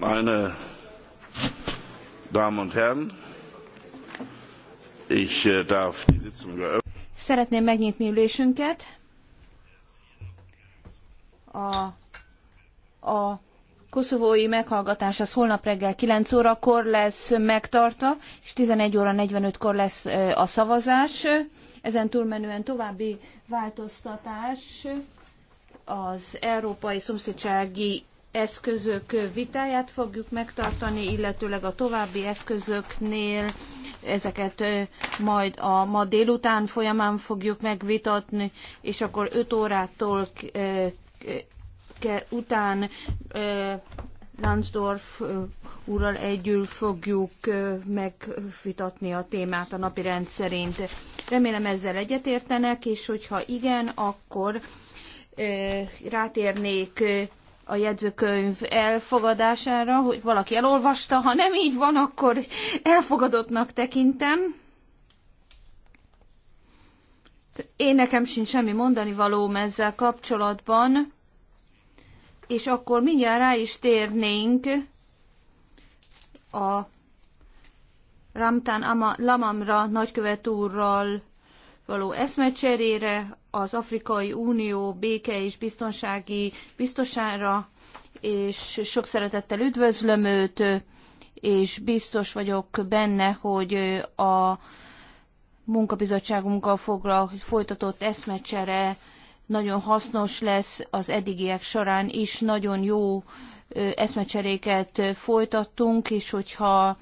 Meine Damen und Herren, ich äh, darf die Sitzung eröffnen. Szeretném megnyitni ülésünket. A, a koszovói meghallgatás az holnap reggel 9 órakor lesz megtartva, és 11 óra 45-kor lesz a szavazás. Ezen túlmenően további változtatás az európai szomszédsági eszközök vitáját fogjuk megtartani, illetőleg a további eszközöknél ezeket majd a ma délután folyamán fogjuk megvitatni, és akkor 5 órától után Lansdorf úrral együtt fogjuk megvitatni a témát a napi rend szerint. Remélem ezzel egyetértenek, és hogyha igen, akkor rátérnék a jegyzőkönyv elfogadására, hogy valaki elolvasta, ha nem így van, akkor elfogadottnak tekintem. Én nekem sincs semmi mondani valóm ezzel kapcsolatban, és akkor mindjárt rá is térnénk a Ramtán Ama, Lamamra nagykövet úrral való eszmecserére, az Afrikai Unió béke és biztonsági biztosára, és sok szeretettel üdvözlöm őt, és biztos vagyok benne, hogy a munkabizottságunkkal foglal, folytatott eszmecsere nagyon hasznos lesz az eddigiek során is, nagyon jó eszmecseréket folytattunk, és hogyha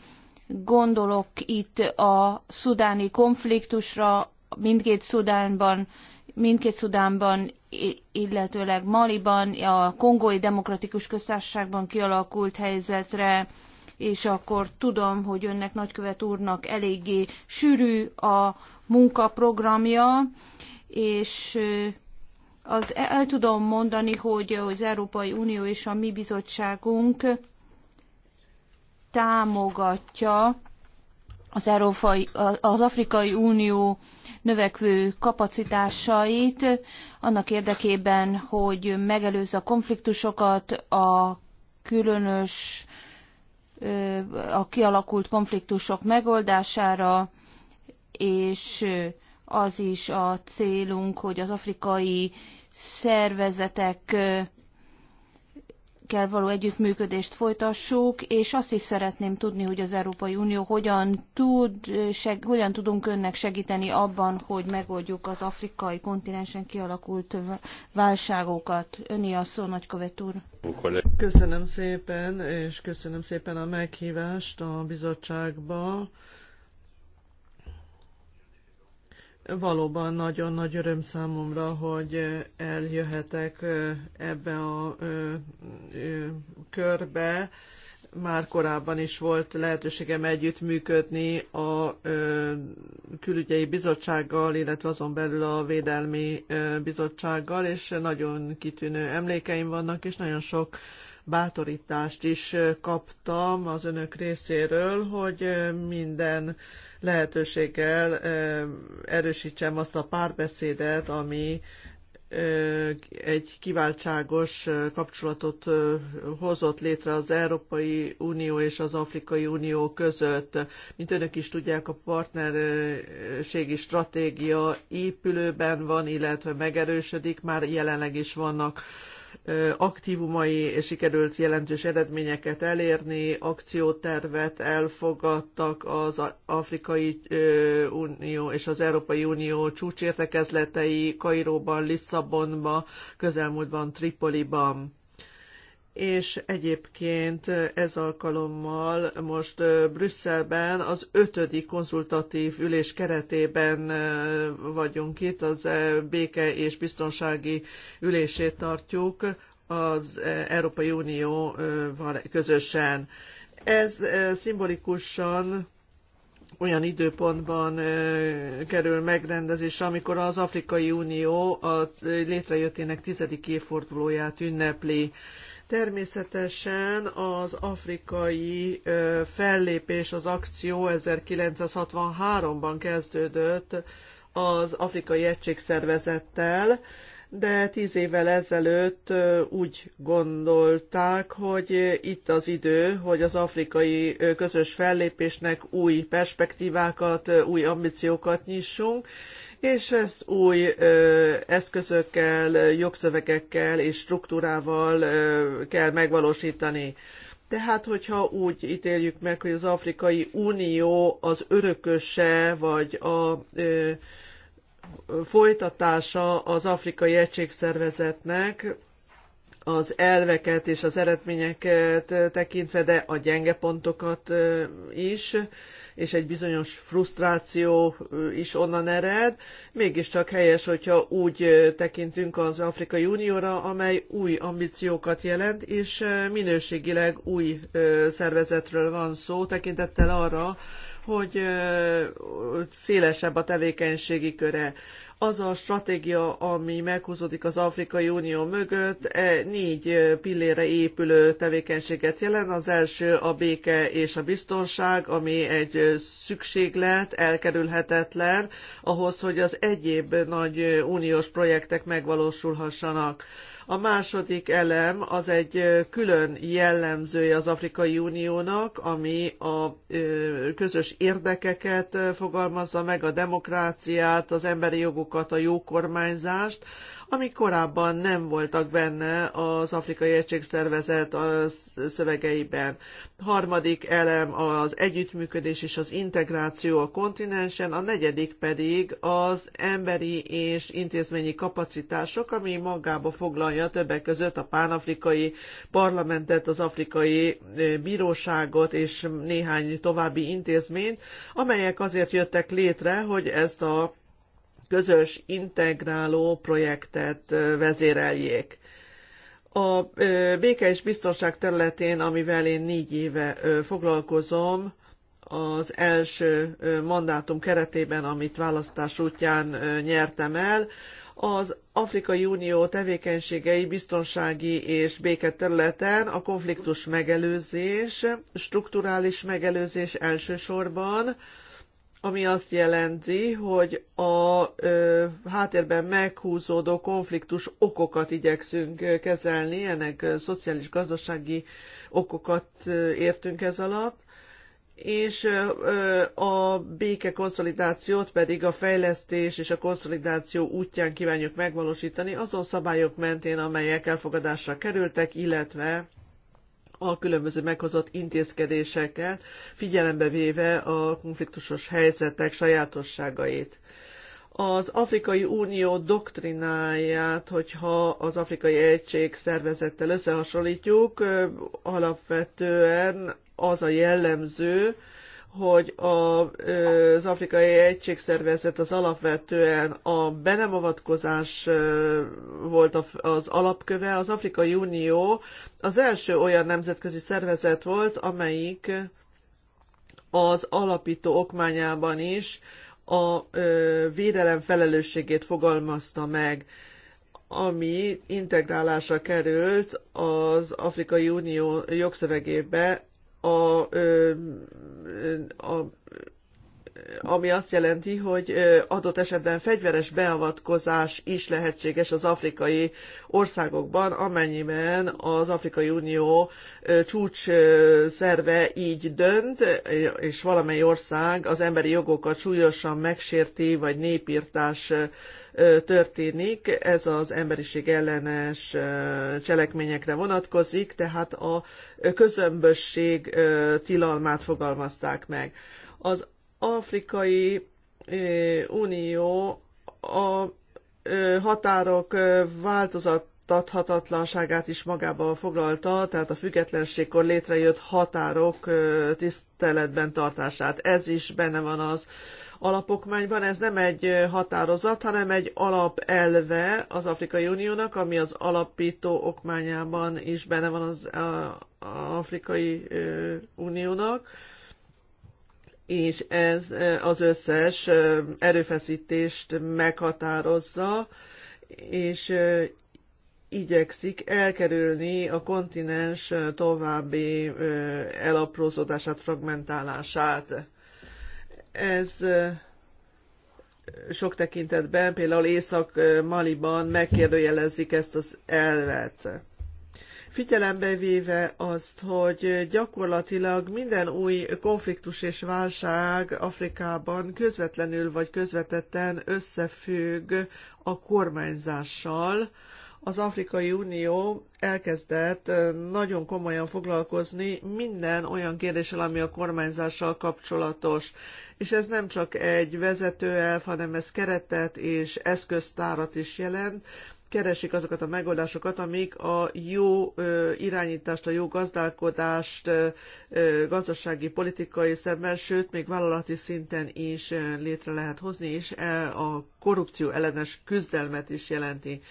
gondolok itt a szudáni konfliktusra, mindkét Szudánban, mindkét Szudánban, illetőleg Maliban, a Kongói Demokratikus Köztársaságban kialakult helyzetre, és akkor tudom, hogy önnek nagykövet úrnak eléggé sűrű a munkaprogramja, és az, e, el tudom mondani, hogy az Európai Unió és a mi bizottságunk támogatja az, Európai, az Afrikai Unió növekvő kapacitásait annak érdekében, hogy megelőzze a konfliktusokat, a különös a kialakult konfliktusok megoldására, és az is a célunk, hogy az afrikai szervezetek kell való együttműködést folytassuk, és azt is szeretném tudni, hogy az Európai Unió hogyan, tud, seg, hogyan tudunk önnek segíteni abban, hogy megoldjuk az afrikai kontinensen kialakult válságokat. Öni a szó, nagykövet úr. Köszönöm szépen, és köszönöm szépen a meghívást a bizottságba valóban nagyon nagy öröm számomra, hogy eljöhetek ebbe a körbe. Már korábban is volt lehetőségem együttműködni a külügyei bizottsággal, illetve azon belül a védelmi bizottsággal, és nagyon kitűnő emlékeim vannak, és nagyon sok bátorítást is kaptam az önök részéről, hogy minden lehetőséggel erősítsem azt a párbeszédet, ami egy kiváltságos kapcsolatot hozott létre az Európai Unió és az Afrikai Unió között. Mint önök is tudják, a partnerségi stratégia épülőben van, illetve megerősödik, már jelenleg is vannak aktívumai sikerült jelentős eredményeket elérni, akciótervet elfogadtak az Afrikai Unió és az Európai Unió csúcsértekezletei Kairóban, Lisszabonban, közelmúltban Tripoliban és egyébként ez alkalommal most Brüsszelben az ötödik konzultatív ülés keretében vagyunk itt, az béke és biztonsági ülését tartjuk az Európai Unióval közösen. Ez szimbolikusan olyan időpontban kerül megrendezés, amikor az Afrikai Unió a létrejöttének tizedik évfordulóját ünnepli. Természetesen az afrikai fellépés, az akció 1963-ban kezdődött az Afrikai Egységszervezettel, de tíz évvel ezelőtt úgy gondolták, hogy itt az idő, hogy az afrikai közös fellépésnek új perspektívákat, új ambíciókat nyissunk, és ezt új ö, eszközökkel, jogszövegekkel és struktúrával ö, kell megvalósítani. Tehát, hogyha úgy ítéljük meg, hogy az Afrikai Unió az örököse, vagy a ö, folytatása az Afrikai Egységszervezetnek, az elveket és az eredményeket tekintve, de a gyenge pontokat is, és egy bizonyos frusztráció is onnan ered. Mégiscsak helyes, hogyha úgy tekintünk az Afrikai Unióra, amely új ambíciókat jelent, és minőségileg új szervezetről van szó, tekintettel arra, hogy szélesebb a tevékenységi köre az a stratégia, ami meghúzódik az Afrikai Unió mögött, e, négy e, pillére épülő tevékenységet jelent. Az első a béke és a biztonság, ami egy e, szükséglet, elkerülhetetlen ahhoz, hogy az egyéb nagy uniós projektek megvalósulhassanak. A második elem az egy külön jellemzője az Afrikai Uniónak, ami a közös érdekeket fogalmazza meg, a demokráciát, az emberi jogokat, a jó kormányzást, ami korábban nem voltak benne az Afrikai Egységszervezet szövegeiben. Harmadik elem az együttműködés és az integráció a kontinensen, a negyedik pedig az emberi és intézményi kapacitások, ami magába foglalja többek között a pánafrikai parlamentet, az afrikai bíróságot és néhány további intézményt, amelyek azért jöttek létre, hogy ezt a közös integráló projektet vezéreljék. A béke és biztonság területén, amivel én négy éve foglalkozom, az első mandátum keretében, amit választás útján nyertem el, az Afrikai Unió tevékenységei biztonsági és területen a konfliktus megelőzés, strukturális megelőzés elsősorban, ami azt jelenti, hogy a ö, háttérben meghúzódó konfliktus okokat igyekszünk kezelni, ennek szociális-gazdasági okokat értünk ez alatt, és a béke konszolidációt pedig a fejlesztés és a konszolidáció útján kívánjuk megvalósítani azon szabályok mentén, amelyek elfogadásra kerültek, illetve a különböző meghozott intézkedéseket, figyelembe véve a konfliktusos helyzetek sajátosságait az Afrikai Unió doktrináját, hogyha az Afrikai Egység szervezettel összehasonlítjuk, alapvetően az a jellemző, hogy a, az Afrikai Egységszervezet az alapvetően a benemavatkozás volt az alapköve. Az Afrikai Unió az első olyan nemzetközi szervezet volt, amelyik az alapító okmányában is a védelem felelősségét fogalmazta meg ami integrálásra került az Afrikai Unió jogszövegébe a, a ami azt jelenti, hogy adott esetben fegyveres beavatkozás is lehetséges az afrikai országokban, amennyiben az Afrikai Unió csúcs szerve így dönt, és valamely ország az emberi jogokat súlyosan megsérti, vagy népírtás történik, ez az emberiség ellenes cselekményekre vonatkozik, tehát a közömbösség tilalmát fogalmazták meg. Az Afrikai Unió a határok változat tathatatlanságát is magába foglalta, tehát a függetlenségkor létrejött határok tiszteletben tartását. Ez is benne van az alapokmányban ez nem egy határozat, hanem egy alapelve az Afrikai Uniónak, ami az alapító okmányában is benne van az Afrikai Uniónak, és ez az összes erőfeszítést meghatározza, és igyekszik elkerülni a kontinens további elaprózódását, fragmentálását ez sok tekintetben, például Észak-Maliban megkérdőjelezik ezt az elvet. Figyelembe véve azt, hogy gyakorlatilag minden új konfliktus és válság Afrikában közvetlenül vagy közvetetten összefügg a kormányzással, az Afrikai Unió elkezdett nagyon komolyan foglalkozni minden olyan kérdéssel, ami a kormányzással kapcsolatos. És ez nem csak egy vezetőelf, hanem ez keretet és eszköztárat is jelent. Keresik azokat a megoldásokat, amik a jó irányítást, a jó gazdálkodást gazdasági, politikai szemben, sőt, még vállalati szinten is létre lehet hozni, és e, a korrupció ellenes küzdelmet is jelenti.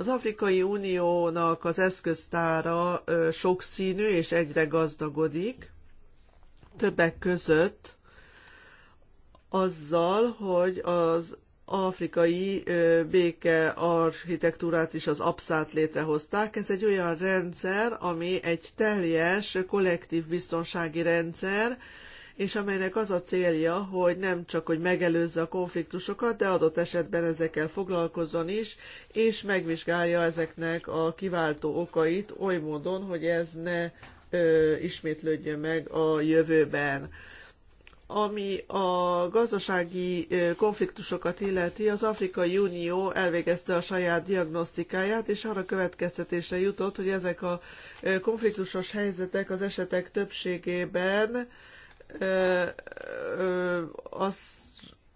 Az Afrikai Uniónak az eszköztára sokszínű és egyre gazdagodik, többek között azzal, hogy az afrikai béke architektúrát is az abszát létrehozták. Ez egy olyan rendszer, ami egy teljes kollektív biztonsági rendszer, és amelynek az a célja, hogy nem csak, hogy megelőzze a konfliktusokat, de adott esetben ezekkel foglalkozzon is, és megvizsgálja ezeknek a kiváltó okait oly módon, hogy ez ne ö, ismétlődjön meg a jövőben ami a gazdasági konfliktusokat illeti, az Afrikai Unió elvégezte a saját diagnosztikáját, és arra következtetésre jutott, hogy ezek a konfliktusos helyzetek az esetek többségében az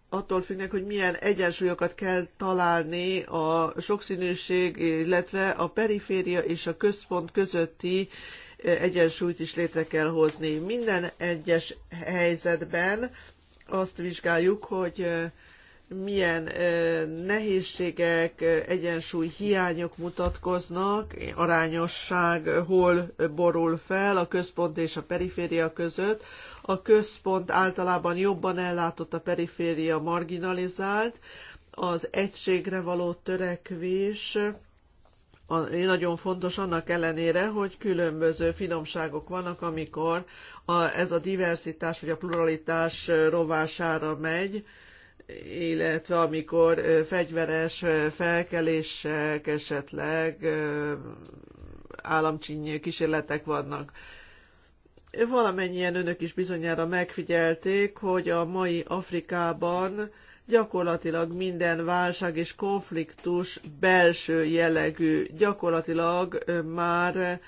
attól függnek, hogy milyen egyensúlyokat kell találni a sokszínűség, illetve a periféria és a központ közötti egyensúlyt is létre kell hozni. Minden egyes helyzetben azt vizsgáljuk, hogy milyen nehézségek, egyensúly hiányok mutatkoznak, arányosság hol borul fel a központ és a periféria között, a központ általában jobban ellátott, a periféria marginalizált, az egységre való törekvés nagyon fontos annak ellenére, hogy különböző finomságok vannak, amikor a, ez a diversitás vagy a pluralitás rovására megy, illetve amikor fegyveres felkelések, esetleg államcsíny kísérletek vannak valamennyien önök is bizonyára megfigyelték, hogy a mai Afrikában gyakorlatilag minden válság és konfliktus belső jellegű, gyakorlatilag már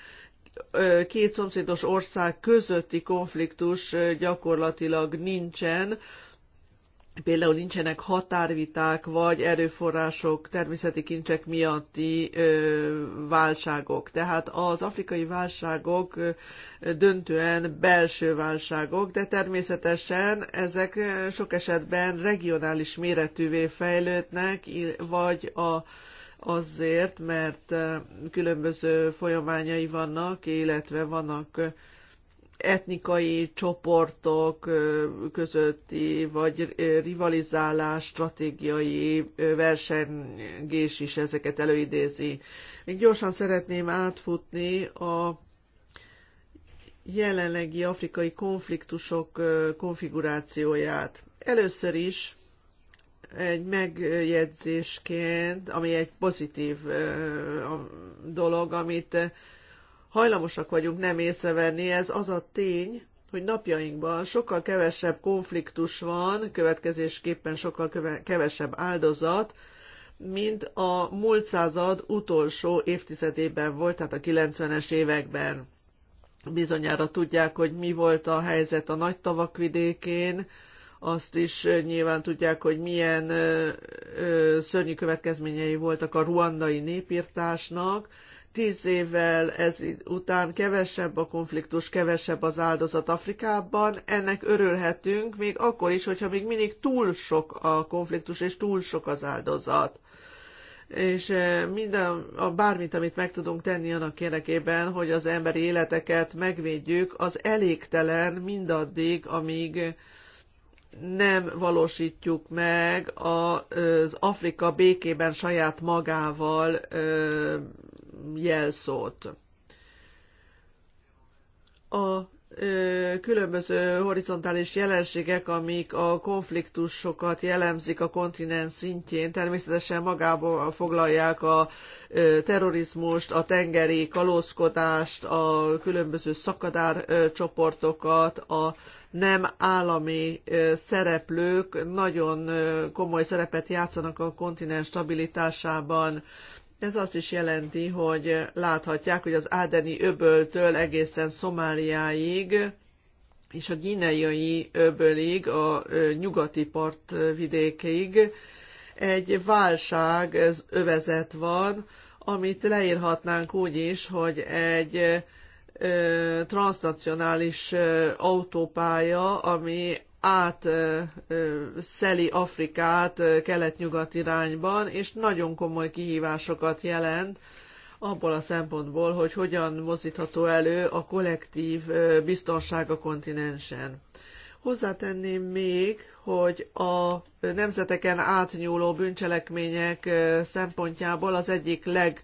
két szomszédos ország közötti konfliktus gyakorlatilag nincsen, például nincsenek határviták, vagy erőforrások, természeti kincsek miatti ö, válságok. Tehát az afrikai válságok döntően belső válságok, de természetesen ezek sok esetben regionális méretűvé fejlődnek, vagy a azért, mert különböző folyamányai vannak, illetve vannak etnikai csoportok közötti, vagy rivalizálás, stratégiai versengés is ezeket előidézi. Még gyorsan szeretném átfutni a jelenlegi afrikai konfliktusok konfigurációját. Először is egy megjegyzésként, ami egy pozitív dolog, amit hajlamosak vagyunk nem észrevenni, ez az a tény, hogy napjainkban sokkal kevesebb konfliktus van, következésképpen sokkal kevesebb áldozat, mint a múlt század utolsó évtizedében volt, tehát a 90-es években. Bizonyára tudják, hogy mi volt a helyzet a nagy tavak vidékén, azt is nyilván tudják, hogy milyen ö, ö, szörnyű következményei voltak a ruandai népírtásnak, tíz évvel ez után kevesebb a konfliktus, kevesebb az áldozat Afrikában. Ennek örülhetünk, még akkor is, hogyha még mindig túl sok a konfliktus és túl sok az áldozat és eh, minden, a, bármit, amit meg tudunk tenni annak érdekében, hogy az emberi életeket megvédjük, az elégtelen mindaddig, amíg nem valósítjuk meg az Afrika békében saját magával jelszót. A különböző horizontális jelenségek, amik a konfliktusokat jellemzik a kontinens szintjén, természetesen magába foglalják a terrorizmust, a tengeri kalózkodást, a különböző szakadárcsoportokat, a nem állami szereplők nagyon komoly szerepet játszanak a kontinens stabilitásában ez azt is jelenti, hogy láthatják, hogy az Ádeni öböltől egészen Szomáliáig és a Gineai öbölig, a nyugati partvidékig egy válság ez övezet van, amit leírhatnánk úgy is, hogy egy transnacionális autópálya, ami átszeli Afrikát kelet-nyugat irányban, és nagyon komoly kihívásokat jelent abból a szempontból, hogy hogyan mozítható elő a kollektív biztonság a kontinensen. Hozzátenném még, hogy a nemzeteken átnyúló bűncselekmények szempontjából az egyik leg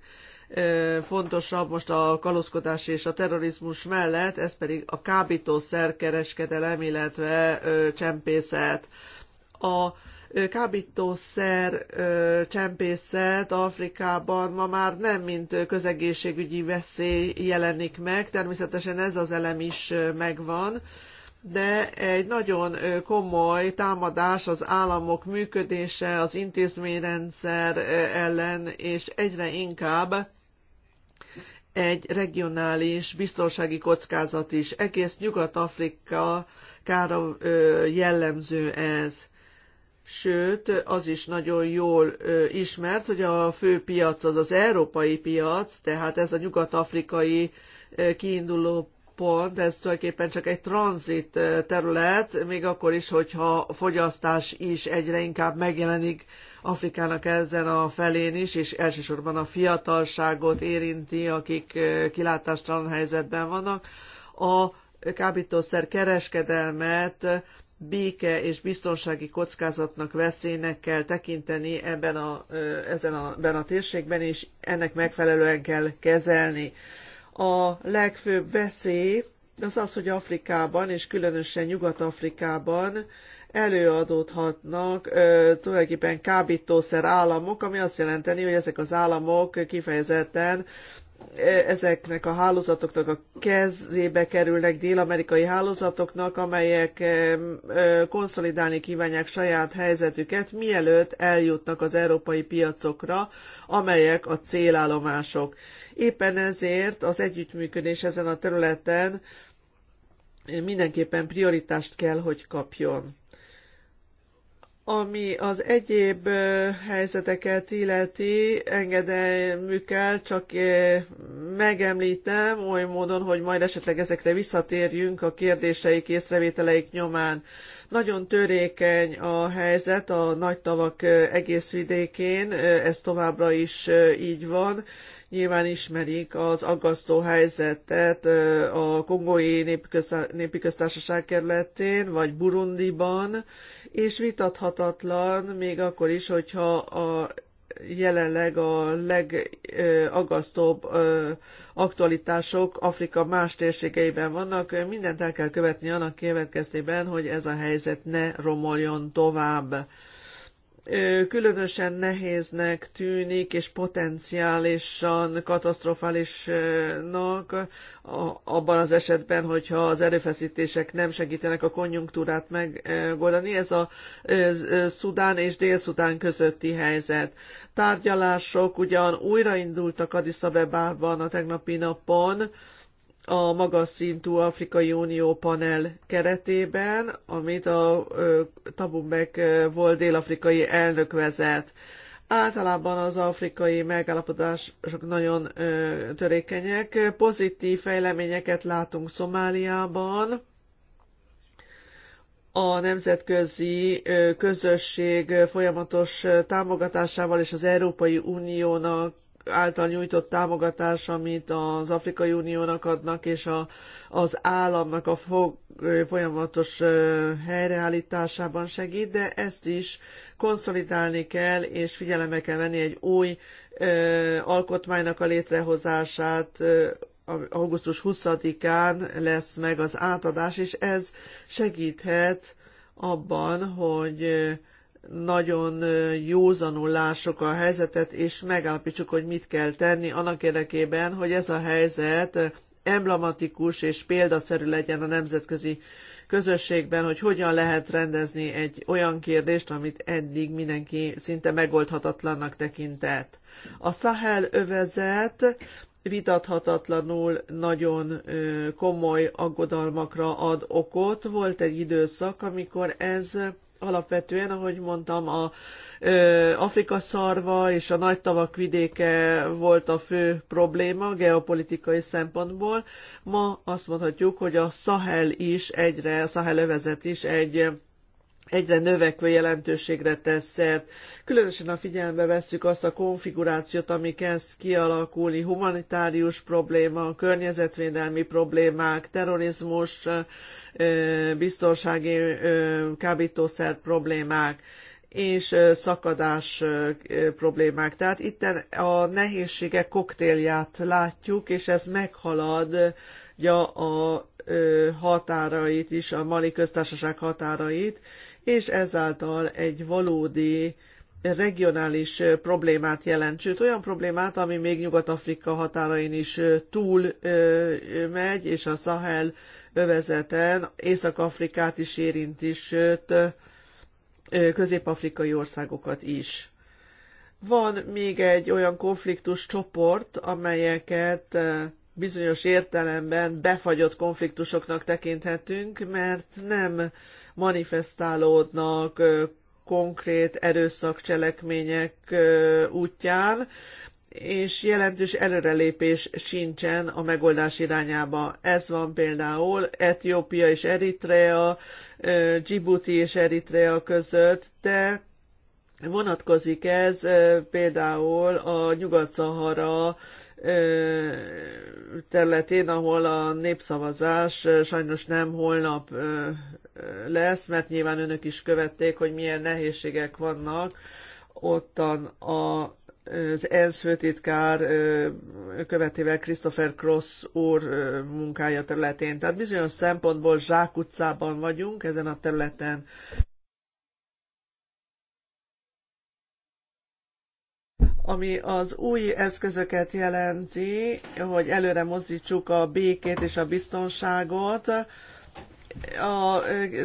fontosabb most a kalózkodás és a terrorizmus mellett, ez pedig a kábítószer kereskedelem, illetve csempészet. A kábítószer csempészet Afrikában ma már nem mint közegészségügyi veszély jelenik meg, természetesen ez az elem is megvan, de egy nagyon komoly támadás az államok működése, az intézményrendszer ellen, és egyre inkább egy regionális biztonsági kockázat is. Egész Nyugat-Afrika kára jellemző ez. Sőt, az is nagyon jól ismert, hogy a fő piac az az európai piac, tehát ez a nyugat-afrikai kiinduló pont, ez tulajdonképpen csak egy tranzit terület, még akkor is, hogyha a fogyasztás is egyre inkább megjelenik Afrikának ezen a felén is, és elsősorban a fiatalságot érinti, akik kilátástalan helyzetben vannak. A kábítószer kereskedelmet béke és biztonsági kockázatnak, veszélynek kell tekinteni ebben a, ezen a, ebben a térségben, és ennek megfelelően kell kezelni a legfőbb veszély az az, hogy Afrikában, és különösen Nyugat-Afrikában előadódhatnak ö, tulajdonképpen kábítószer államok, ami azt jelenteni, hogy ezek az államok kifejezetten ezeknek a hálózatoknak a kezébe kerülnek dél-amerikai hálózatoknak, amelyek konszolidálni kívánják saját helyzetüket, mielőtt eljutnak az európai piacokra, amelyek a célállomások. Éppen ezért az együttműködés ezen a területen mindenképpen prioritást kell, hogy kapjon. Ami az egyéb helyzeteket illeti, engedelmükkel csak megemlítem oly módon, hogy majd esetleg ezekre visszatérjünk a kérdéseik, észrevételeik nyomán. Nagyon törékeny a helyzet a nagy tavak egész vidékén, ez továbbra is így van nyilván ismerik az aggasztó helyzetet a kongói népi köztársaság kerületén, vagy Burundiban, és vitathatatlan még akkor is, hogyha a jelenleg a legaggasztóbb aktualitások Afrika más térségeiben vannak. Mindent el kell követni annak következtében, hogy ez a helyzet ne romoljon tovább különösen nehéznek tűnik, és potenciálisan katasztrofálisnak abban az esetben, hogyha az erőfeszítések nem segítenek a konjunktúrát megoldani. Ez a Szudán és Dél-Szudán közötti helyzet. Tárgyalások ugyan újraindultak Addis Abebában a tegnapi napon, a magas szintű Afrikai Unió panel keretében, amit a Tabumbek volt dél-afrikai elnök vezet. Általában az afrikai megállapodások nagyon ö, törékenyek. Pozitív fejleményeket látunk Szomáliában. A nemzetközi ö, közösség folyamatos támogatásával és az Európai Uniónak által nyújtott támogatás, amit az Afrikai Uniónak adnak, és a, az államnak a fog, folyamatos helyreállításában segít, de ezt is konszolidálni kell, és figyelembe kell venni egy új ö, alkotmánynak a létrehozását, ö, augusztus 20-án lesz meg az átadás, és ez segíthet abban, hogy nagyon józanul lássuk a helyzetet, és megállapítsuk, hogy mit kell tenni annak érdekében, hogy ez a helyzet emblematikus és példaszerű legyen a nemzetközi közösségben, hogy hogyan lehet rendezni egy olyan kérdést, amit eddig mindenki szinte megoldhatatlannak tekintett. A Sahel övezet vitathatatlanul nagyon komoly aggodalmakra ad okot. Volt egy időszak, amikor ez alapvetően, ahogy mondtam, a ö, Afrika szarva és a nagy tavak vidéke volt a fő probléma geopolitikai szempontból. Ma azt mondhatjuk, hogy a Sahel is egyre, a Sahel övezet is egy egyre növekvő jelentőségre tesz szert. Különösen a figyelembe vesszük azt a konfigurációt, ami kezd kialakulni, humanitárius probléma, környezetvédelmi problémák, terrorizmus, biztonsági kábítószer problémák és szakadás problémák. Tehát itt a nehézségek koktélját látjuk, és ez meghalad a határait is, a Mali köztársaság határait, és ezáltal egy valódi regionális problémát jelent, sőt olyan problémát, ami még Nyugat-Afrika határain is túl megy, és a Sahel övezeten Észak-Afrikát is érinti, sőt közép-afrikai országokat is. Van még egy olyan konfliktus csoport, amelyeket bizonyos értelemben befagyott konfliktusoknak tekinthetünk, mert nem manifestálódnak konkrét erőszakcselekmények útján, és jelentős előrelépés sincsen a megoldás irányába. Ez van például Etiópia és Eritrea, Djibouti és Eritrea között, de vonatkozik ez például a Nyugat-Szahara területén, ahol a népszavazás sajnos nem holnap lesz, mert nyilván önök is követték, hogy milyen nehézségek vannak ottan a az ENSZ főtitkár követével Christopher Cross úr munkája területén. Tehát bizonyos szempontból zsákutcában vagyunk ezen a területen. ami az új eszközöket jelenti, hogy előre mozdítsuk a békét és a biztonságot, a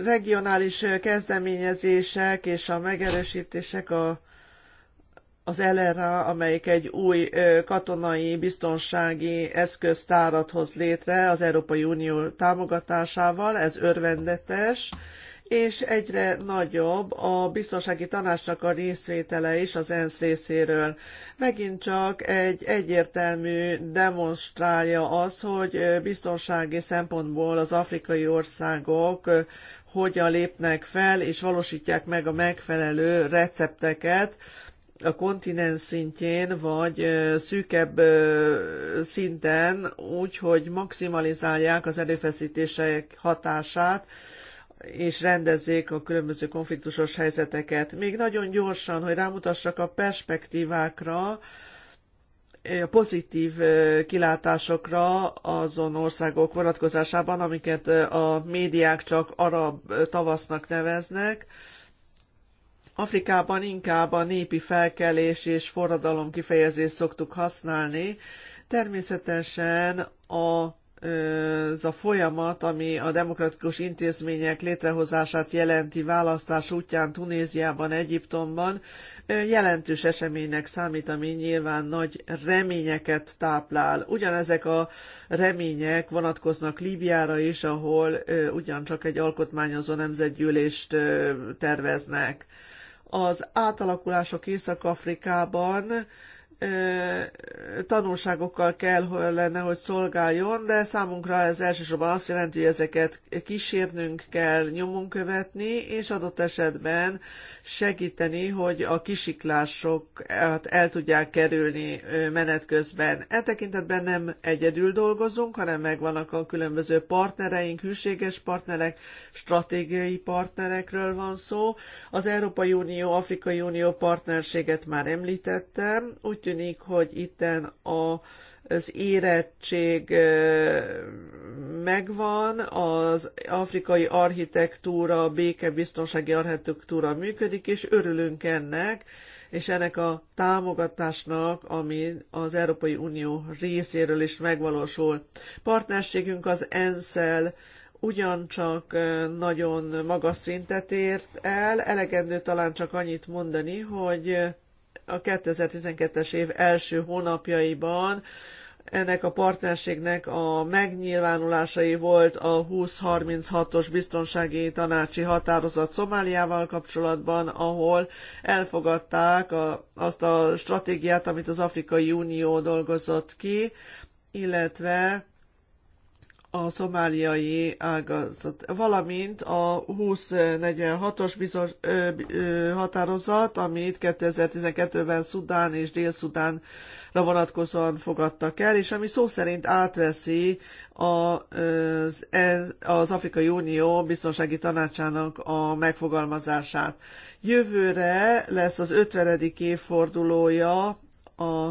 regionális kezdeményezések és a megerősítések a, az LRA, amelyik egy új katonai biztonsági eszköztárat hoz létre az Európai Unió támogatásával, ez örvendetes, és egyre nagyobb a biztonsági tanácsnak a részvétele is az ENSZ részéről. Megint csak egy egyértelmű demonstrálja az, hogy biztonsági szempontból az afrikai országok hogyan lépnek fel, és valósítják meg a megfelelő recepteket, a kontinens szintjén, vagy szűkebb szinten úgy, hogy maximalizálják az erőfeszítések hatását, és rendezzék a különböző konfliktusos helyzeteket. Még nagyon gyorsan, hogy rámutassak a perspektívákra, a pozitív kilátásokra azon országok vonatkozásában, amiket a médiák csak arab tavasznak neveznek. Afrikában inkább a népi felkelés és forradalom kifejezést szoktuk használni. Természetesen a ez a folyamat, ami a demokratikus intézmények létrehozását jelenti választás útján Tunéziában, Egyiptomban, jelentős eseménynek számít, ami nyilván nagy reményeket táplál. Ugyanezek a remények vonatkoznak Líbiára is, ahol ugyancsak egy alkotmányozó nemzetgyűlést terveznek. Az átalakulások Észak-Afrikában tanulságokkal kell lenne, hogy szolgáljon, de számunkra ez elsősorban azt jelenti, hogy ezeket kísérnünk kell nyomon követni, és adott esetben segíteni, hogy a kisiklásokat hát el tudják kerülni menet közben. E tekintetben nem egyedül dolgozunk, hanem megvannak a különböző partnereink, hűséges partnerek, stratégiai partnerekről van szó. Az Európai Unió, Afrikai Unió partnerséget már említettem, úgy tűnik, hogy itten a az érettség megvan, az afrikai architektúra, békebiztonsági architektúra működik, és örülünk ennek, és ennek a támogatásnak, ami az Európai Unió részéről is megvalósul. Partnerségünk az ensz ugyancsak nagyon magas szintet ért el, elegendő talán csak annyit mondani, hogy a 2012-es év első hónapjaiban ennek a partnerségnek a megnyilvánulásai volt a 2036-os biztonsági tanácsi határozat Szomáliával kapcsolatban, ahol elfogadták a, azt a stratégiát, amit az Afrikai Unió dolgozott ki, illetve a szomáliai ágazat, valamint a 2046-os bizonyos ö, ö, határozat, amit 2012-ben Szudán és Dél-Szudánra vonatkozóan fogadtak el, és ami szó szerint átveszi az, az Afrikai Unió biztonsági tanácsának a megfogalmazását. Jövőre lesz az 50. évfordulója a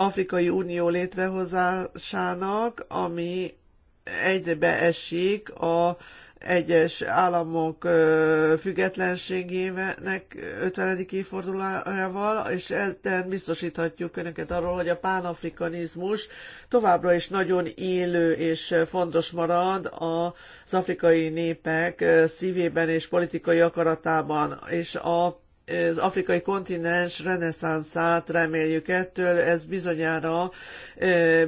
Afrikai Unió létrehozásának, ami egybe esik a egyes államok függetlenségének 50. évfordulájával, és ezen biztosíthatjuk önöket arról, hogy a pánafrikanizmus továbbra is nagyon élő és fontos marad az afrikai népek szívében és politikai akaratában, és a az afrikai kontinens reneszánszát reméljük ettől, ez bizonyára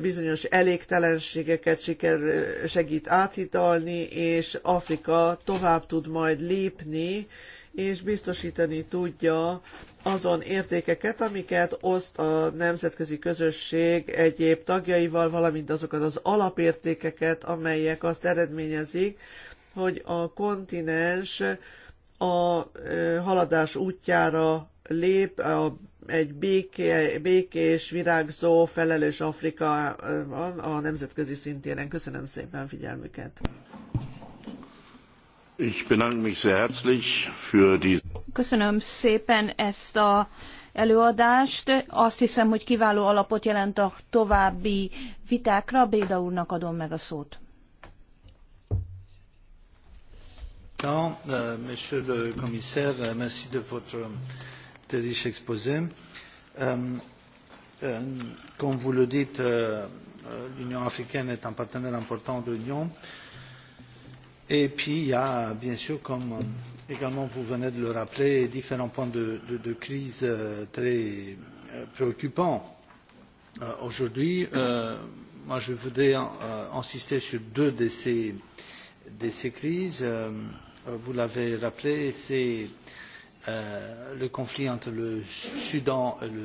bizonyos elégtelenségeket siker, segít áthidalni, és Afrika tovább tud majd lépni, és biztosítani tudja azon értékeket, amiket oszt a nemzetközi közösség egyéb tagjaival, valamint azokat az alapértékeket, amelyek azt eredményezik, hogy a kontinens a haladás útjára lép a, egy béké, békés, virágzó, felelős Afrika a, a nemzetközi szintéren. Köszönöm szépen figyelmüket! Ich bedanke mich sehr herzlich für die... Köszönöm szépen ezt a előadást. Azt hiszem, hogy kiváló alapot jelent a további vitákra. Béda úrnak adom meg a szót. Président, euh, Monsieur le Commissaire, euh, merci de votre euh, de riche exposé. Euh, euh, comme vous le dites, euh, euh, l'Union africaine est un partenaire important de l'Union. Et puis, il y a, bien sûr, comme également vous venez de le rappeler, différents points de, de, de crise très préoccupants. Euh, Aujourd'hui, euh, moi, je voudrais euh, insister sur deux de ces, de ces crises. Euh, Euh, vous l'avez rappelé, c'est euh, le conflit entre le Soudan et euh, le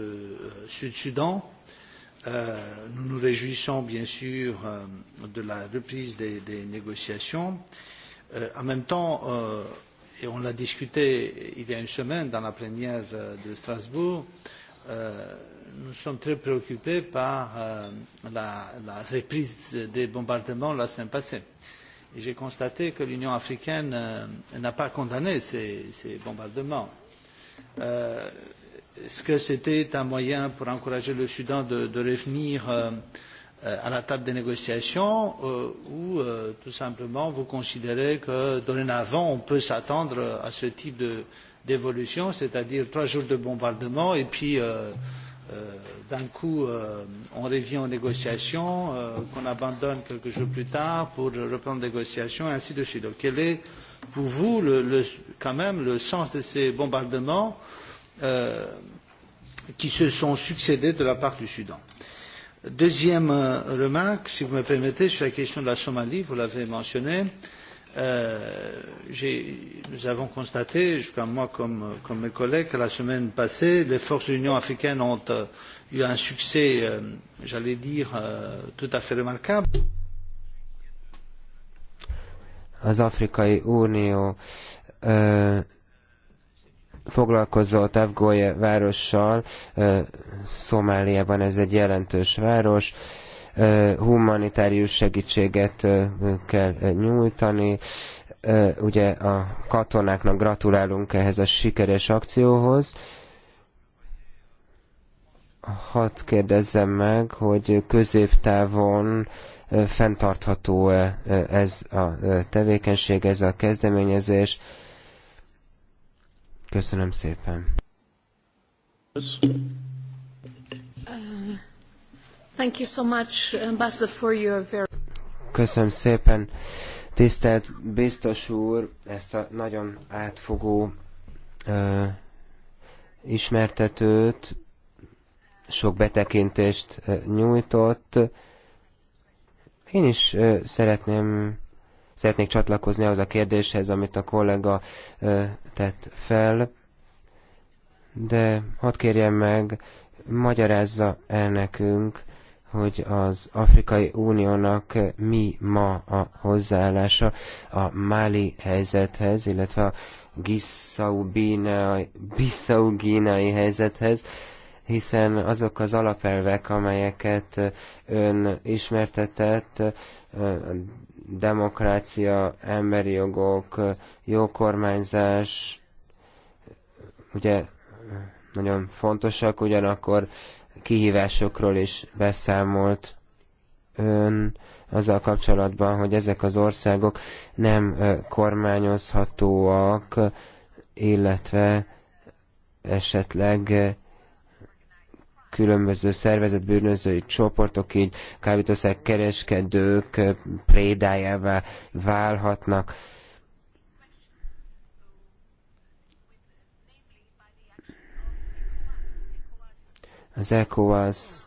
euh, Sud-Soudan. Euh, nous nous réjouissons bien sûr euh, de la reprise des, des négociations. Euh, en même temps, euh, et on l'a discuté il y a une semaine dans la plénière de Strasbourg, euh, nous sommes très préoccupés par euh, la, la reprise des bombardements la semaine passée. Euh, j'ai constaté que l'union africaine euh, n'a pas condamné ces, ces bombardements. Euh, est ce que c'était un moyen pour encourager le Soudan de, de revenir euh, euh, à la table des négociations euh, ou euh, tout simplement vous considérez que dorénavant on peut s'attendre à ce type d'évolution, c'est-à-dire trois jours de bombardement et puis euh, euh, d'un coup euh, on revient aux négociations, euh, qu'on abandonne quelques jours plus tard pour reprendre les négociations, et ainsi de suite. Donc quel est pour vous le, le, quand même le sens de ces bombardements euh, qui se sont succédés de la part du Soudan Deuxième euh, remarque, si vous me permettez, sur la question de la Somalie, vous l'avez mentionné. Euh, nous avons constaté, je crois moi comme, comme mes collègues, que la semaine passée, les forces de l'Union africaine ont euh, eu un succès, euh, j'allais dire, euh, tout à fait remarquable. Az Afrikai Unió ö, foglalkozott Afgoye várossal, ö, Szomáliában ez egy jelentős város, ö, humanitárius segítséget ö, kell nyújtani, ö, ugye a katonáknak gratulálunk ehhez a sikeres akcióhoz, ö, hadd kérdezzem meg, hogy középtávon fenntartható-e ez a tevékenység, ez a kezdeményezés. Köszönöm szépen. Thank you so much, Ambassador, for your very... Köszönöm szépen, tisztelt biztos úr, ezt a nagyon átfogó uh, ismertetőt sok betekintést nyújtott. Én is szeretném, szeretnék csatlakozni ahhoz a kérdéshez, amit a kollega tett fel, de hadd kérjem meg, magyarázza el nekünk, hogy az Afrikai Uniónak mi ma a hozzáállása a Máli helyzethez, illetve a Bissau-gínai helyzethez, hiszen azok az alapelvek, amelyeket ön ismertetett, demokrácia, emberi jogok, jó kormányzás, ugye nagyon fontosak, ugyanakkor kihívásokról is beszámolt ön azzal kapcsolatban, hogy ezek az országok nem kormányozhatóak, illetve esetleg különböző szervezett bűnözői csoportok, így kábítószer kereskedők prédájává válhatnak. Az ECOWAS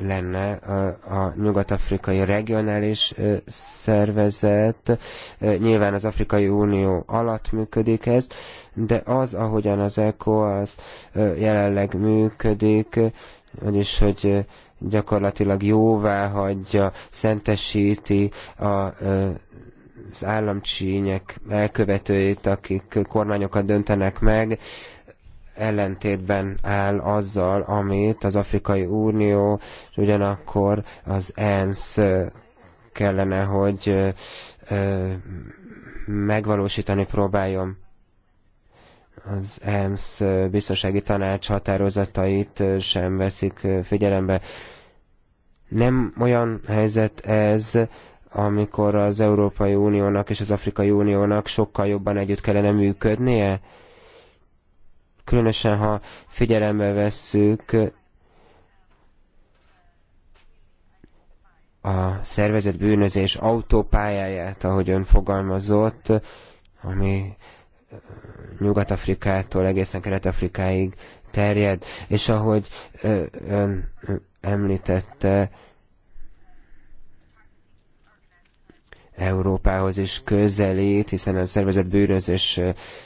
lenne a, a nyugat-afrikai regionális szervezet. Nyilván az Afrikai Unió alatt működik ez, de az, ahogyan az ECOWAS jelenleg működik, vagyis hogy gyakorlatilag jóvá hagyja, szentesíti a, az államcsínyek elkövetőit, akik kormányokat döntenek meg, ellentétben áll azzal, amit az Afrikai Unió, ugyanakkor az ENSZ kellene, hogy megvalósítani próbáljon az ENSZ biztonsági tanács határozatait sem veszik figyelembe. Nem olyan helyzet ez, amikor az Európai Uniónak és az Afrikai Uniónak sokkal jobban együtt kellene működnie? különösen ha figyelembe vesszük a szervezett bűnözés autópályáját, ahogy ön fogalmazott, ami Nyugat-Afrikától egészen Kelet-Afrikáig terjed, és ahogy ön említette, Európához is közelít, hiszen a szervezet bűnözés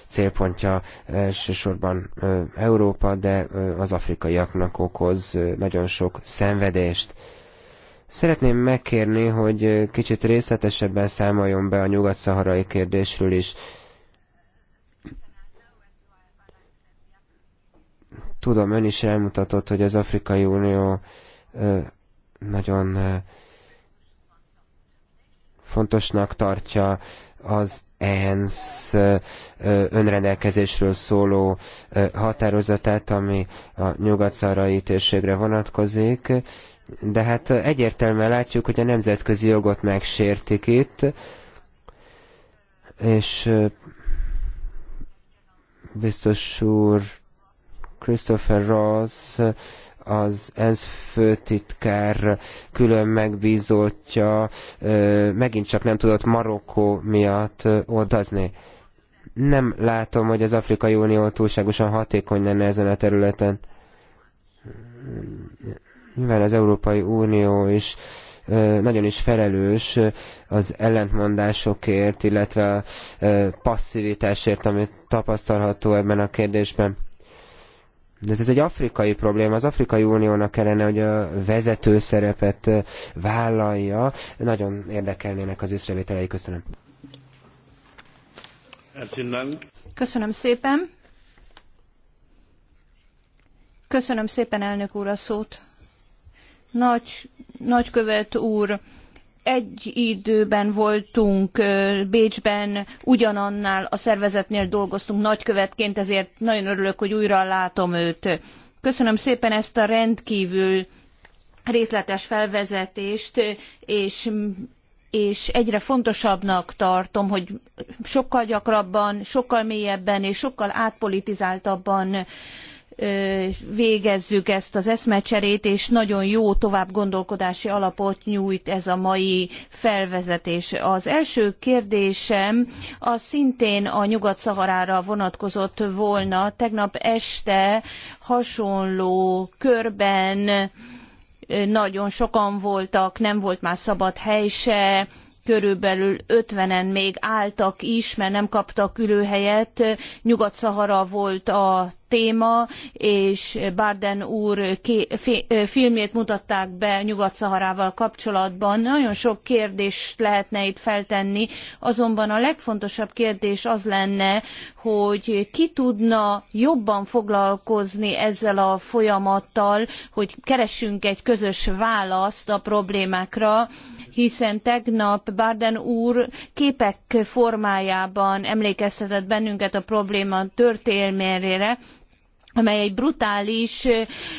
célpontja elsősorban Európa, de az afrikaiaknak okoz nagyon sok szenvedést. Szeretném megkérni, hogy kicsit részletesebben számoljon be a nyugat-szaharai kérdésről is. Tudom, ön is elmutatott, hogy az Afrikai Unió nagyon fontosnak tartja az ENSZ önrendelkezésről szóló határozatát, ami a nyugat térségre vonatkozik, de hát egyértelműen látjuk, hogy a nemzetközi jogot megsértik itt, és biztos úr Christopher Ross az ENSZ főtitkár külön megbízottja megint csak nem tudott Marokkó miatt odazni. Nem látom, hogy az Afrikai Unió túlságosan hatékony lenne ezen a területen. Nyilván az Európai Unió is nagyon is felelős az ellentmondásokért, illetve a passzivitásért, amit tapasztalható ebben a kérdésben de ez egy afrikai probléma, az Afrikai Uniónak kellene, hogy a vezető szerepet vállalja. Nagyon érdekelnének az észrevételei. Köszönöm. Köszönöm szépen. Köszönöm szépen, elnök úr, a szót. Nagy, nagykövet úr, egy időben voltunk Bécsben, ugyanannál a szervezetnél dolgoztunk nagykövetként, ezért nagyon örülök, hogy újra látom őt. Köszönöm szépen ezt a rendkívül részletes felvezetést, és és egyre fontosabbnak tartom, hogy sokkal gyakrabban, sokkal mélyebben és sokkal átpolitizáltabban végezzük ezt az eszmecserét, és nagyon jó továbbgondolkodási alapot nyújt ez a mai felvezetés. Az első kérdésem az szintén a Nyugat-Szaharára vonatkozott volna. Tegnap este hasonló körben nagyon sokan voltak, nem volt már szabad hely se, körülbelül 50-en még álltak is, mert nem kaptak ülőhelyet. Nyugat-Szahara volt a téma, és Barden úr filmjét mutatták be Nyugat-Szaharával kapcsolatban. Nagyon sok kérdést lehetne itt feltenni, azonban a legfontosabb kérdés az lenne, hogy ki tudna jobban foglalkozni ezzel a folyamattal, hogy keressünk egy közös választ a problémákra, hiszen tegnap Bárden úr képek formájában emlékeztetett bennünket a probléma történelmére, amely egy brutális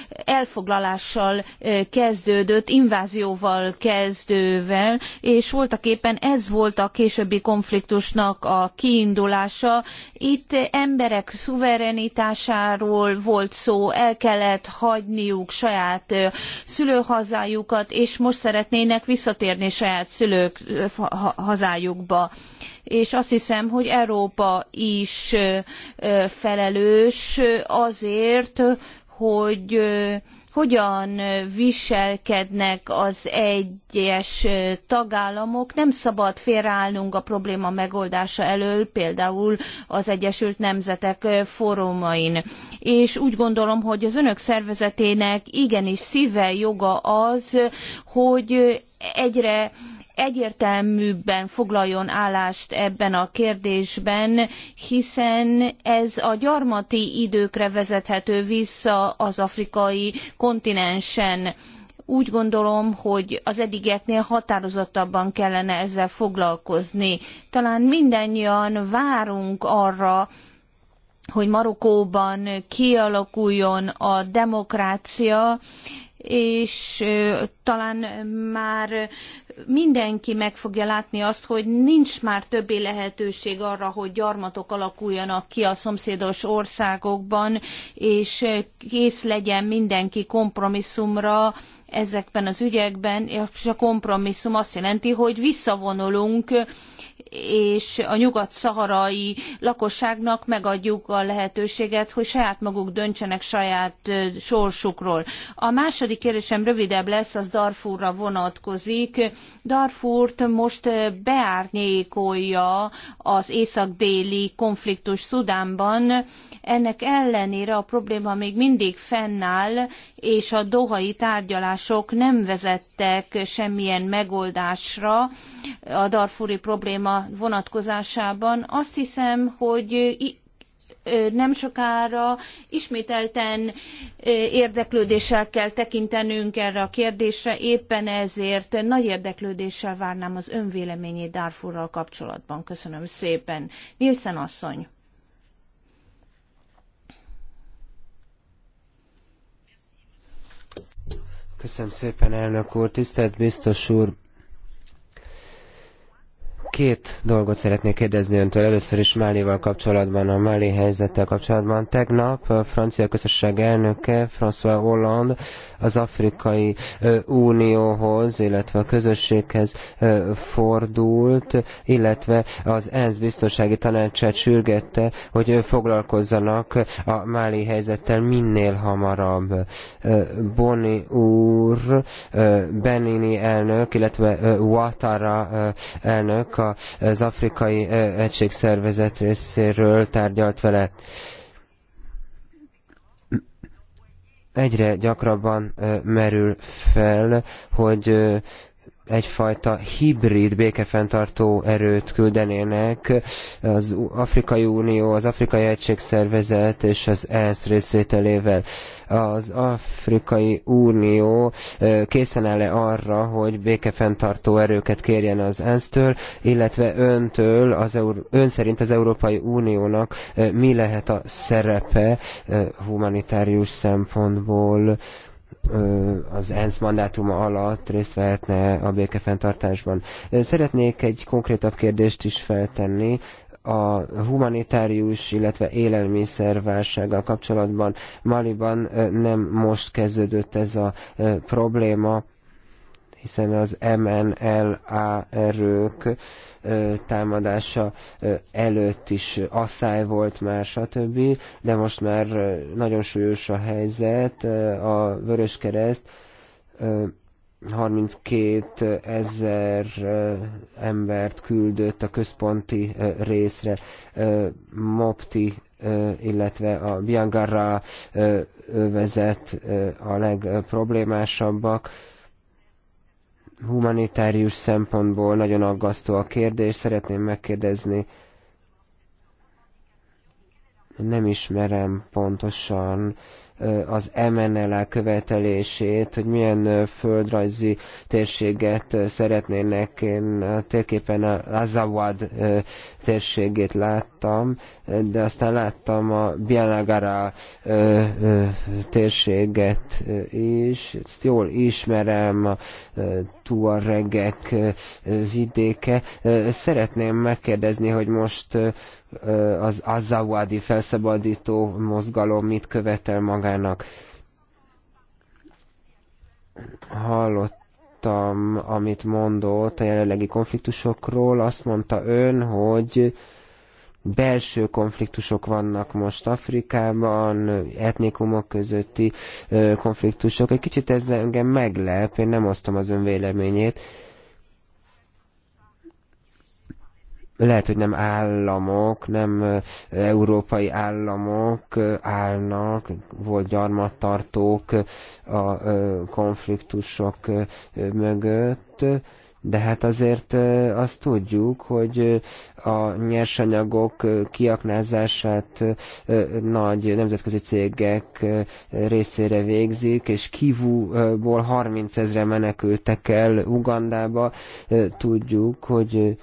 elfoglalással kezdődött, invázióval kezdővel, és voltak éppen ez volt a későbbi konfliktusnak a kiindulása. Itt emberek szuverenitásáról volt szó, el kellett hagyniuk saját szülőhazájukat, és most szeretnének visszatérni saját szülőhazájukba. hazájukba és azt hiszem, hogy Európa is felelős azért, hogy hogyan viselkednek az egyes tagállamok. Nem szabad félreállnunk a probléma megoldása elől, például az Egyesült Nemzetek fórumain. És úgy gondolom, hogy az önök szervezetének igenis szíve joga az, hogy egyre egyértelműbben foglaljon állást ebben a kérdésben, hiszen ez a gyarmati időkre vezethető vissza az afrikai kontinensen úgy gondolom, hogy az eddigieknél határozottabban kellene ezzel foglalkozni. Talán mindannyian várunk arra, hogy Marokkóban kialakuljon a demokrácia, és talán már mindenki meg fogja látni azt, hogy nincs már többé lehetőség arra, hogy gyarmatok alakuljanak ki a szomszédos országokban, és kész legyen mindenki kompromisszumra, ezekben az ügyekben, és a kompromisszum azt jelenti, hogy visszavonulunk és a nyugat-szaharai lakosságnak megadjuk a lehetőséget, hogy saját maguk döntsenek saját sorsukról. A második kérdésem rövidebb lesz, az Darfurra vonatkozik. Darfurt most beárnyékolja az észak-déli konfliktus Szudánban. Ennek ellenére a probléma még mindig fennáll, és a dohai tárgyalások nem vezettek semmilyen megoldásra a darfuri probléma vonatkozásában. Azt hiszem, hogy nem sokára ismételten érdeklődéssel kell tekintenünk erre a kérdésre, éppen ezért nagy érdeklődéssel várnám az önvéleményét Darfurral kapcsolatban. Köszönöm szépen. Nilsen asszony. Köszönöm szépen, elnök úr. Tisztelt biztos úr, Két dolgot szeretnék kérdezni öntől. Először is Málival kapcsolatban, a Máli helyzettel kapcsolatban. Tegnap a francia közösség elnöke François Hollande az Afrikai Unióhoz, illetve a közösséghez fordult, illetve az ENSZ biztonsági tanácsát sürgette, hogy foglalkozzanak a Máli helyzettel minél hamarabb. Boni úr, Benini elnök, illetve Ouattara elnök az afrikai egységszervezet részéről tárgyalt vele. Egyre gyakrabban merül fel, hogy egyfajta hibrid békefenntartó erőt küldenének az Afrikai Unió, az Afrikai Egységszervezet és az ENSZ részvételével. Az Afrikai Unió készen áll-e arra, hogy békefenntartó erőket kérjen az ENSZ-től, illetve öntől, az ön szerint az Európai Uniónak mi lehet a szerepe humanitárius szempontból? az ENSZ mandátuma alatt részt vehetne a békefenntartásban. Szeretnék egy konkrétabb kérdést is feltenni a humanitárius, illetve élelmiszerválsággal kapcsolatban. Maliban nem most kezdődött ez a probléma, hiszen az MNLA erők támadása előtt is asszály volt már, stb. De most már nagyon súlyos a helyzet. A vörös kereszt 32 ezer embert küldött a központi részre. Mopti illetve a Biangarra övezet a legproblémásabbak humanitárius szempontból nagyon aggasztó a kérdés. Szeretném megkérdezni, nem ismerem pontosan az MNLA követelését, hogy milyen földrajzi térséget szeretnének. Én a térképen a Lazawad térségét láttam, de aztán láttam a Bianagara térséget is. Ezt jól ismerem, a Tuaregek vidéke. Szeretném megkérdezni, hogy most az Azawadi felszabadító mozgalom mit követel magának. Hallottam, amit mondott a jelenlegi konfliktusokról, azt mondta ön, hogy belső konfliktusok vannak most Afrikában, etnikumok közötti konfliktusok. Egy kicsit ez engem meglep, én nem osztom az ön véleményét lehet, hogy nem államok, nem európai államok állnak, volt gyarmattartók a konfliktusok mögött, de hát azért azt tudjuk, hogy a nyersanyagok kiaknázását nagy nemzetközi cégek részére végzik, és Kivúból 30 ezre menekültek el Ugandába. Tudjuk, hogy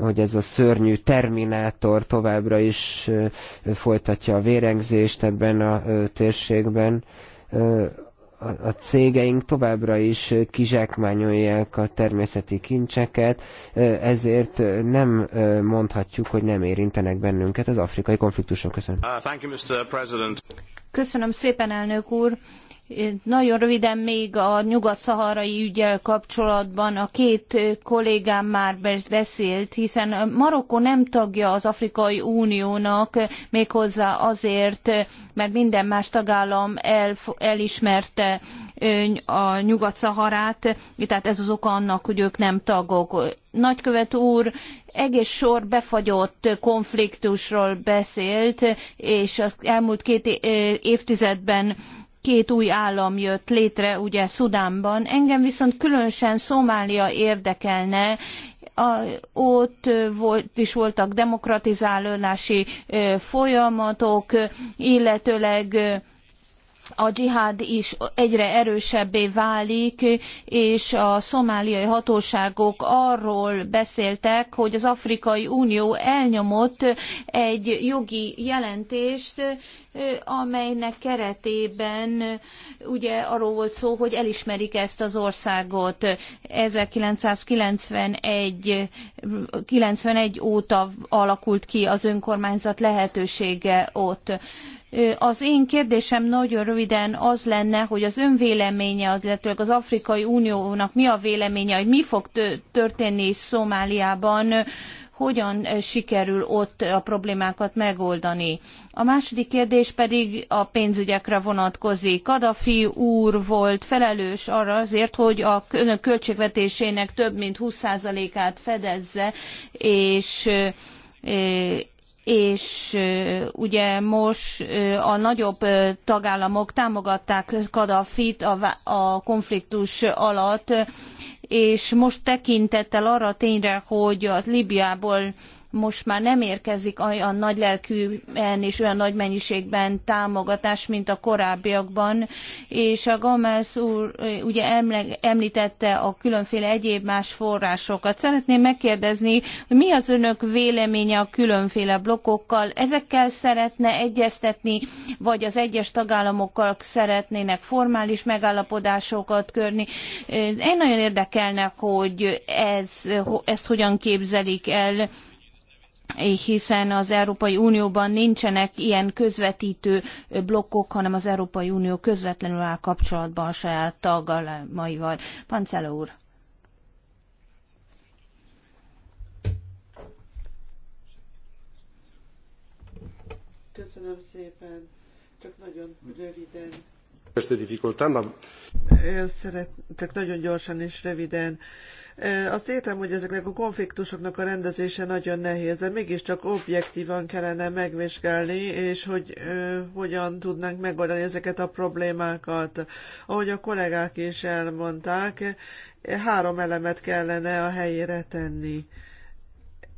hogy ez a szörnyű terminátor továbbra is folytatja a vérengzést ebben a térségben. A cégeink továbbra is kizsákmányolják a természeti kincseket, ezért nem mondhatjuk, hogy nem érintenek bennünket az afrikai konfliktuson. Köszönöm. Ah, Köszönöm szépen, elnök úr. Nagyon röviden még a nyugat-szaharai ügyel kapcsolatban a két kollégám már beszélt, hiszen Marokkó nem tagja az Afrikai Uniónak, méghozzá azért, mert minden más tagállam el, elismerte a nyugat-szaharát, tehát ez az oka annak, hogy ők nem tagok. Nagykövet úr egész sor befagyott konfliktusról beszélt, és az elmúlt két évtizedben két új állam jött létre, ugye Szudánban. Engem viszont különösen Szomália érdekelne, a, ott volt, is voltak demokratizálódási folyamatok, illetőleg a dzsihád is egyre erősebbé válik, és a szomáliai hatóságok arról beszéltek, hogy az Afrikai Unió elnyomott egy jogi jelentést, amelynek keretében ugye arról volt szó, hogy elismerik ezt az országot. 1991 91 óta alakult ki az önkormányzat lehetősége ott az én kérdésem nagyon röviden az lenne, hogy az ön véleménye, illetőleg az Afrikai Uniónak mi a véleménye, hogy mi fog történni Szomáliában, hogyan sikerül ott a problémákat megoldani. A második kérdés pedig a pénzügyekre vonatkozik. Kadafi úr volt felelős arra azért, hogy a önök költségvetésének több mint 20%-át fedezze, és és ugye most a nagyobb tagállamok támogatták Kadhafit a, konfliktus alatt, és most tekintettel arra a tényre, hogy a Libiából most már nem érkezik olyan nagy lelkűen és olyan nagy mennyiségben támogatás, mint a korábbiakban, és a Gomez úr ugye említette a különféle egyéb más forrásokat. Szeretném megkérdezni, hogy mi az önök véleménye a különféle blokkokkal? Ezekkel szeretne egyeztetni, vagy az egyes tagállamokkal szeretnének formális megállapodásokat körni? Én nagyon érdekelnek, hogy ez, ezt hogyan képzelik el hiszen az Európai Unióban nincsenek ilyen közvetítő blokkok, hanem az Európai Unió közvetlenül áll kapcsolatban a saját tagállamaival. Panzello úr. Köszönöm szépen. Csak nagyon röviden. Ezt a difficultán, Csak nagyon gyorsan és röviden azt értem, hogy ezeknek a konfliktusoknak a rendezése nagyon nehéz, de mégiscsak objektívan kellene megvizsgálni, és hogy ö, hogyan tudnánk megoldani ezeket a problémákat. Ahogy a kollégák is elmondták, három elemet kellene a helyére tenni.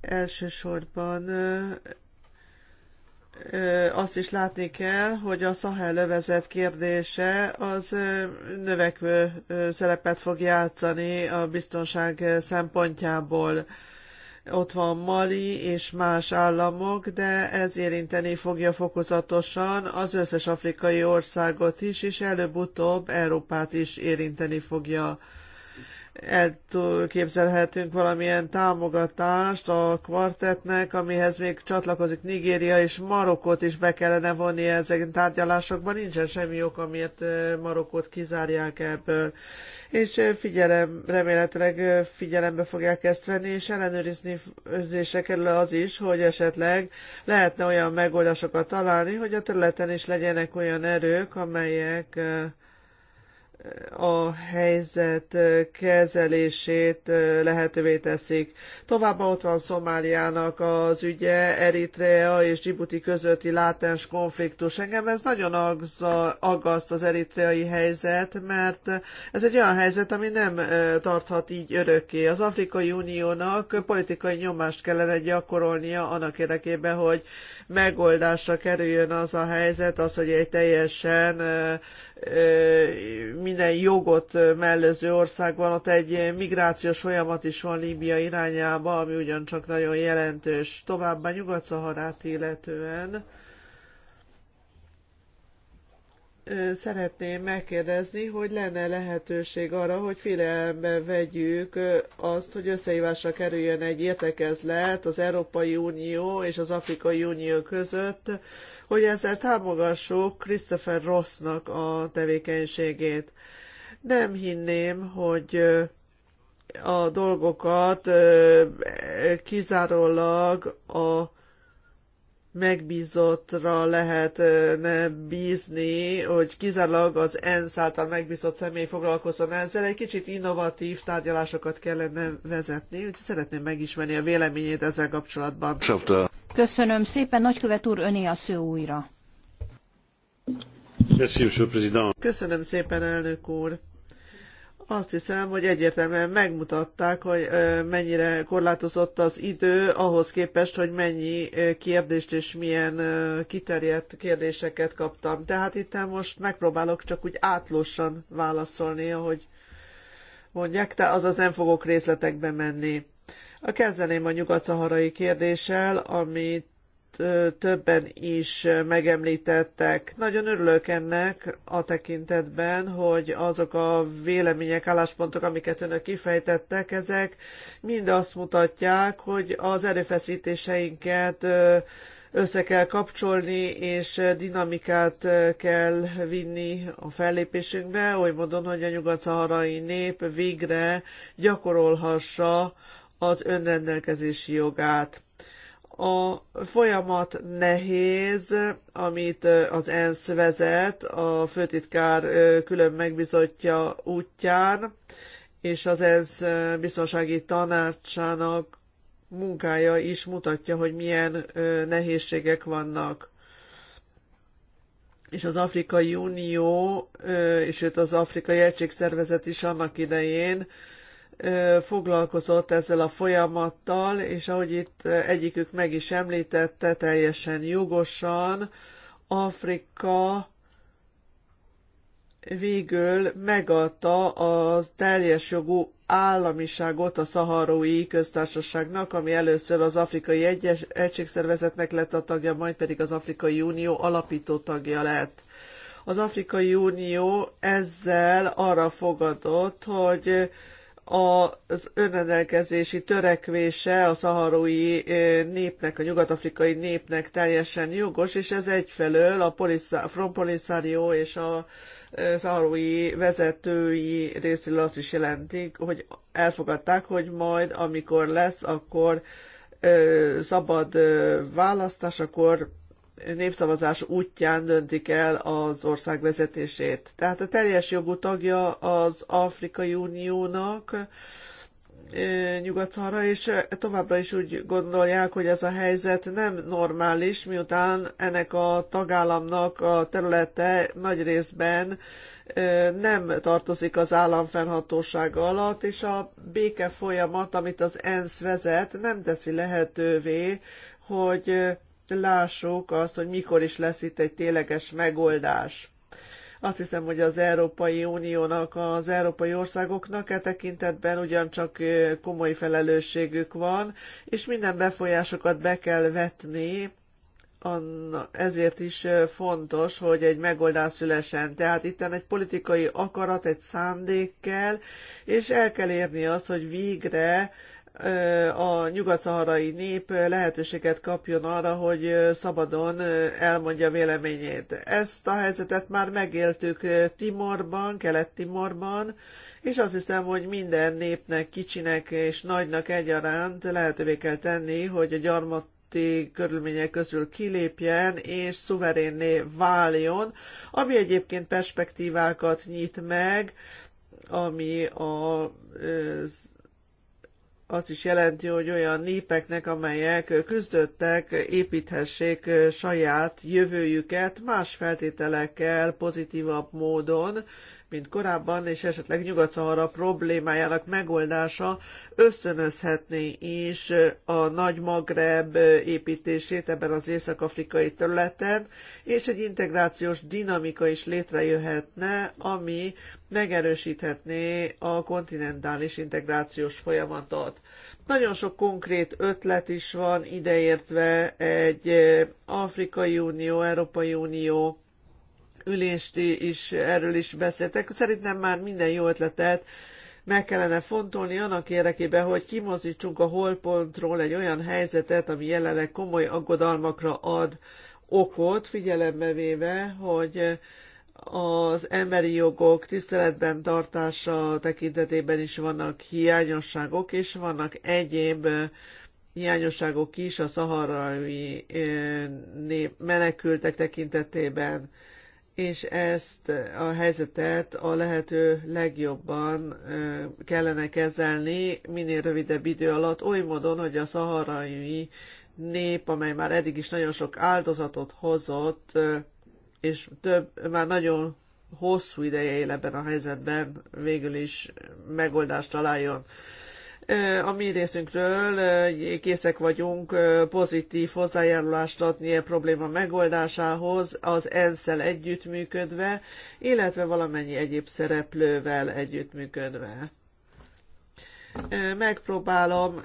Elsősorban azt is látni kell, hogy a Szahel övezet kérdése az növekvő szerepet fog játszani a biztonság szempontjából. Ott van Mali és más államok, de ez érinteni fogja fokozatosan az összes afrikai országot is, és előbb-utóbb Európát is érinteni fogja elképzelhetünk valamilyen támogatást a kvartetnek, amihez még csatlakozik Nigéria és Marokkot is be kellene vonni ezeken tárgyalásokban. Nincsen semmi ok, amiért Marokkot kizárják ebből. És figyelem, remélhetőleg figyelembe fogják ezt venni, és ellenőrizni őrzésre kerül az is, hogy esetleg lehetne olyan megoldásokat találni, hogy a területen is legyenek olyan erők, amelyek a helyzet kezelését lehetővé teszik. Továbbá ott van Szomáliának az ügye, Eritrea és Djibouti közötti látens konfliktus. Engem ez nagyon aggaszt az eritreai helyzet, mert ez egy olyan helyzet, ami nem tarthat így örökké. Az Afrikai Uniónak politikai nyomást kellene gyakorolnia annak érdekében, hogy megoldásra kerüljön az a helyzet, az, hogy egy teljesen minden jogot mellőző országban, ott egy migrációs folyamat is van Líbia irányába, ami ugyancsak nagyon jelentős. Továbbá Nyugat-Szaharát illetően szeretném megkérdezni, hogy lenne lehetőség arra, hogy figyelembe vegyük azt, hogy összehívásra kerüljön egy értekezlet az Európai Unió és az Afrikai Unió között, hogy ezzel támogassuk Christopher Rossnak a tevékenységét. Nem hinném, hogy a dolgokat kizárólag a megbízottra lehet bízni, hogy kizárólag az ENSZ által megbízott személy foglalkozzon ezzel. Egy kicsit innovatív tárgyalásokat kellene vezetni, úgyhogy szeretném megismerni a véleményét ezzel kapcsolatban. Csapta. Köszönöm szépen, nagykövet úr, öné a szó újra. Köszönöm szépen, elnök úr azt hiszem, hogy egyértelműen megmutatták, hogy mennyire korlátozott az idő ahhoz képest, hogy mennyi kérdést és milyen kiterjedt kérdéseket kaptam. Tehát itt most megpróbálok csak úgy átlósan válaszolni, ahogy mondják, de azaz nem fogok részletekbe menni. A kezdeném a nyugat-szaharai kérdéssel, amit többen is megemlítettek. Nagyon örülök ennek a tekintetben, hogy azok a vélemények, álláspontok, amiket önök kifejtettek, ezek mind azt mutatják, hogy az erőfeszítéseinket össze kell kapcsolni, és dinamikát kell vinni a fellépésünkbe, oly módon, hogy a nyugat-szaharai nép végre gyakorolhassa az önrendelkezési jogát. A folyamat nehéz, amit az ENSZ vezet a főtitkár külön megbizotja útján, és az ENSZ biztonsági tanácsának munkája is mutatja, hogy milyen nehézségek vannak és az Afrikai Unió, és őt az Afrikai Egységszervezet is annak idején foglalkozott ezzel a folyamattal, és ahogy itt egyikük meg is említette, teljesen jogosan, Afrika végül megadta az teljes jogú államiságot a szaharói köztársaságnak, ami először az Afrikai Egyes, Egységszervezetnek lett a tagja, majd pedig az Afrikai Unió alapító tagja lett. Az Afrikai Unió ezzel arra fogadott, hogy az önrendelkezési törekvése a szaharói népnek, a nyugat-afrikai népnek teljesen jogos, és ez egyfelől a Front Polisario és a szaharói vezetői részéről azt is jelentik, hogy elfogadták, hogy majd, amikor lesz, akkor szabad választás, akkor népszavazás útján döntik el az ország vezetését. Tehát a teljes jogú tagja az Afrikai Uniónak, nyugatszarra, és továbbra is úgy gondolják, hogy ez a helyzet nem normális, miután ennek a tagállamnak a területe nagy részben nem tartozik az állam fennhatósága alatt, és a béke folyamat, amit az ENSZ vezet, nem teszi lehetővé, hogy lássuk azt, hogy mikor is lesz itt egy tényleges megoldás. Azt hiszem, hogy az Európai Uniónak, az európai országoknak e tekintetben ugyancsak komoly felelősségük van, és minden befolyásokat be kell vetni, ezért is fontos, hogy egy megoldás szülesen. Tehát itt egy politikai akarat, egy szándék kell, és el kell érni azt, hogy végre a nyugat-szaharai nép lehetőséget kapjon arra, hogy szabadon elmondja véleményét. Ezt a helyzetet már megéltük Timorban, Kelet-Timorban, és azt hiszem, hogy minden népnek, kicsinek és nagynak egyaránt lehetővé kell tenni, hogy a gyarmat körülmények közül kilépjen és szuverénné váljon, ami egyébként perspektívákat nyit meg, ami a, az azt is jelenti, hogy olyan népeknek, amelyek küzdöttek, építhessék saját jövőjüket más feltételekkel, pozitívabb módon, mint korábban, és esetleg nyugat a problémájának megoldása összönözhetné is a nagy Magreb építését ebben az észak-afrikai területen, és egy integrációs dinamika is létrejöhetne, ami megerősíthetné a kontinentális integrációs folyamatot. Nagyon sok konkrét ötlet is van, ideértve egy Afrikai Unió, Európai Unió, ülést is erről is beszéltek. Szerintem már minden jó ötletet meg kellene fontolni annak érdekében, hogy kimozdítsunk a holpontról egy olyan helyzetet, ami jelenleg komoly aggodalmakra ad okot, figyelembe véve, hogy az emberi jogok tiszteletben tartása tekintetében is vannak hiányosságok, és vannak egyéb hiányosságok is a szaharai menekültek tekintetében és ezt a helyzetet a lehető legjobban kellene kezelni minél rövidebb idő alatt, oly módon, hogy a szaharai nép, amely már eddig is nagyon sok áldozatot hozott, és több, már nagyon hosszú ideje él ebben a helyzetben, végül is megoldást találjon. A mi részünkről készek vagyunk pozitív hozzájárulást adni a e probléma megoldásához, az ensz együttműködve, illetve valamennyi egyéb szereplővel együttműködve megpróbálom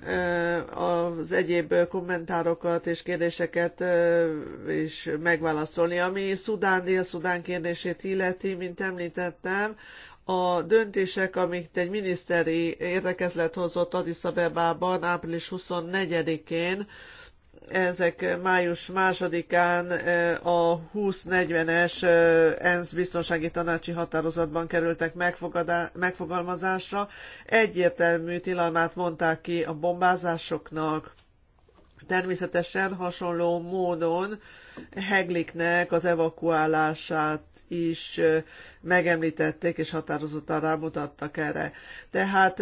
az egyéb kommentárokat és kérdéseket is megválaszolni. Ami Szudán, Dél-Szudán kérdését illeti, mint említettem, a döntések, amiket egy miniszteri érdekezlet hozott Addis Abebában április 24-én, ezek május másodikán eh, a 2040-es eh, ENSZ biztonsági tanácsi határozatban kerültek megfogalmazásra. Egyértelmű tilalmát mondták ki a bombázásoknak. Természetesen hasonló módon Hegliknek az evakuálását is megemlítették és határozottan rámutattak erre. Tehát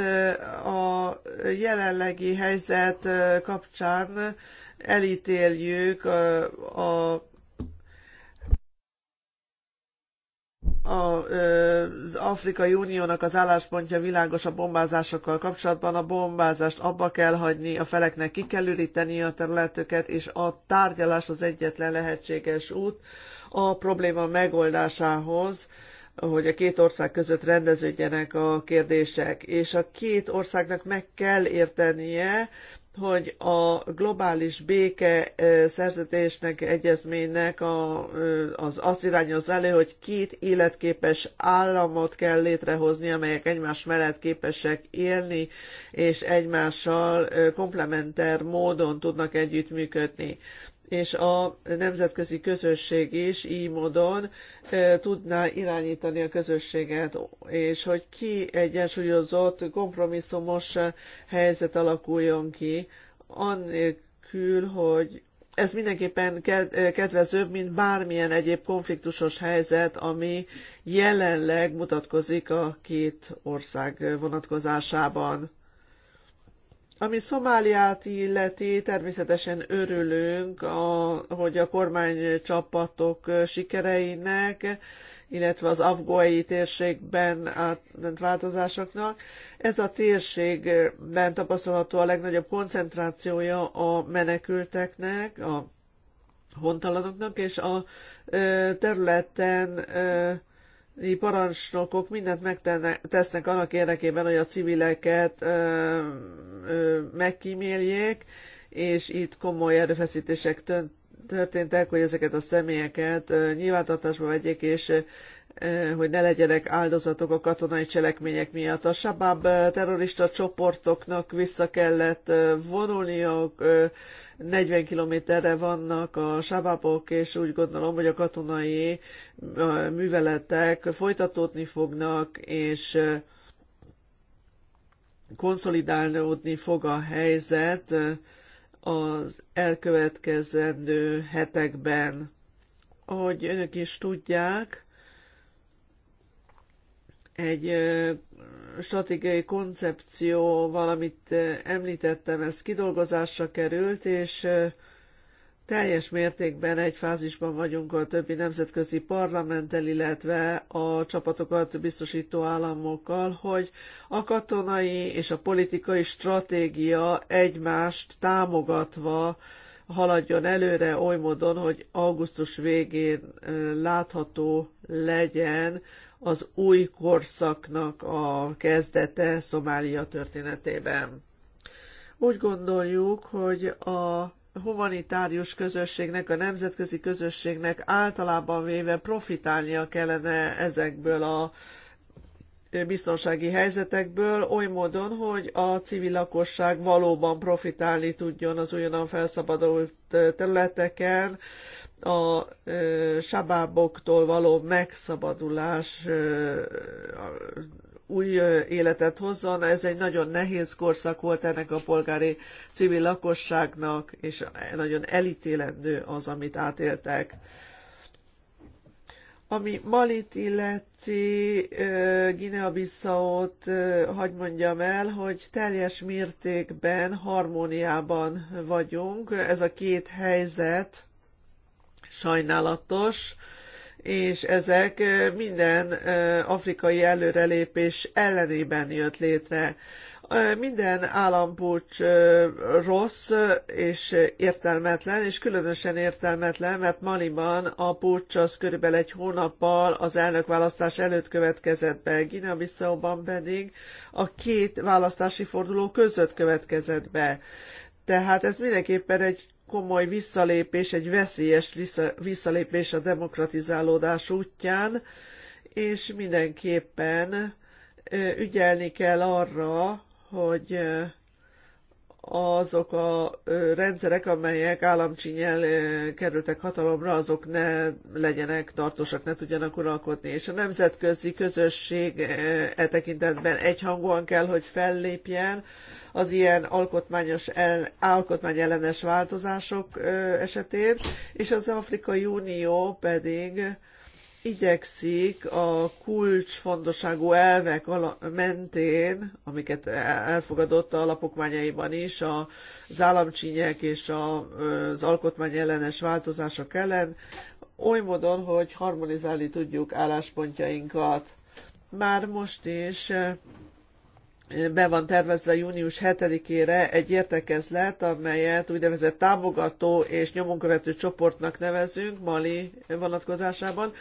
a jelenlegi helyzet kapcsán elítéljük a, a az Afrikai Uniónak az álláspontja világos a bombázásokkal kapcsolatban. A bombázást abba kell hagyni, a feleknek ki kell üríteni a területüket, és a tárgyalás az egyetlen lehetséges út a probléma megoldásához hogy a két ország között rendeződjenek a kérdések, és a két országnak meg kell értenie, hogy a globális béke szerződésnek, egyezménynek a, az azt irányoz elő, hogy két életképes államot kell létrehozni, amelyek egymás mellett képesek élni, és egymással komplementer módon tudnak együttműködni és a nemzetközi közösség is így módon e, tudná irányítani a közösséget, és hogy ki egyensúlyozott, kompromisszumos helyzet alakuljon ki, annélkül, hogy ez mindenképpen kedvezőbb, mint bármilyen egyéb konfliktusos helyzet, ami jelenleg mutatkozik a két ország vonatkozásában. Ami Szomáliát illeti, természetesen örülünk, a, hogy a kormánycsapatok sikereinek, illetve az afgói térségben átment változásoknak. Ez a térségben tapasztalható a legnagyobb koncentrációja a menekülteknek, a hontalanoknak, és a területen parancsnokok mindent megtesznek annak érdekében, hogy a civileket ö, ö, megkíméljék, és itt komoly erőfeszítések történtek, hogy ezeket a személyeket ö, nyilvántartásba vegyék, és ö, hogy ne legyenek áldozatok a katonai cselekmények miatt. A Shabab terrorista csoportoknak vissza kellett vonulniuk, 40 kilométerre vannak a sábápok, és úgy gondolom, hogy a katonai műveletek folytatódni fognak, és konszolidálódni fog a helyzet az elkövetkezendő hetekben. Ahogy önök is tudják, egy stratégiai koncepció, valamit eh, említettem, ez kidolgozásra került, és eh, teljes mértékben egy fázisban vagyunk a többi nemzetközi parlamenttel, illetve a csapatokat biztosító államokkal, hogy a katonai és a politikai stratégia egymást támogatva haladjon előre oly módon, hogy augusztus végén eh, látható legyen, az új korszaknak a kezdete Szomália történetében. Úgy gondoljuk, hogy a humanitárius közösségnek, a nemzetközi közösségnek általában véve profitálnia kellene ezekből a biztonsági helyzetekből oly módon, hogy a civil lakosság valóban profitálni tudjon az újonnan felszabadult területeken, a sabáboktól való megszabadulás új életet hozzon. Ez egy nagyon nehéz korszak volt ennek a polgári civil lakosságnak, és nagyon elítélendő az, amit átéltek. Ami Malit illeti, Guinea-Bissaut, hagy mondjam el, hogy teljes mértékben, harmóniában vagyunk. Ez a két helyzet, sajnálatos, és ezek minden afrikai előrelépés ellenében jött létre. Minden állampúcs rossz és értelmetlen, és különösen értelmetlen, mert Maliban a pucs az körülbelül egy hónappal az elnökválasztás előtt következett be, Guinea-Bissauban pedig a két választási forduló között következett be. Tehát ez mindenképpen egy komoly visszalépés, egy veszélyes visszalépés a demokratizálódás útján, és mindenképpen ügyelni kell arra, hogy azok a rendszerek, amelyek államcsinyel kerültek hatalomra, azok ne legyenek tartósak, ne tudjanak uralkodni. És a nemzetközi közösség e tekintetben egyhangúan kell, hogy fellépjen, az ilyen alkotmányos el, alkotmány ellenes változások esetén, és az Afrikai Unió pedig igyekszik a kulcsfontosságú elvek mentén, amiket e-, elfogadott a alapokmányaiban is, az államcsínyek és az alkotmány ellenes változások ellen, oly módon, hogy harmonizálni tudjuk álláspontjainkat. Már most is be van tervezve június 7-ére egy értekezlet, amelyet úgynevezett támogató és nyomonkövető csoportnak nevezünk Mali vonatkozásában.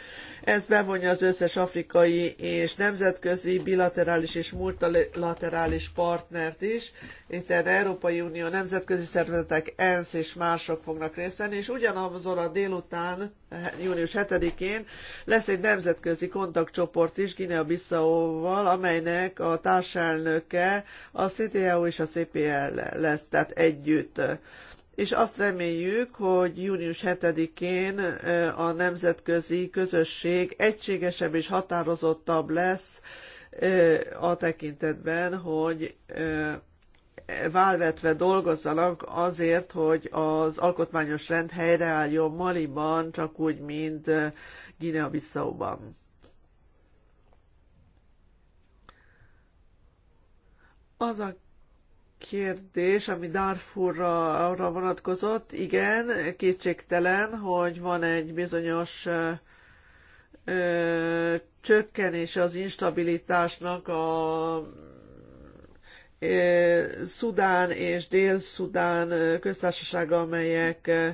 Ez bevonja az összes afrikai és nemzetközi bilaterális és multilaterális partnert is. Itt Európai Unió nemzetközi szervezetek, ENSZ és mások fognak részt venni, és ugyanazon a délután, június 7-én lesz egy nemzetközi kontaktcsoport is Guinea-Bissau-val, amelynek a társelnök elnöke a CTAO e és a CPL lesz, tehát együtt és azt reméljük, hogy június 7-én a nemzetközi közösség egységesebb és határozottabb lesz a tekintetben, hogy válvetve dolgozzanak azért, hogy az alkotmányos rend helyreálljon Maliban, csak úgy, mint Guinea-Bissauban. Az a kérdés, ami Darfurra arra vonatkozott, igen, kétségtelen, hogy van egy bizonyos ö, ö, csökkenés az instabilitásnak a ö, Szudán és Dél-Szudán köztársasága, amelyek ö,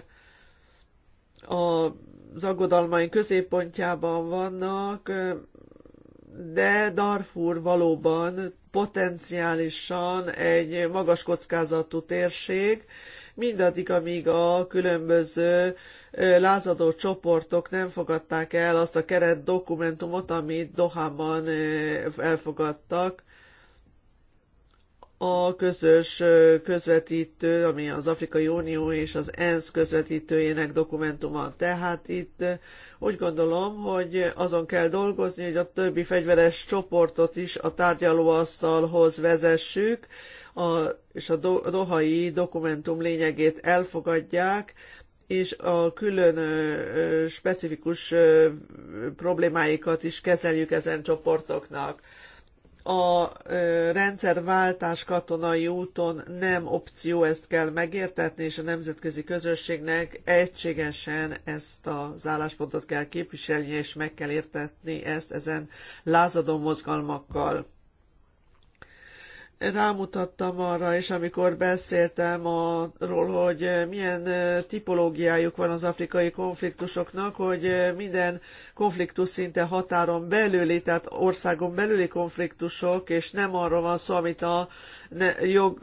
az aggodalmaink középpontjában vannak. Ö, de Darfur valóban potenciálisan egy magas kockázatú térség, mindaddig, amíg a különböző lázadó csoportok nem fogadták el azt a keret dokumentumot, amit Dohában elfogadtak, a közös közvetítő, ami az Afrikai Unió és az ENSZ közvetítőjének dokumentuma. Tehát itt úgy gondolom, hogy azon kell dolgozni, hogy a többi fegyveres csoportot is a tárgyalóasztalhoz vezessük, a, és a dohai dokumentum lényegét elfogadják, és a külön specifikus problémáikat is kezeljük ezen csoportoknak a rendszerváltás katonai úton nem opció, ezt kell megértetni, és a nemzetközi közösségnek egységesen ezt az álláspontot kell képviselni, és meg kell értetni ezt ezen lázadó mozgalmakkal rámutattam arra, és amikor beszéltem arról, hogy milyen tipológiájuk van az afrikai konfliktusoknak, hogy minden konfliktus szinte határon belüli, tehát országon belüli konfliktusok, és nem arról van szó, amit a jog,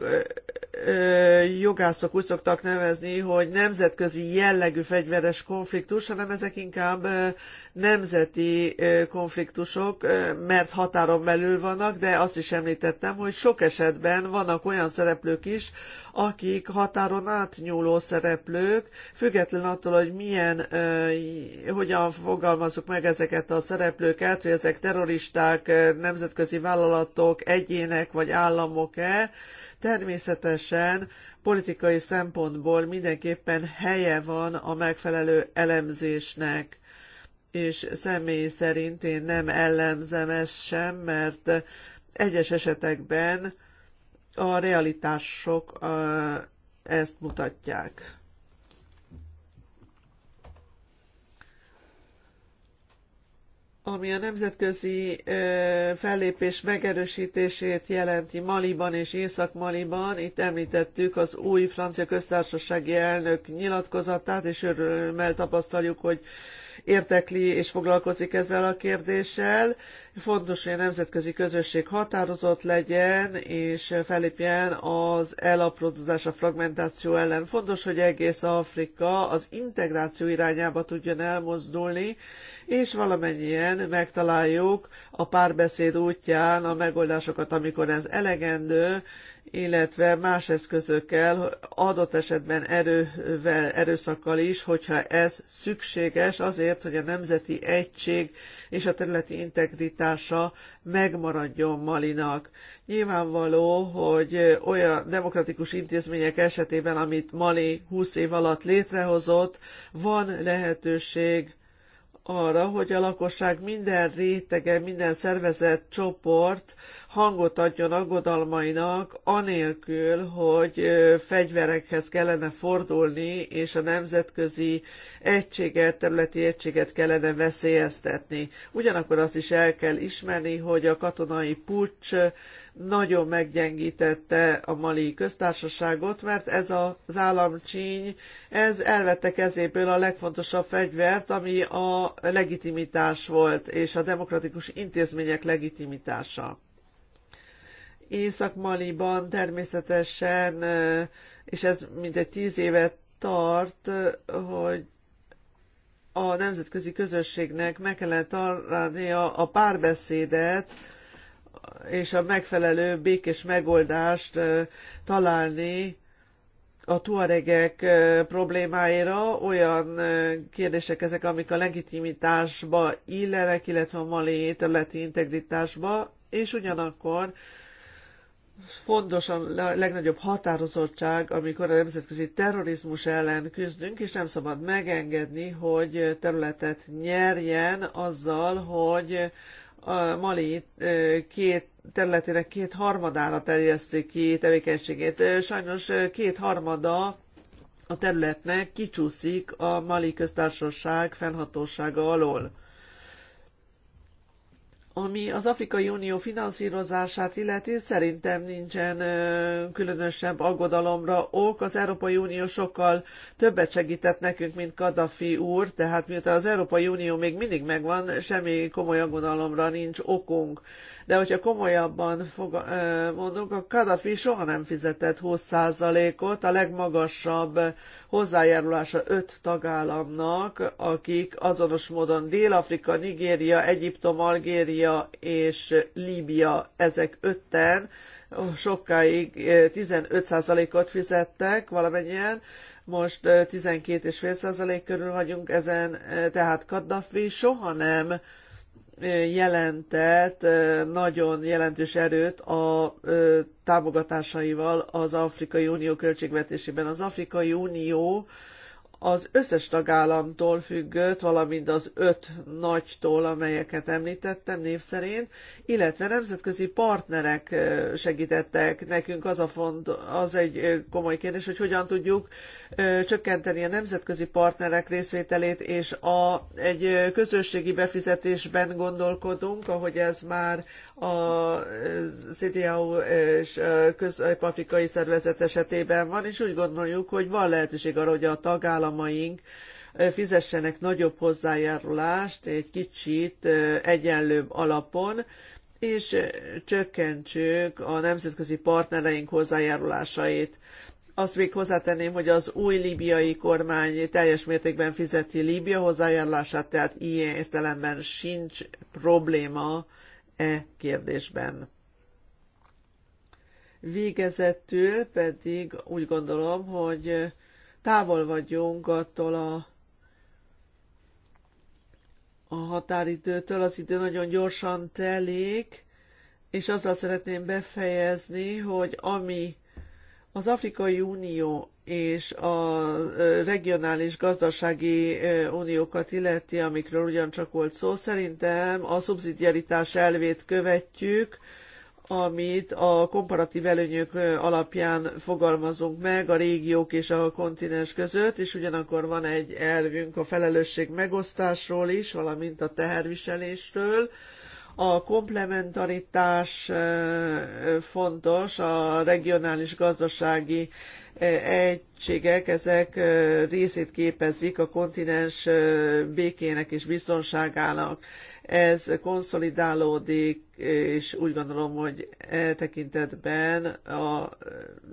jogászok úgy szoktak nevezni, hogy nemzetközi jellegű fegyveres konfliktus, hanem ezek inkább nemzeti konfliktusok, mert határon belül vannak, de azt is említettem, hogy sok esetben vannak olyan szereplők is, akik határon átnyúló szereplők, független attól, hogy milyen, hogyan fogalmazzuk meg ezeket a szereplőket, hogy ezek terroristák, nemzetközi vállalatok, egyének vagy államok-e, természetesen politikai szempontból mindenképpen helye van a megfelelő elemzésnek és személy szerint én nem ellenzem ezt sem, mert egyes esetekben a realitások ezt mutatják. ami a nemzetközi fellépés megerősítését jelenti Maliban és Észak-Maliban. Itt említettük az új francia köztársasági elnök nyilatkozatát, és örömmel tapasztaljuk, hogy érdekli és foglalkozik ezzel a kérdéssel. Fontos, hogy a nemzetközi közösség határozott legyen és fellépjen az elaprózódás, a fragmentáció ellen. Fontos, hogy egész Afrika az integráció irányába tudjon elmozdulni, és valamennyien megtaláljuk a párbeszéd útján a megoldásokat, amikor ez elegendő, illetve más eszközökkel, adott esetben erővel, erőszakkal is, hogyha ez szükséges azért, hogy a nemzeti egység és a területi integritása megmaradjon Malinak. Nyilvánvaló, hogy olyan demokratikus intézmények esetében, amit Mali 20 év alatt létrehozott, van lehetőség arra, hogy a lakosság minden rétege, minden szervezett csoport hangot adjon aggodalmainak, anélkül, hogy fegyverekhez kellene fordulni, és a nemzetközi egységet, területi egységet kellene veszélyeztetni. Ugyanakkor azt is el kell ismerni, hogy a katonai pucs nagyon meggyengítette a mali köztársaságot, mert ez az államcsíny, ez elvette kezéből a legfontosabb fegyvert, ami a legitimitás volt, és a demokratikus intézmények legitimitása. Észak-Maliban természetesen, és ez mintegy tíz évet tart, hogy a nemzetközi közösségnek meg kellett találnia a párbeszédet, és a megfelelő békés megoldást találni a tuaregek problémáira. Olyan kérdések ezek, amik a legitimitásba illenek, illetve a mali területi integritásba, és ugyanakkor fontos a legnagyobb határozottság, amikor a nemzetközi terrorizmus ellen küzdünk, és nem szabad megengedni, hogy területet nyerjen azzal, hogy Mali két területének két harmadára terjesztik ki tevékenységét. Sajnos két harmada a területnek kicsúszik a Mali köztársaság fennhatósága alól. Ami az Afrikai Unió finanszírozását illeti, szerintem nincsen különösebb aggodalomra ok. Az Európai Unió sokkal többet segített nekünk, mint Kaddafi úr, tehát miután az Európai Unió még mindig megvan, semmi komoly aggodalomra nincs okunk de hogyha komolyabban fog, mondunk, a Kadhafi soha nem fizetett 20%-ot, a legmagasabb hozzájárulása öt tagállamnak, akik azonos módon Dél-Afrika, Nigéria, Egyiptom, Algéria és Líbia, ezek ötten sokáig 15%-ot fizettek valamennyien, most 12,5% körül vagyunk ezen, tehát Kaddafi soha nem jelentett nagyon jelentős erőt a támogatásaival az Afrikai Unió költségvetésében. Az Afrikai Unió az összes tagállamtól függött, valamint az öt nagytól, amelyeket említettem név szerint, illetve nemzetközi partnerek segítettek nekünk. Az, a font, az egy komoly kérdés, hogy hogyan tudjuk csökkenteni a nemzetközi partnerek részvételét, és a, egy közösségi befizetésben gondolkodunk, ahogy ez már a CDAO és közép-afrikai szervezet esetében van, és úgy gondoljuk, hogy van lehetőség arra, hogy a tagállamaink fizessenek nagyobb hozzájárulást egy kicsit egyenlőbb alapon, és csökkentsük a nemzetközi partnereink hozzájárulásait. Azt még hozzátenném, hogy az új libiai kormány teljes mértékben fizeti Líbia hozzájárulását, tehát ilyen értelemben sincs probléma e kérdésben. Végezetül pedig úgy gondolom, hogy távol vagyunk attól a, a határidőtől, az idő nagyon gyorsan telik, és azzal szeretném befejezni, hogy ami az Afrikai Unió és a regionális gazdasági uniókat illeti, amikről ugyancsak volt szó, szerintem a szubszidiaritás elvét követjük, amit a komparatív előnyök alapján fogalmazunk meg a régiók és a kontinens között, és ugyanakkor van egy elvünk a felelősség megosztásról is, valamint a teherviselésről, a komplementaritás fontos, a regionális gazdasági egységek, ezek részét képezik a kontinens békének és biztonságának. Ez konszolidálódik, és úgy gondolom, hogy e tekintetben a,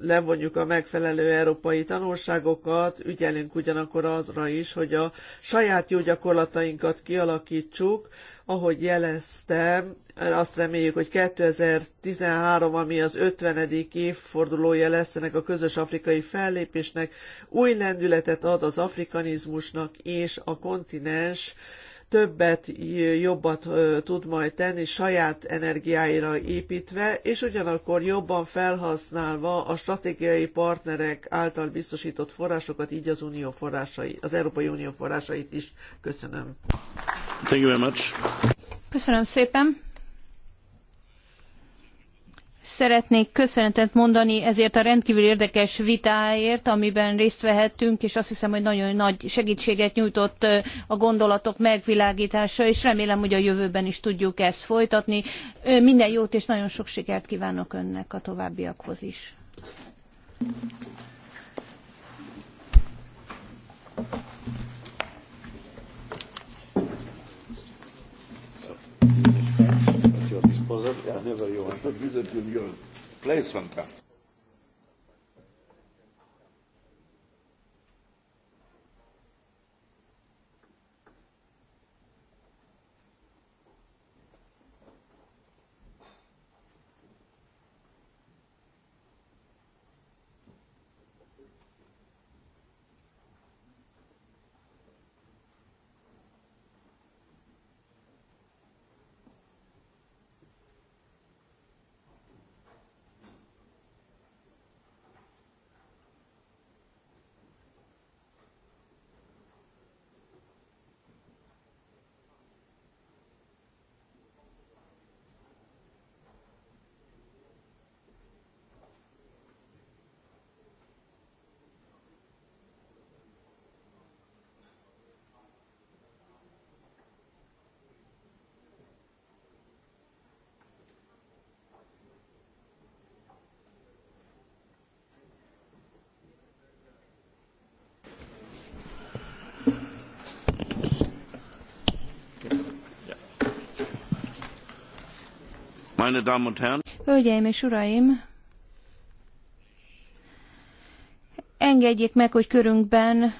levonjuk a megfelelő európai tanulságokat, ügyelünk ugyanakkor azra is, hogy a saját jó gyakorlatainkat kialakítsuk, ahogy jeleztem, azt reméljük, hogy 2013, ami az 50. évfordulója lesz ennek a közös afrikai fellépésnek, új lendületet ad az afrikanizmusnak, és a kontinens többet, jobbat tud majd tenni saját energiáira építve, és ugyanakkor jobban felhasználva a stratégiai partnerek által biztosított forrásokat, így az, Unió forrásai, az Európai Unió forrásait is. Köszönöm. Thank you very much. Köszönöm szépen. Szeretnék köszönetet mondani ezért a rendkívül érdekes vitáért, amiben részt vehettünk, és azt hiszem, hogy nagyon nagy segítséget nyújtott a gondolatok megvilágítása, és remélem, hogy a jövőben is tudjuk ezt folytatni. Minden jót, és nagyon sok sikert kívánok önnek a továbbiakhoz is. at your disposal. They are never yours. These place sometimes. Hölgyeim és uraim, engedjék meg, hogy körünkben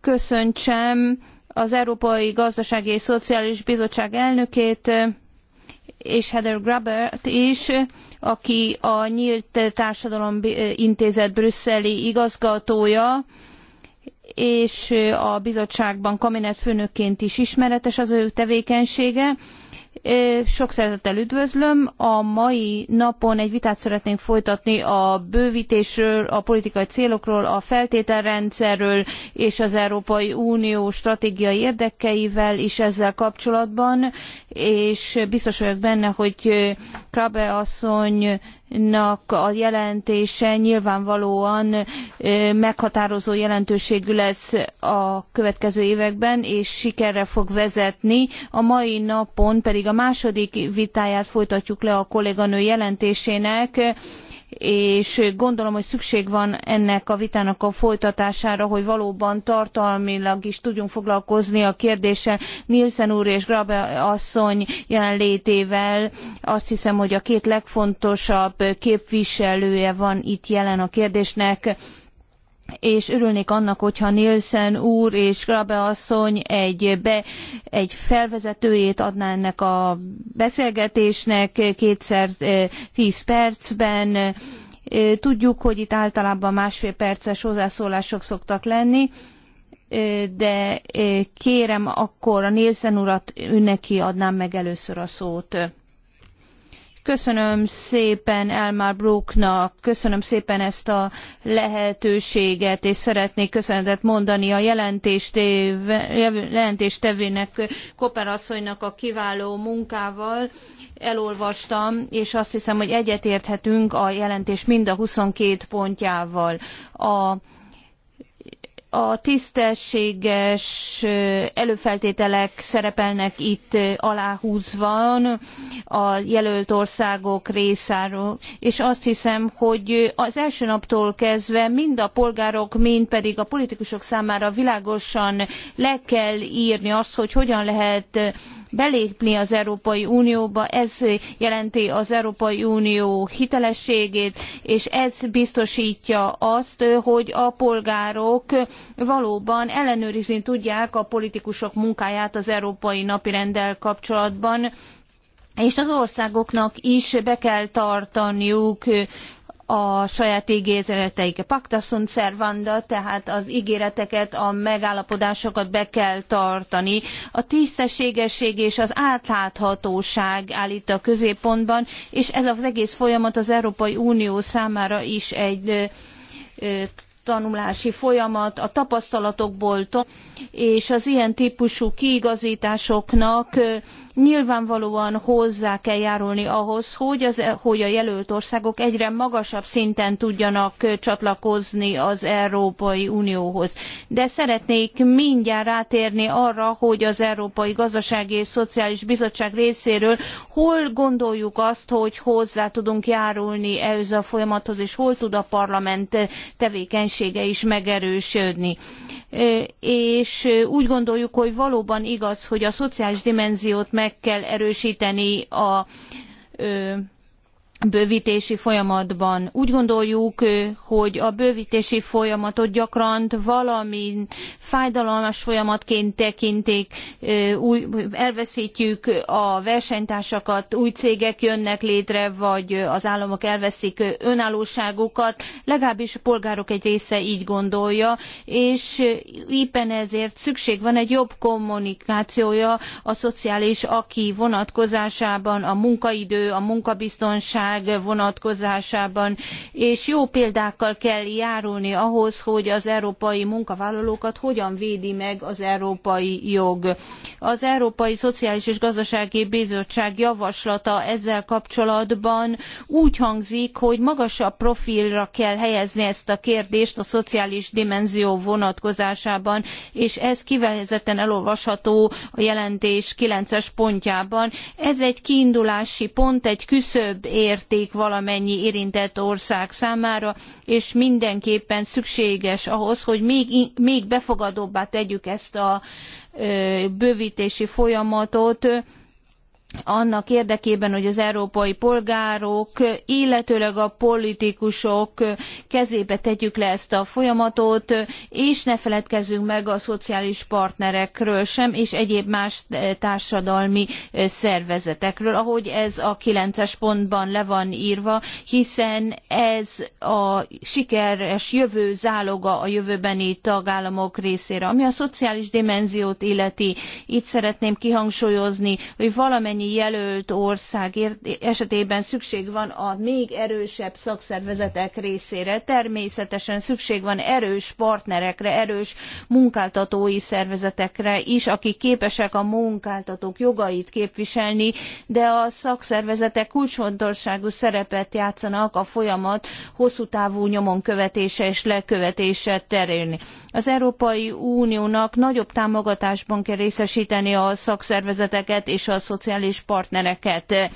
köszöntsem az Európai Gazdasági és Szociális Bizottság elnökét, és Heather Grabert is, aki a Nyílt Társadalom Intézet brüsszeli igazgatója, és a bizottságban főnökként is ismeretes az ő tevékenysége sok szeretettel üdvözlöm. A mai napon egy vitát szeretnénk folytatni a bővítésről, a politikai célokról, a feltételrendszerről és az Európai Unió stratégiai érdekeivel is ezzel kapcsolatban, és biztos vagyok benne, hogy Krabbe asszony nak a jelentése nyilvánvalóan meghatározó jelentőségű lesz a következő években, és sikerre fog vezetni. A mai napon pedig a második vitáját folytatjuk le a kolléganő jelentésének és gondolom, hogy szükség van ennek a vitának a folytatására, hogy valóban tartalmilag is tudjunk foglalkozni a kérdéssel Nielsen úr és Grabe asszony jelenlétével. Azt hiszem, hogy a két legfontosabb képviselője van itt jelen a kérdésnek és örülnék annak, hogyha Nielsen úr és Grabe asszony egy, be, egy felvezetőjét adná ennek a beszélgetésnek kétszer eh, tíz percben. Eh, tudjuk, hogy itt általában másfél perces hozzászólások szoktak lenni, eh, de kérem akkor a Nielsen urat, ő neki adnám meg először a szót. Köszönöm szépen Elmar Brooknak, köszönöm szépen ezt a lehetőséget, és szeretnék köszönetet mondani a jelentéstevének, Koper asszonynak a kiváló munkával. Elolvastam, és azt hiszem, hogy egyetérthetünk a jelentés mind a 22 pontjával. A a tisztességes előfeltételek szerepelnek itt aláhúzva a jelölt országok részéről, és azt hiszem, hogy az első naptól kezdve mind a polgárok, mind pedig a politikusok számára világosan le kell írni azt, hogy hogyan lehet belépni az Európai Unióba, ez jelenti az Európai Unió hitelességét, és ez biztosítja azt, hogy a polgárok valóban ellenőrizni tudják a politikusok munkáját az európai napirenddel kapcsolatban és az országoknak is be kell tartaniuk a saját ígéreteik. Pacta sunt servanda, tehát az ígéreteket, a megállapodásokat be kell tartani. A tisztességesség és az átláthatóság állít a középpontban, és ez az egész folyamat az Európai Unió számára is egy tanulási folyamat, a tapasztalatokból, és az ilyen típusú kiigazításoknak nyilvánvalóan hozzá kell járulni ahhoz, hogy, az, hogy a jelölt országok egyre magasabb szinten tudjanak csatlakozni az Európai Unióhoz. De szeretnék mindjárt rátérni arra, hogy az Európai Gazdasági és Szociális Bizottság részéről hol gondoljuk azt, hogy hozzá tudunk járulni ehhez a folyamathoz, és hol tud a parlament tevékenysége is megerősödni és úgy gondoljuk, hogy valóban igaz, hogy a szociális dimenziót meg kell erősíteni a bővítési folyamatban. Úgy gondoljuk, hogy a bővítési folyamatot gyakran valami fájdalmas folyamatként tekintik, új, elveszítjük a versenytársakat, új cégek jönnek létre, vagy az államok elveszik önállóságukat, legalábbis a polgárok egy része így gondolja, és éppen ezért szükség van egy jobb kommunikációja a szociális aki vonatkozásában a munkaidő, a munkabiztonság, bizottság vonatkozásában, és jó példákkal kell járulni ahhoz, hogy az európai munkavállalókat hogyan védi meg az európai jog. Az Európai Szociális és Gazdasági Bizottság javaslata ezzel kapcsolatban úgy hangzik, hogy magasabb profilra kell helyezni ezt a kérdést a szociális dimenzió vonatkozásában, és ez kivezetten elolvasható a jelentés 9-es pontjában. Ez egy kiindulási pont, egy küszöb ér érték valamennyi érintett ország számára, és mindenképpen szükséges ahhoz, hogy még, még befogadóbbá tegyük ezt a bővítési folyamatot, annak érdekében, hogy az európai polgárok, illetőleg a politikusok kezébe tegyük le ezt a folyamatot, és ne feledkezzünk meg a szociális partnerekről sem, és egyéb más társadalmi szervezetekről, ahogy ez a kilences es pontban le van írva, hiszen ez a sikeres jövő záloga a jövőbeni tagállamok részére. Ami a szociális dimenziót illeti, itt szeretném kihangsúlyozni, hogy valamennyi valamennyi jelölt ország esetében szükség van a még erősebb szakszervezetek részére. Természetesen szükség van erős partnerekre, erős munkáltatói szervezetekre is, akik képesek a munkáltatók jogait képviselni, de a szakszervezetek kulcsfontosságú szerepet játszanak a folyamat hosszú távú nyomon követése és lekövetése terén. Az Európai Uniónak nagyobb támogatásban kell részesíteni a szakszervezeteket és a szociális szociális partnereket.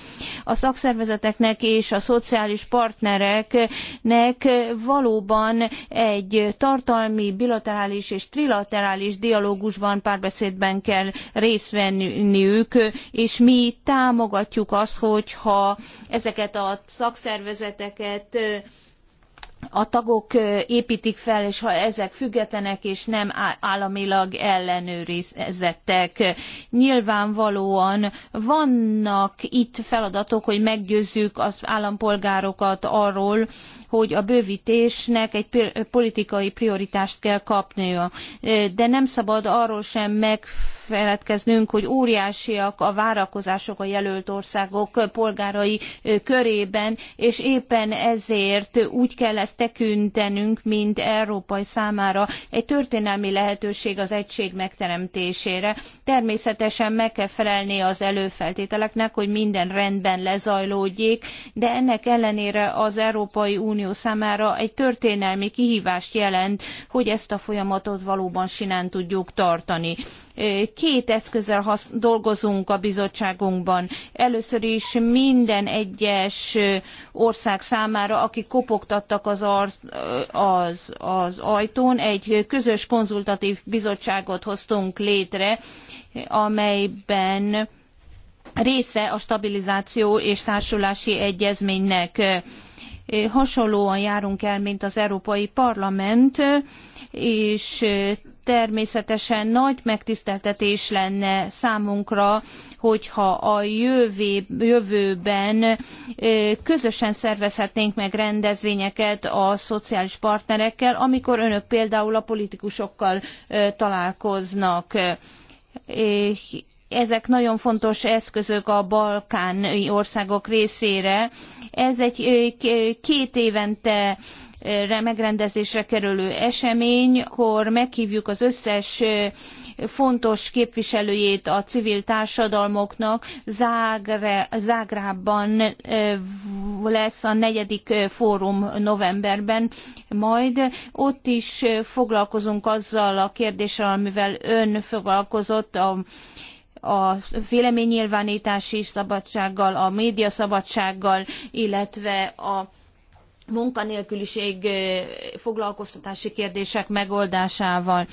A szakszervezeteknek és a szociális partnereknek valóban egy tartalmi, bilaterális és trilaterális dialógusban, párbeszédben kell részt venniük, és mi támogatjuk azt, hogyha ezeket a szakszervezeteket a tagok építik fel, és ha ezek függetlenek és nem államilag ellenőrizettek, nyilvánvalóan vannak itt feladatok, hogy meggyőzzük az állampolgárokat arról, hogy a bővítésnek egy politikai prioritást kell kapnia. De nem szabad arról sem megfeledkeznünk, hogy óriásiak a várakozások a jelölt országok polgárai körében, és éppen ezért úgy kell ezt tekintenünk, mint európai számára egy történelmi lehetőség az egység megteremtésére. Természetesen meg kell felelni az előfeltételeknek, hogy minden rendben lezajlódjék, de ennek ellenére az Európai Unió Unió számára egy történelmi kihívást jelent, hogy ezt a folyamatot valóban sinán tudjuk tartani. Két eszközzel dolgozunk a bizottságunkban. Először is minden egyes ország számára, akik kopogtattak az, az, az ajtón, egy közös konzultatív bizottságot hoztunk létre, amelyben része a stabilizáció és társulási egyezménynek hasonlóan járunk el, mint az Európai Parlament, és természetesen nagy megtiszteltetés lenne számunkra, hogyha a jövő, jövőben közösen szervezhetnénk meg rendezvényeket a szociális partnerekkel, amikor önök például a politikusokkal találkoznak ezek nagyon fontos eszközök a balkáni országok részére. Ez egy két évente megrendezésre kerülő esemény, akkor meghívjuk az összes fontos képviselőjét a civil társadalmoknak. Zágre, Zágrában lesz a negyedik fórum novemberben, majd ott is foglalkozunk azzal a kérdéssel, amivel ön foglalkozott a a véleménynyilvánítási szabadsággal, a médiaszabadsággal, illetve a munkanélküliség foglalkoztatási kérdések megoldásával.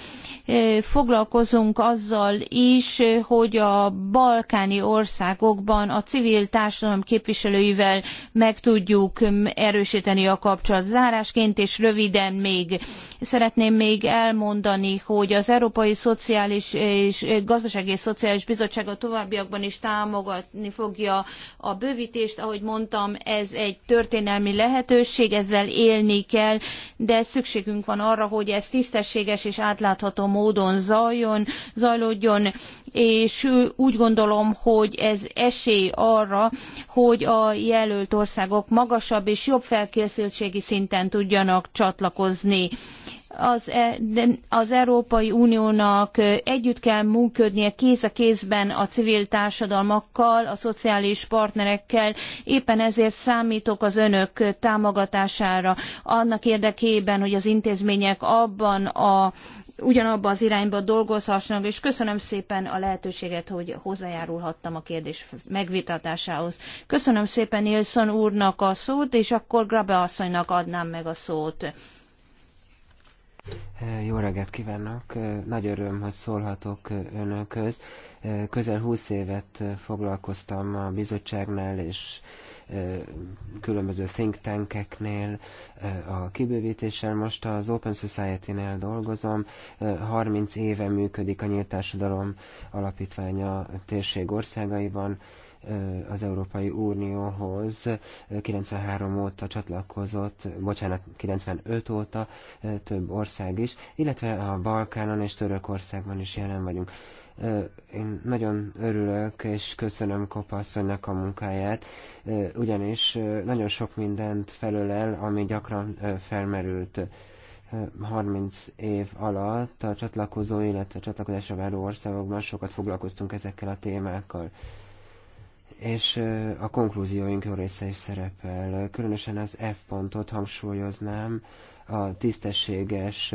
Foglalkozunk azzal is, hogy a balkáni országokban a civil társadalom képviselőivel meg tudjuk erősíteni a kapcsolat. Zárásként és röviden még szeretném még elmondani, hogy az Európai Szociális és Gazdasági és Szociális Bizottság a továbbiakban is támogatni fogja a bővítést. Ahogy mondtam, ez egy történelmi lehetőség, szükség, ezzel élni kell, de szükségünk van arra, hogy ez tisztességes és átlátható módon zajjon, zajlódjon, és úgy gondolom, hogy ez esély arra, hogy a jelölt országok magasabb és jobb felkészültségi szinten tudjanak csatlakozni az, e, az Európai Uniónak együtt kell működnie kéz a kézben a civil társadalmakkal, a szociális partnerekkel, éppen ezért számítok az önök támogatására annak érdekében, hogy az intézmények abban a ugyanabba az irányba dolgozhassanak, és köszönöm szépen a lehetőséget, hogy hozzájárulhattam a kérdés megvitatásához. Köszönöm szépen Nilsson úrnak a szót, és akkor Grabe asszonynak adnám meg a szót. Jó reggelt kívánok! Nagy öröm, hogy szólhatok önökhöz. Közel 20 évet foglalkoztam a bizottságnál, és különböző think tankeknél a kibővítéssel. Most az Open Society-nél dolgozom, 30 éve működik a Nyílt Társadalom Alapítványa térség országaiban, az Európai Unióhoz 93 óta csatlakozott, bocsánat, 95 óta több ország is, illetve a Balkánon és Törökországban is jelen vagyunk. Én nagyon örülök, és köszönöm Kopaszonynak a munkáját, ugyanis nagyon sok mindent felölel, ami gyakran felmerült. 30 év alatt a csatlakozó, illetve a csatlakozásra váró országokban sokat foglalkoztunk ezekkel a témákkal és a konklúzióink jó része is szerepel. Különösen az F pontot hangsúlyoznám, a tisztességes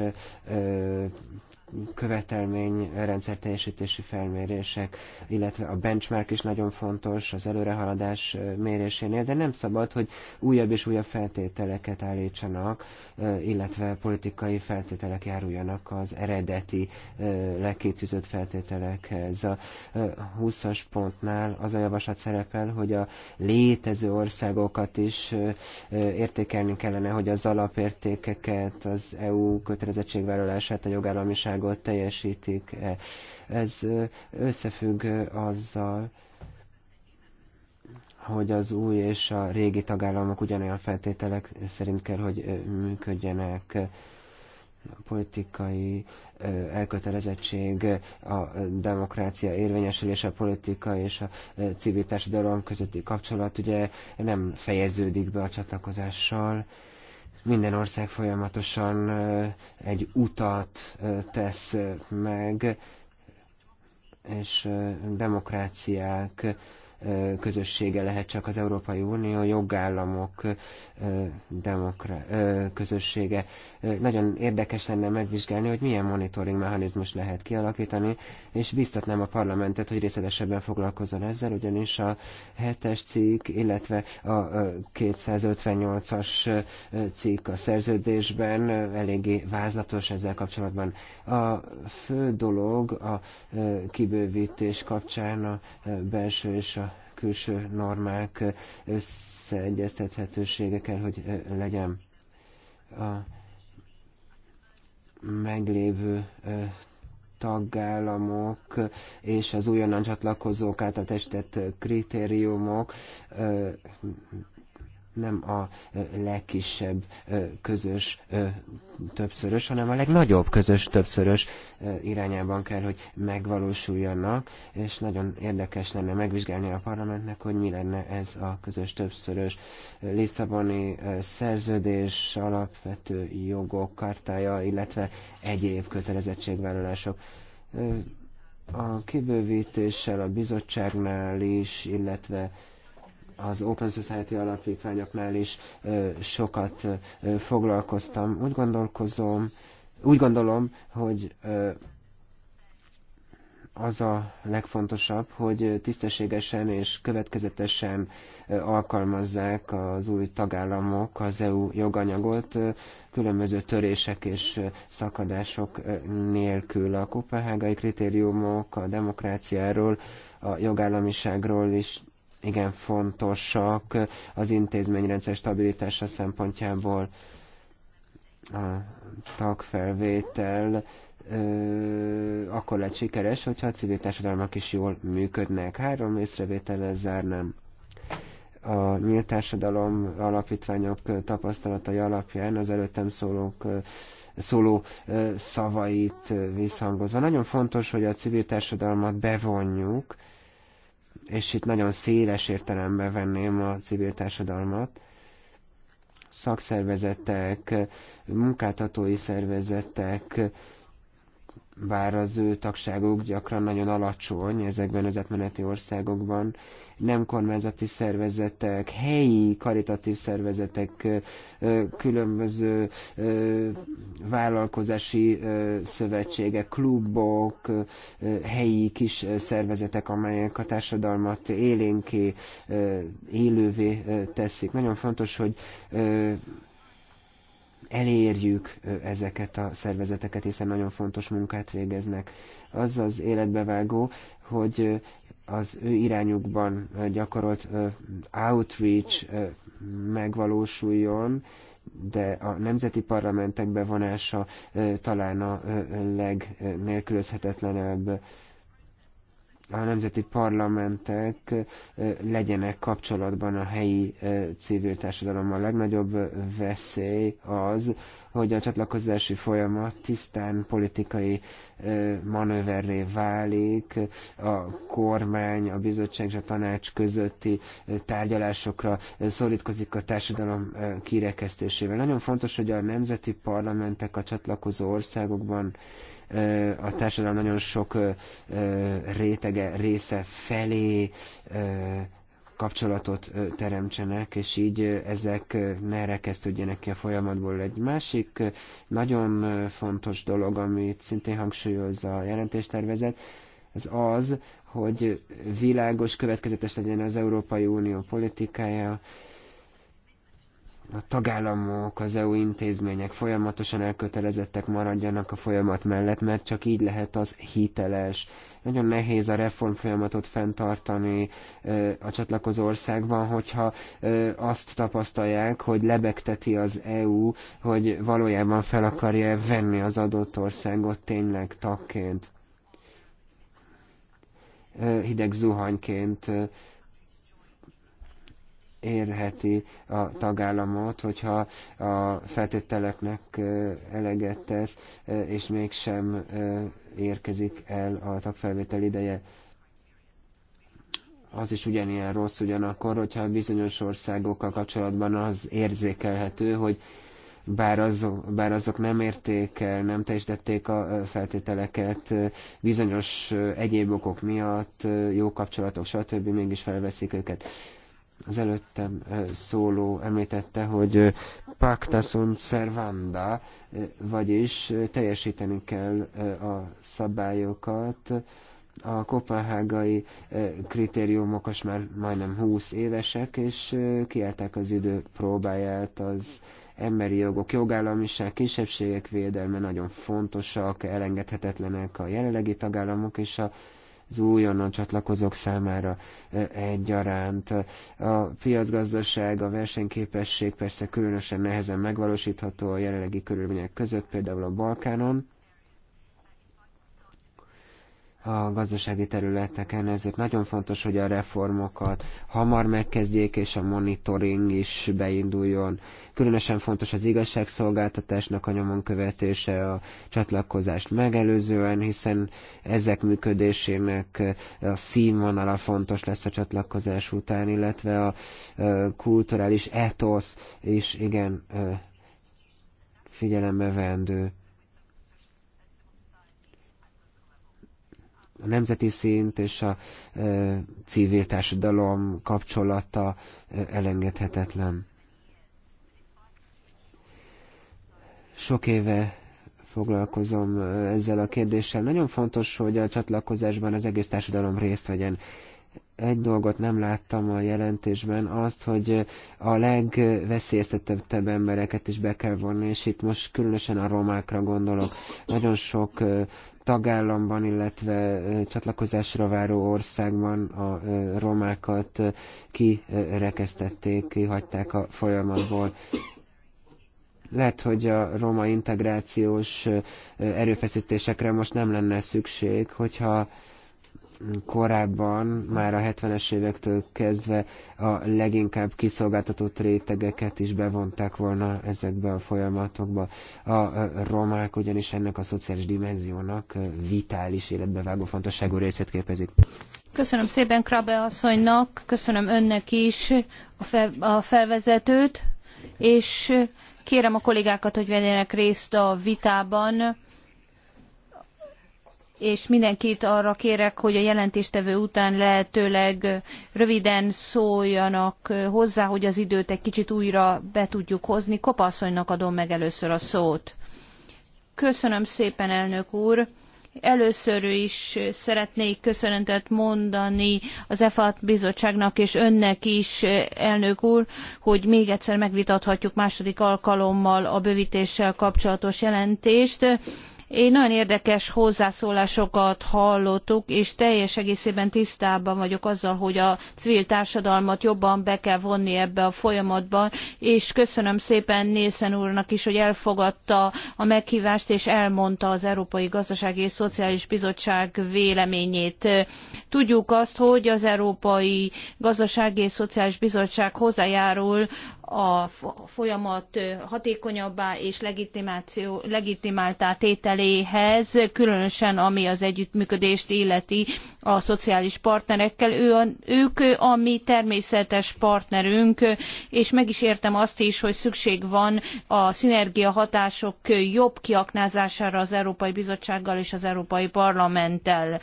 követelmény rendszer teljesítési felmérések, illetve a benchmark is nagyon fontos az előrehaladás mérésénél, de nem szabad, hogy újabb és újabb feltételeket állítsanak, illetve politikai feltételek járuljanak az eredeti lekétűzött feltételekhez. A 20-as pontnál az a javaslat szerepel, hogy a létező országokat is értékelni kellene, hogy az alapértékeket, az EU kötelezettségvállalását, a jogállamiság kívánságot teljesítik-e. Ez összefügg azzal, hogy az új és a régi tagállamok ugyanolyan feltételek szerint kell, hogy működjenek a politikai elkötelezettség, a demokrácia érvényesülése, a politika és a civil társadalom közötti kapcsolat ugye nem fejeződik be a csatlakozással, minden ország folyamatosan egy utat tesz meg, és demokráciák közössége lehet csak az Európai Unió, jogállamok demokra, közössége. Nagyon érdekes lenne megvizsgálni, hogy milyen monitoring mechanizmus lehet kialakítani, és biztatnám a parlamentet, hogy részletesebben foglalkozzon ezzel, ugyanis a hetes cikk, illetve a 258-as cikk a szerződésben eléggé vázlatos ezzel kapcsolatban. A fő dolog a e, kibővítés kapcsán a e, belső és a külső normák összeegyeztethetősége kell, hogy e, legyen. A meglévő tagállamok és az újonnan csatlakozók által testett kritériumok nem a legkisebb közös többszörös, hanem a legnagyobb közös többszörös irányában kell, hogy megvalósuljanak, és nagyon érdekes lenne megvizsgálni a parlamentnek, hogy mi lenne ez a közös többszörös Lisszaboni szerződés, alapvető jogok kartája, illetve egyéb kötelezettségvállalások a kibővítéssel a bizottságnál is, illetve az Open Society alapítványoknál is sokat foglalkoztam. Úgy gondolkozom, úgy gondolom, hogy az a legfontosabb, hogy tisztességesen és következetesen alkalmazzák az új tagállamok az EU joganyagot különböző törések és szakadások nélkül. A kopenhágai kritériumok a demokráciáról, a jogállamiságról is igen fontosak az intézményrendszer stabilitása szempontjából a tagfelvétel akkor lett sikeres, hogyha a civil társadalmak is jól működnek. Három észrevétellel zárnám a nyílt társadalom alapítványok tapasztalatai alapján az előttem szólók szóló szavait visszhangozva. Nagyon fontos, hogy a civil társadalmat bevonjuk, és itt nagyon széles értelemben venném a civil társadalmat, szakszervezetek, munkáltatói szervezetek, bár az ő tagságuk gyakran nagyon alacsony ezekben az átmeneti országokban, nem kormányzati szervezetek, helyi karitatív szervezetek, különböző vállalkozási szövetségek, klubok, helyi kis szervezetek, amelyek a társadalmat élénké, élővé teszik. Nagyon fontos, hogy elérjük ezeket a szervezeteket, hiszen nagyon fontos munkát végeznek. Az az életbevágó, hogy az ő irányukban gyakorolt outreach megvalósuljon, de a nemzeti parlamentek bevonása talán a legnélkülözhetetlenebb a nemzeti parlamentek legyenek kapcsolatban a helyi civil társadalommal. A legnagyobb veszély az, hogy a csatlakozási folyamat tisztán politikai manőverré válik, a kormány, a bizottság és a tanács közötti tárgyalásokra szorítkozik a társadalom kirekesztésével. Nagyon fontos, hogy a nemzeti parlamentek a csatlakozó országokban a társadalom nagyon sok rétege, része felé kapcsolatot teremtsenek, és így ezek merre kezdődjenek ki a folyamatból. Egy másik nagyon fontos dolog, amit szintén hangsúlyozza a jelentéstervezet, az az, hogy világos, következetes legyen az Európai Unió politikája, a tagállamok, az EU intézmények folyamatosan elkötelezettek maradjanak a folyamat mellett, mert csak így lehet az hiteles. Nagyon nehéz a reform folyamatot fenntartani a csatlakozó országban, hogyha azt tapasztalják, hogy lebegteti az EU, hogy valójában fel akarja venni az adott országot tényleg tagként hideg zuhanyként érheti a tagállamot, hogyha a feltételeknek eleget tesz, és mégsem érkezik el a tagfelvétel ideje az is ugyanilyen rossz ugyanakkor, hogyha bizonyos országokkal kapcsolatban az érzékelhető, hogy bár azok, bár azok nem érték el, nem teljesítették a feltételeket, bizonyos egyéb okok miatt, jó kapcsolatok, stb. mégis felveszik őket. Az előttem szóló említette, hogy pacta sunt servanda, vagyis teljesíteni kell a szabályokat, a kopenhágai kritériumok most már majdnem 20 évesek, és kiállták az idő próbáját az emberi jogok, jogállamiság, kisebbségek védelme nagyon fontosak, elengedhetetlenek a jelenlegi tagállamok, és a az újonnan csatlakozók számára egyaránt. A piacgazdaság, a versenyképesség persze különösen nehezen megvalósítható a jelenlegi körülmények között, például a Balkánon a gazdasági területeken, ezért nagyon fontos, hogy a reformokat hamar megkezdjék, és a monitoring is beinduljon Különösen fontos az igazságszolgáltatásnak a nyomon követése a csatlakozást megelőzően, hiszen ezek működésének a színvonala fontos lesz a csatlakozás után, illetve a kulturális etosz is igen figyelembe vendő. a nemzeti szint és a e, civil társadalom kapcsolata e, elengedhetetlen. Sok éve foglalkozom ezzel a kérdéssel. Nagyon fontos, hogy a csatlakozásban az egész társadalom részt vegyen. Egy dolgot nem láttam a jelentésben, azt, hogy a legveszélyeztetettebb embereket is be kell vonni, és itt most különösen a romákra gondolok. Nagyon sok tagállamban, illetve csatlakozásra váró országban a romákat kirekesztették, kihagyták a folyamatból. Lehet, hogy a roma integrációs erőfeszítésekre most nem lenne szükség, hogyha korábban, már a 70-es évektől kezdve a leginkább kiszolgáltatott rétegeket is bevonták volna ezekbe a folyamatokba. A romák ugyanis ennek a szociális dimenziónak vitális életbe vágó fontosságú részét képezik. Köszönöm szépen Krabe asszonynak, köszönöm önnek is a, fel, a felvezetőt, és Kérem a kollégákat, hogy vegyenek részt a vitában, és mindenkit arra kérek, hogy a jelentéstevő után lehetőleg röviden szóljanak hozzá, hogy az időt egy kicsit újra be tudjuk hozni. Kopasszonynak adom meg először a szót. Köszönöm szépen, elnök úr! Először is szeretnék köszönetet mondani az EFAT bizottságnak és önnek is, elnök úr, hogy még egyszer megvitathatjuk második alkalommal a bővítéssel kapcsolatos jelentést én nagyon érdekes hozzászólásokat hallottuk, és teljes egészében tisztában vagyok azzal, hogy a civil társadalmat jobban be kell vonni ebbe a folyamatba, és köszönöm szépen Nészen úrnak is, hogy elfogadta a meghívást, és elmondta az Európai Gazdasági és Szociális Bizottság véleményét. Tudjuk azt, hogy az Európai Gazdasági és Szociális Bizottság hozzájárul a folyamat hatékonyabbá és legitimáció, legitimáltá tételéhez, különösen ami az együttműködést illeti a szociális partnerekkel. Ő ők a mi természetes partnerünk, és meg is értem azt is, hogy szükség van a szinergia hatások jobb kiaknázására az Európai Bizottsággal és az Európai Parlamenttel.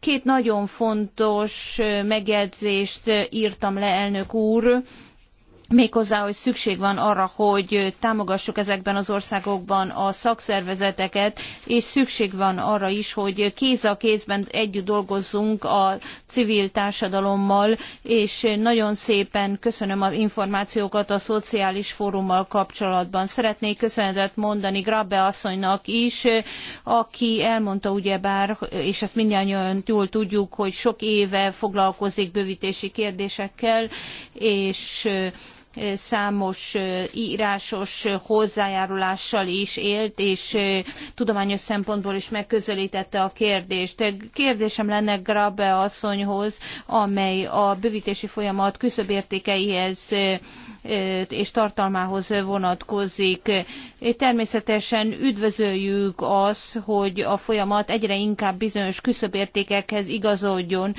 Két nagyon fontos megjegyzést írtam le, elnök úr méghozzá, hogy szükség van arra, hogy támogassuk ezekben az országokban a szakszervezeteket, és szükség van arra is, hogy kéz a kézben együtt dolgozzunk a civil társadalommal, és nagyon szépen köszönöm az információkat a szociális fórummal kapcsolatban. Szeretnék köszönetet mondani Grabbe asszonynak is, aki elmondta ugyebár, és ezt mindannyian jól tudjuk, hogy sok éve foglalkozik bővítési kérdésekkel, és számos írásos hozzájárulással is élt, és tudományos szempontból is megközelítette a kérdést. Kérdésem lenne Grabe asszonyhoz, amely a bővítési folyamat küszöbértékeihez és tartalmához vonatkozik. Természetesen üdvözöljük az, hogy a folyamat egyre inkább bizonyos küszöbértékekhez igazodjon,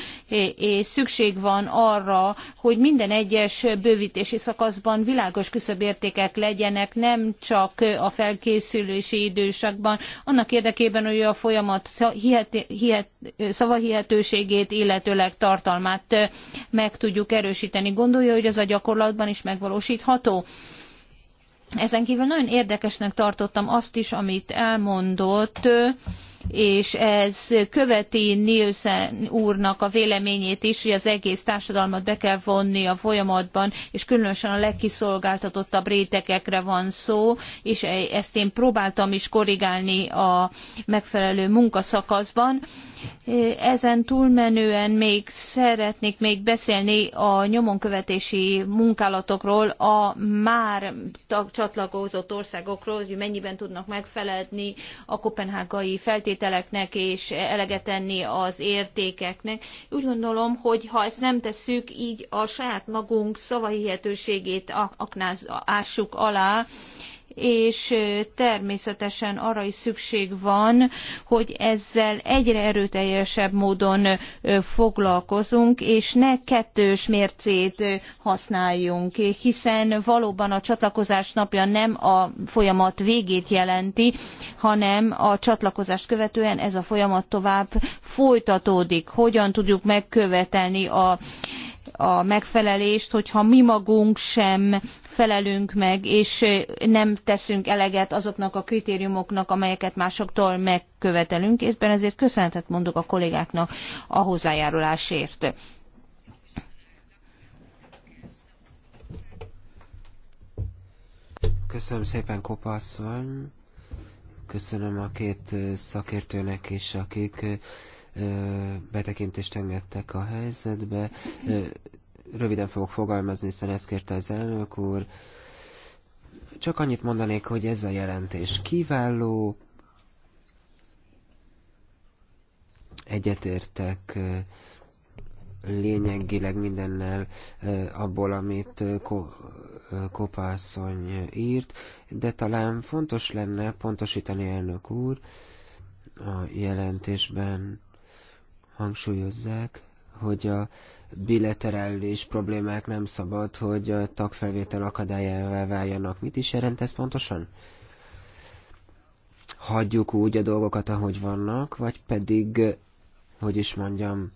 és szükség van arra, hogy minden egyes bővítési szakaszban világos küszöbértékek legyenek, nem csak a felkészülési időszakban, annak érdekében, hogy a folyamat szavahihetőségét, illetőleg tartalmát meg tudjuk erősíteni. Gondolja, hogy ez a gyakorlatban is megvalósul megvalósítható. Ezen kívül nagyon érdekesnek tartottam azt is, amit elmondott és ez követi Nielsen úrnak a véleményét is, hogy az egész társadalmat be kell vonni a folyamatban, és különösen a legkiszolgáltatottabb rétegekre van szó, és e- ezt én próbáltam is korrigálni a megfelelő munkaszakaszban. E, ezen túlmenően még szeretnék még beszélni a nyomonkövetési munkálatokról, a már csatlakozott országokról, hogy mennyiben tudnak megfelelni a kopenhágai feltételeknek, feltételeknek és eleget tenni az értékeknek. Úgy gondolom, hogy ha ezt nem tesszük, így a saját magunk szavahihetőségét aknázásuk alá, és természetesen arra is szükség van, hogy ezzel egyre erőteljesebb módon foglalkozunk, és ne kettős mércét használjunk, hiszen valóban a csatlakozás napja nem a folyamat végét jelenti, hanem a csatlakozást követően ez a folyamat tovább folytatódik. Hogyan tudjuk megkövetelni a a megfelelést, hogyha mi magunk sem felelünk meg, és nem teszünk eleget azoknak a kritériumoknak, amelyeket másoktól megkövetelünk. Éppen ezért köszönetet mondok a kollégáknak a hozzájárulásért. Köszönöm szépen, Kopasszony. Köszönöm a két szakértőnek is, akik betekintést engedtek a helyzetbe. Röviden fogok fogalmazni, hiszen ezt kérte az elnök úr. Csak annyit mondanék, hogy ez a jelentés kiváló, egyetértek lényegileg mindennel abból, amit Kopászony írt, de talán fontos lenne pontosítani elnök úr a jelentésben hangsúlyozzák, hogy a bilaterális problémák nem szabad, hogy a tagfelvétel akadályává váljanak. Mit is jelent ez pontosan? Hagyjuk úgy a dolgokat, ahogy vannak, vagy pedig, hogy is mondjam,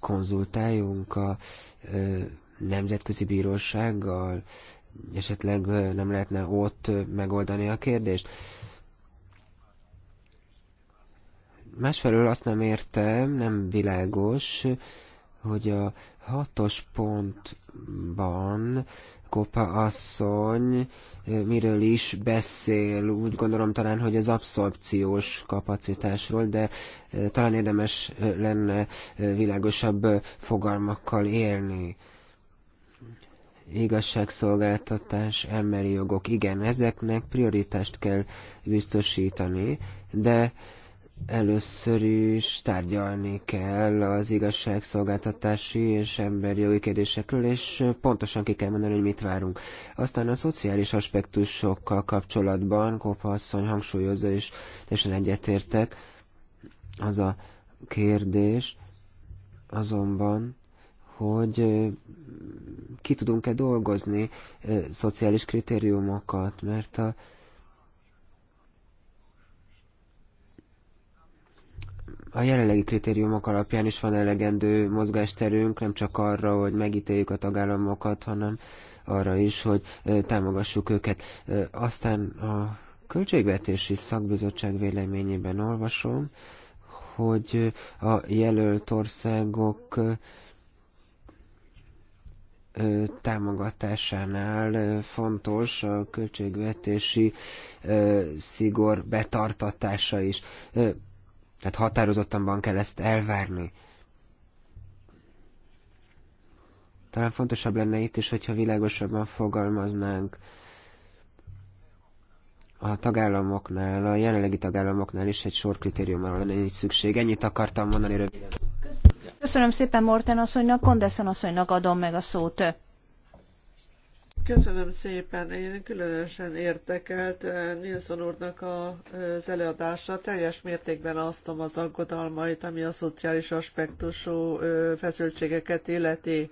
konzultáljunk a ö, nemzetközi bírósággal, esetleg ö, nem lehetne ott megoldani a kérdést. Ö, Másfelől azt nem értem, nem világos, hogy a hatos pontban Kopa asszony eh, miről is beszél, úgy gondolom talán, hogy az abszorpciós kapacitásról, de eh, talán érdemes eh, lenne világosabb fogalmakkal élni. Igazságszolgáltatás, emberi jogok, igen, ezeknek prioritást kell biztosítani, de Először is tárgyalni kell az igazságszolgáltatási és jogi kérdésekről, és pontosan ki kell mondani, hogy mit várunk. Aztán a szociális aspektusokkal kapcsolatban Kópa asszony hangsúlyozza, és teljesen egyetértek, az a kérdés azonban, hogy ki tudunk-e dolgozni szociális kritériumokat, mert a A jelenlegi kritériumok alapján is van elegendő mozgásterünk, nem csak arra, hogy megítéljük a tagállamokat, hanem arra is, hogy támogassuk őket. Aztán a költségvetési szakbizottság véleményében olvasom, hogy a jelölt országok támogatásánál fontos a költségvetési szigor betartatása is. Tehát határozottanban kell ezt elvárni. Talán fontosabb lenne itt is, hogyha világosabban fogalmaznánk a tagállamoknál, a jelenlegi tagállamoknál is egy sor kritériumra lenne így szükség. Ennyit akartam mondani röviden. Köszönöm szépen Morten asszonynak, Kondeszen asszonynak adom meg a szót. Köszönöm szépen. Én különösen értekelt eh, Nilsson úrnak az előadása. Teljes mértékben aztom az aggodalmait, ami a szociális aspektusú feszültségeket illeti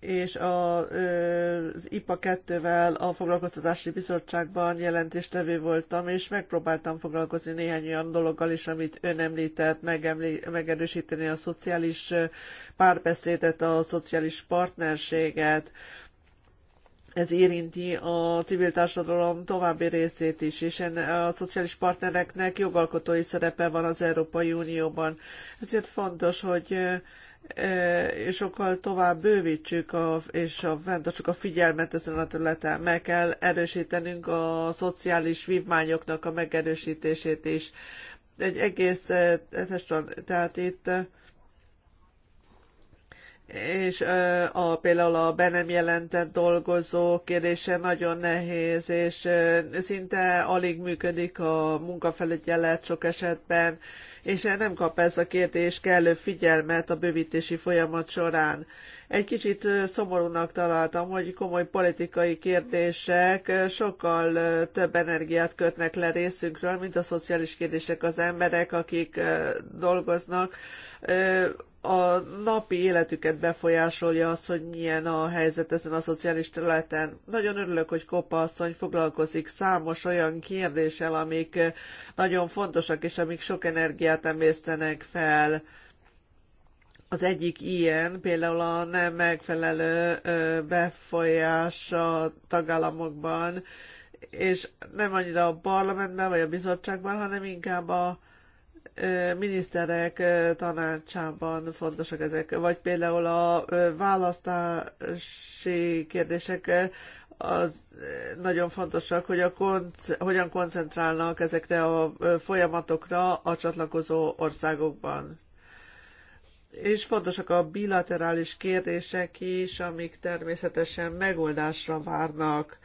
és a, az IPA 2-vel a foglalkoztatási bizottságban jelentéstevő voltam, és megpróbáltam foglalkozni néhány olyan dologgal is, amit ön említett, megerősíteni a szociális párbeszédet, a szociális partnerséget, ez érinti a civil társadalom további részét is, és a szociális partnereknek jogalkotói szerepe van az Európai Unióban. Ezért fontos, hogy és sokkal tovább bővítsük a, és a, fenntartsuk a figyelmet ezen a területen. Meg kell erősítenünk a szociális vívmányoknak a megerősítését is. Egy egész, tehát itt és a, például a be nem jelentett dolgozó kérdése nagyon nehéz, és szinte alig működik a munkafelügyelet sok esetben, és nem kap ez a kérdés kellő figyelmet a bővítési folyamat során. Egy kicsit szomorúnak találtam, hogy komoly politikai kérdések sokkal több energiát kötnek le részünkről, mint a szociális kérdések az emberek, akik dolgoznak a napi életüket befolyásolja az, hogy milyen a helyzet ezen a szociális területen. Nagyon örülök, hogy Kopa asszony foglalkozik számos olyan kérdéssel, amik nagyon fontosak, és amik sok energiát emésztenek fel. Az egyik ilyen például a nem megfelelő befolyás a tagállamokban, és nem annyira a parlamentben vagy a bizottságban, hanem inkább a miniszterek tanácsában fontosak ezek, vagy például a választási kérdések az nagyon fontosak, hogy a konc- hogyan koncentrálnak ezekre a folyamatokra a csatlakozó országokban. És fontosak a bilaterális kérdések is, amik természetesen megoldásra várnak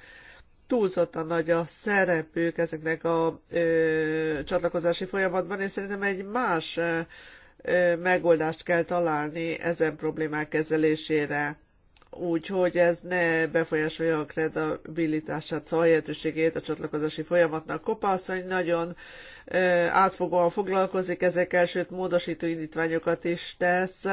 túlzottan nagy a szerepük ezeknek a ö, csatlakozási folyamatban, és szerintem egy más ö, megoldást kell találni ezen problémák kezelésére, úgy, hogy ez ne befolyásolja a kredibilitását, szóval a csatlakozási folyamatnak. Kopasz, hogy nagyon ö, átfogóan foglalkozik ezekkel, sőt módosító indítványokat is tesz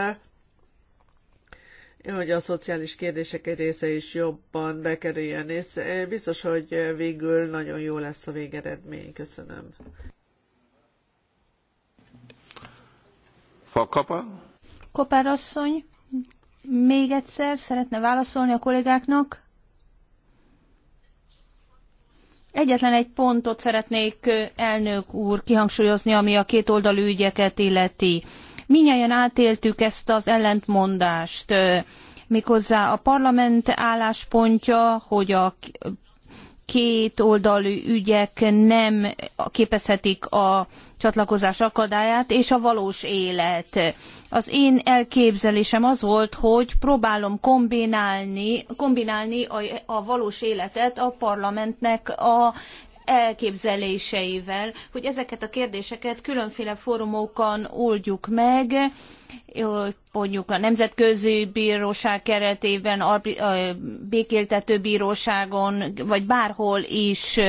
hogy a szociális kérdések egy része is jobban bekerüljön, és eh, biztos, hogy végül nagyon jó lesz a végeredmény. Köszönöm. Fakapa? Kopár asszony, még egyszer szeretne válaszolni a kollégáknak? Egyetlen egy pontot szeretnék eh, elnök úr kihangsúlyozni, ami a két oldalú ügyeket illeti Minnyáján átéltük ezt az ellentmondást, méghozzá a parlament álláspontja, hogy a kétoldalú ügyek nem képezhetik a csatlakozás akadályát, és a valós élet. Az én elképzelésem az volt, hogy próbálom kombinálni, kombinálni a, a valós életet a parlamentnek a elképzeléseivel, hogy ezeket a kérdéseket különféle fórumokon oldjuk meg, mondjuk a Nemzetközi Bíróság keretében, a Békéltető Bíróságon, vagy bárhol is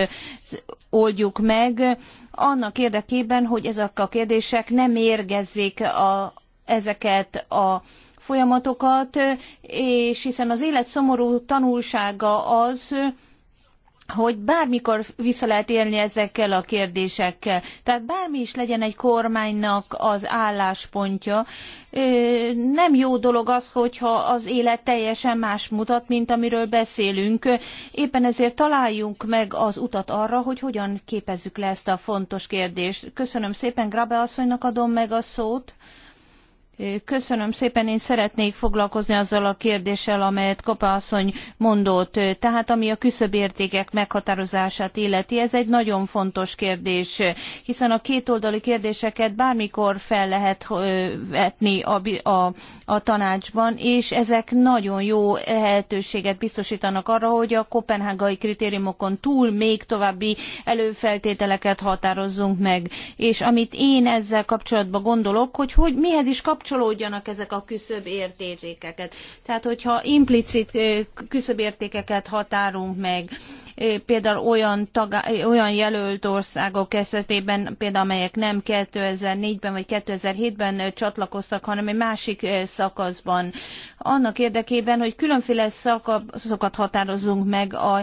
oldjuk meg, annak érdekében, hogy ezek a kérdések nem mérgezzék a, ezeket a folyamatokat, és hiszen az élet szomorú tanulsága az, hogy bármikor vissza lehet élni ezekkel a kérdésekkel. Tehát bármi is legyen egy kormánynak az álláspontja, nem jó dolog az, hogyha az élet teljesen más mutat, mint amiről beszélünk. Éppen ezért találjunk meg az utat arra, hogy hogyan képezzük le ezt a fontos kérdést. Köszönöm szépen, Grabe asszonynak adom meg a szót. Köszönöm szépen, én szeretnék foglalkozni azzal a kérdéssel, amelyet Kopa asszony mondott, tehát ami a küszöbértékek meghatározását illeti. Ez egy nagyon fontos kérdés, hiszen a kétoldalú kérdéseket bármikor fel lehet vetni a, a, a tanácsban, és ezek nagyon jó lehetőséget biztosítanak arra, hogy a kopenhágai kritériumokon túl még további előfeltételeket határozzunk meg. És amit én ezzel kapcsolatban gondolok, hogy, hogy mihez is kap kapcsolódjanak ezek a küszöb értékeket. Tehát, hogyha implicit eh, küszöb értékeket határunk meg, például olyan, tagá, olyan jelölt országok esetében, például amelyek nem 2004-ben vagy 2007-ben csatlakoztak, hanem egy másik szakaszban. Annak érdekében, hogy különféle szakaszokat határozzunk meg a,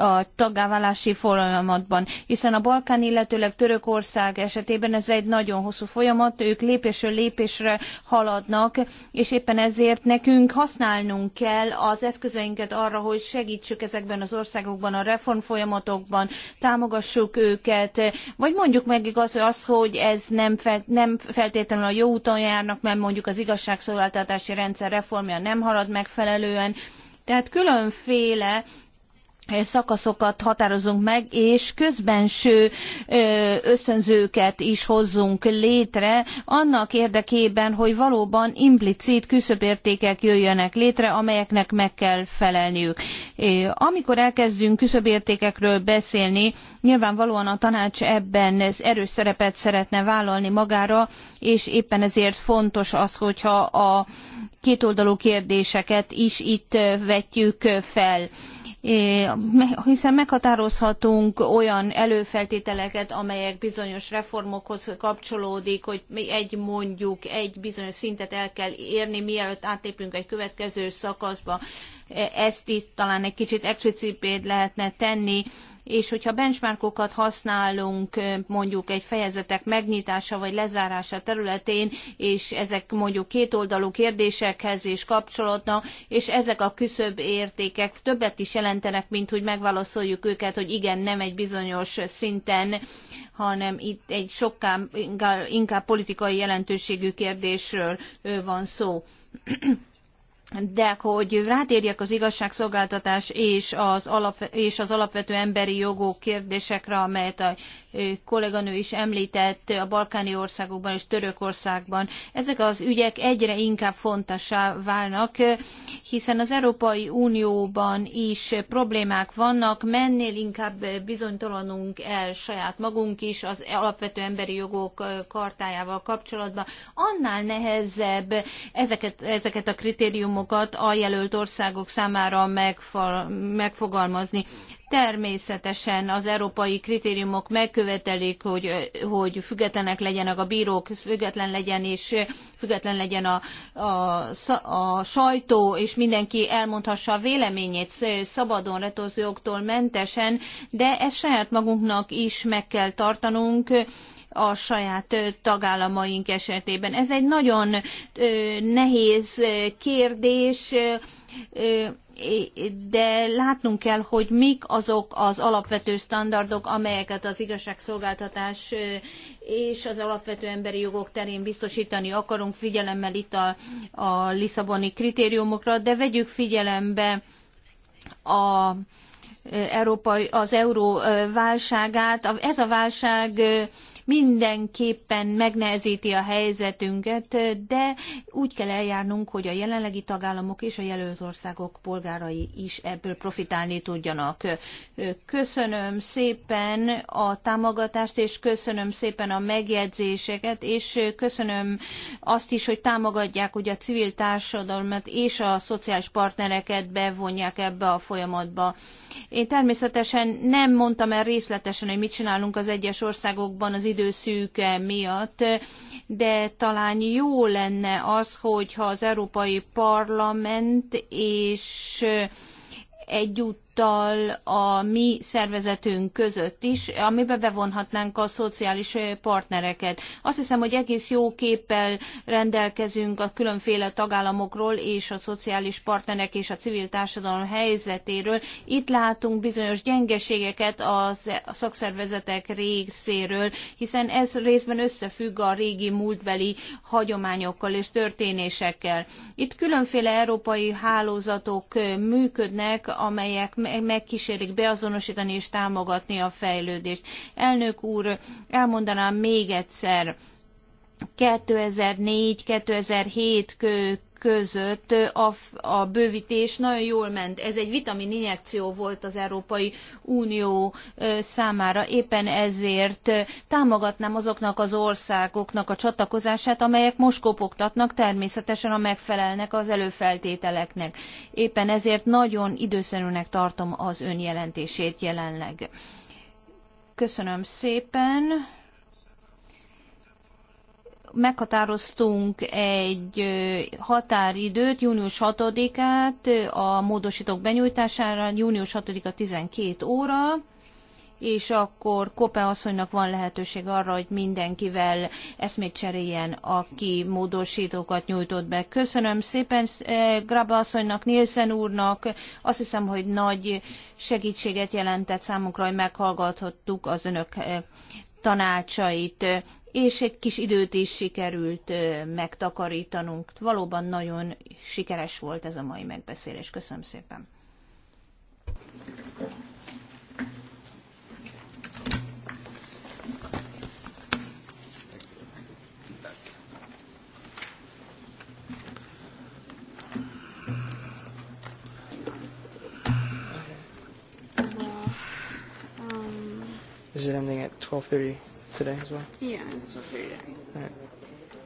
a tagállási folyamatban, hiszen a Balkán, illetőleg Törökország esetében ez egy nagyon hosszú folyamat, ők lépésről lépésre haladnak, és éppen ezért nekünk használnunk kell az eszközeinket arra, hogy segítsük ezekben az országokban a reformfolyamatokban, támogassuk őket, vagy mondjuk meg igaz, az, hogy ez nem, fel, nem feltétlenül a jó úton járnak, mert mondjuk az igazságszolgáltatási rendszer reformja nem halad megfelelően. Tehát különféle szakaszokat határozunk meg, és közbenső ösztönzőket is hozzunk létre, annak érdekében, hogy valóban implicit küszöbértékek jöjjenek létre, amelyeknek meg kell felelniük. Amikor elkezdünk küszöbértékekről beszélni, nyilvánvalóan a tanács ebben erős szerepet szeretne vállalni magára, és éppen ezért fontos az, hogyha a kétoldalú kérdéseket is itt vetjük fel hiszen meghatározhatunk olyan előfeltételeket, amelyek bizonyos reformokhoz kapcsolódik, hogy egy mondjuk egy bizonyos szintet el kell érni, mielőtt átépünk egy következő szakaszba ezt is talán egy kicsit explicitbét lehetne tenni, és hogyha benchmarkokat használunk mondjuk egy fejezetek megnyitása vagy lezárása területén, és ezek mondjuk kétoldalú kérdésekhez is kapcsolódnak, és ezek a küszöbb értékek többet is jelentenek, mint hogy megválaszoljuk őket, hogy igen, nem egy bizonyos szinten, hanem itt egy sokkal inkább politikai jelentőségű kérdésről van szó de hogy rátérjek az igazságszolgáltatás és az, alap, és az alapvető emberi jogok kérdésekre, amelyet a kolléganő is említett a balkáni országokban és Törökországban. Ezek az ügyek egyre inkább fontossá válnak, hiszen az Európai Unióban is problémák vannak, mennél inkább bizonytalanunk el saját magunk is az alapvető emberi jogok kartájával kapcsolatban, annál nehezebb ezeket, ezeket a kritériumokat a jelölt országok számára megfogalmazni. Természetesen az európai kritériumok megkövetelik, hogy, hogy függetlenek legyenek a bírók, független legyen és független legyen a, a, a sajtó, és mindenki elmondhassa a véleményét szabadon, retorzióktól mentesen, de ezt saját magunknak is meg kell tartanunk a saját tagállamaink esetében. Ez egy nagyon nehéz kérdés de látnunk kell, hogy mik azok az alapvető standardok, amelyeket az igazságszolgáltatás és az alapvető emberi jogok terén biztosítani akarunk, figyelemmel itt a, a Lisszaboni kritériumokra, de vegyük figyelembe a, az euró válságát. Ez a válság mindenképpen megnehezíti a helyzetünket, de úgy kell eljárnunk, hogy a jelenlegi tagállamok és a jelölt országok polgárai is ebből profitálni tudjanak. Köszönöm szépen a támogatást, és köszönöm szépen a megjegyzéseket, és köszönöm azt is, hogy támogatják, hogy a civil társadalmat és a szociális partnereket bevonják ebbe a folyamatba. Én természetesen nem mondtam el részletesen, hogy mit csinálunk az egyes országokban az idő időszűke miatt, de talán jó lenne az, hogyha az Európai Parlament és együtt tal a mi szervezetünk között is, amibe bevonhatnánk a szociális partnereket. Azt hiszem, hogy egész jó képpel rendelkezünk a különféle tagállamokról és a szociális partnerek és a civil társadalom helyzetéről. Itt látunk bizonyos gyengeségeket a szakszervezetek részéről, hiszen ez részben összefügg a régi múltbeli hagyományokkal és történésekkel. Itt különféle európai hálózatok működnek, amelyek megkísérik beazonosítani és támogatni a fejlődést. Elnök úr, elmondanám még egyszer, 2004-2007 között a, a bővítés nagyon jól ment. Ez egy vitamin injekció volt az Európai Unió számára. Éppen ezért támogatnám azoknak az országoknak a csatlakozását, amelyek most kopogtatnak, természetesen a megfelelnek az előfeltételeknek. Éppen ezért nagyon időszerűnek tartom az önjelentését jelenleg. Köszönöm szépen meghatároztunk egy határidőt, június 6-át a módosítók benyújtására, június 6-a 12 óra, és akkor Kope asszonynak van lehetőség arra, hogy mindenkivel eszmét cseréljen, aki módosítókat nyújtott be. Köszönöm szépen Grabe asszonynak, Nielsen úrnak. Azt hiszem, hogy nagy segítséget jelentett számunkra, hogy meghallgathattuk az önök tanácsait, és egy kis időt is sikerült megtakarítanunk. Valóban nagyon sikeres volt ez a mai megbeszélés. Köszönöm szépen! Is it ending at 12.30 today as well? Yeah, it's 12.30 today. All right.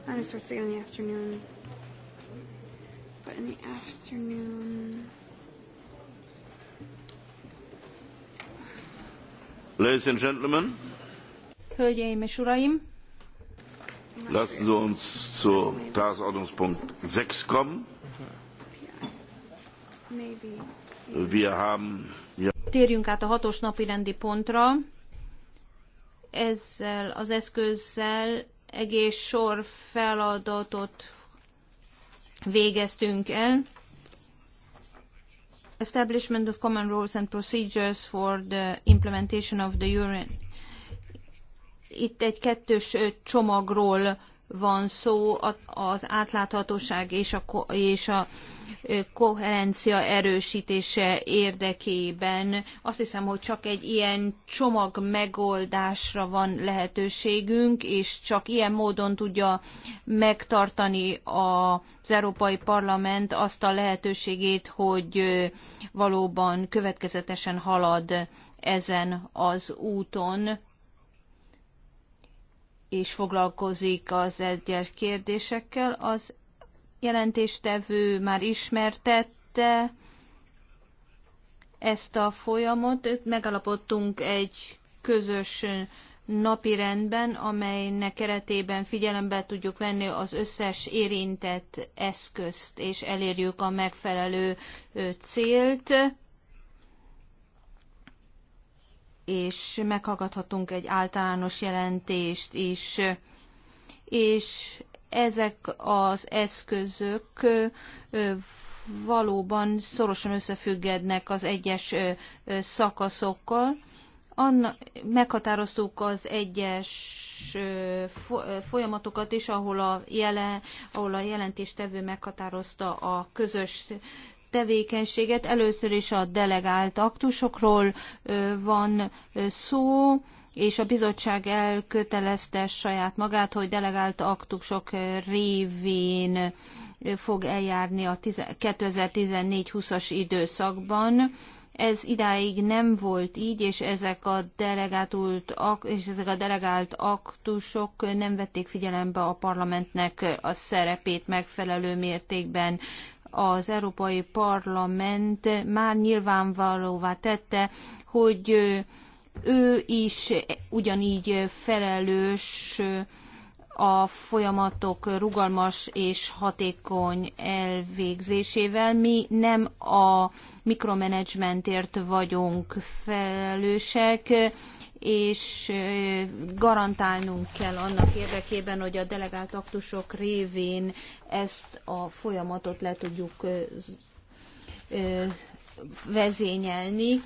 And it starts again in the afternoon. But in the afternoon... Ladies and gentlemen. Hölgyeim és uraim. Lassen Sie uns zu Tagesordnungspunkt 6 kommen. Wir haben... Térjünk át a hatos napi rendi pontra ezzel az eszközzel egész sor feladatot végeztünk el. Establishment of common rules and procedures for the implementation of the urine. Itt egy kettős csomagról van szó az átláthatóság és a, és a koherencia erősítése érdekében. Azt hiszem, hogy csak egy ilyen csomag megoldásra van lehetőségünk, és csak ilyen módon tudja megtartani az Európai Parlament azt a lehetőségét, hogy valóban következetesen halad ezen az úton és foglalkozik az egyes kérdésekkel. Az jelentéstevő már ismertette ezt a folyamot. Megalapodtunk egy közös napi rendben, amelynek keretében figyelembe tudjuk venni az összes érintett eszközt, és elérjük a megfelelő célt és meghallgathatunk egy általános jelentést is, és ezek az eszközök valóban szorosan összefüggednek az egyes szakaszokkal. Anna, meghatároztuk az egyes folyamatokat is, ahol a, jele, ahol a jelentéstevő meghatározta a közös tevékenységet. Először is a delegált aktusokról van szó, és a bizottság elkötelezte saját magát, hogy delegált aktusok révén fog eljárni a 2014-20-as időszakban. Ez idáig nem volt így, és ezek a, delegátult, és ezek a delegált aktusok nem vették figyelembe a parlamentnek a szerepét megfelelő mértékben az Európai Parlament már nyilvánvalóvá tette, hogy ő is ugyanígy felelős a folyamatok rugalmas és hatékony elvégzésével. Mi nem a mikromanagementért vagyunk felelősek, és garantálnunk kell annak érdekében, hogy a delegált aktusok révén ezt a folyamatot le tudjuk vezényelni,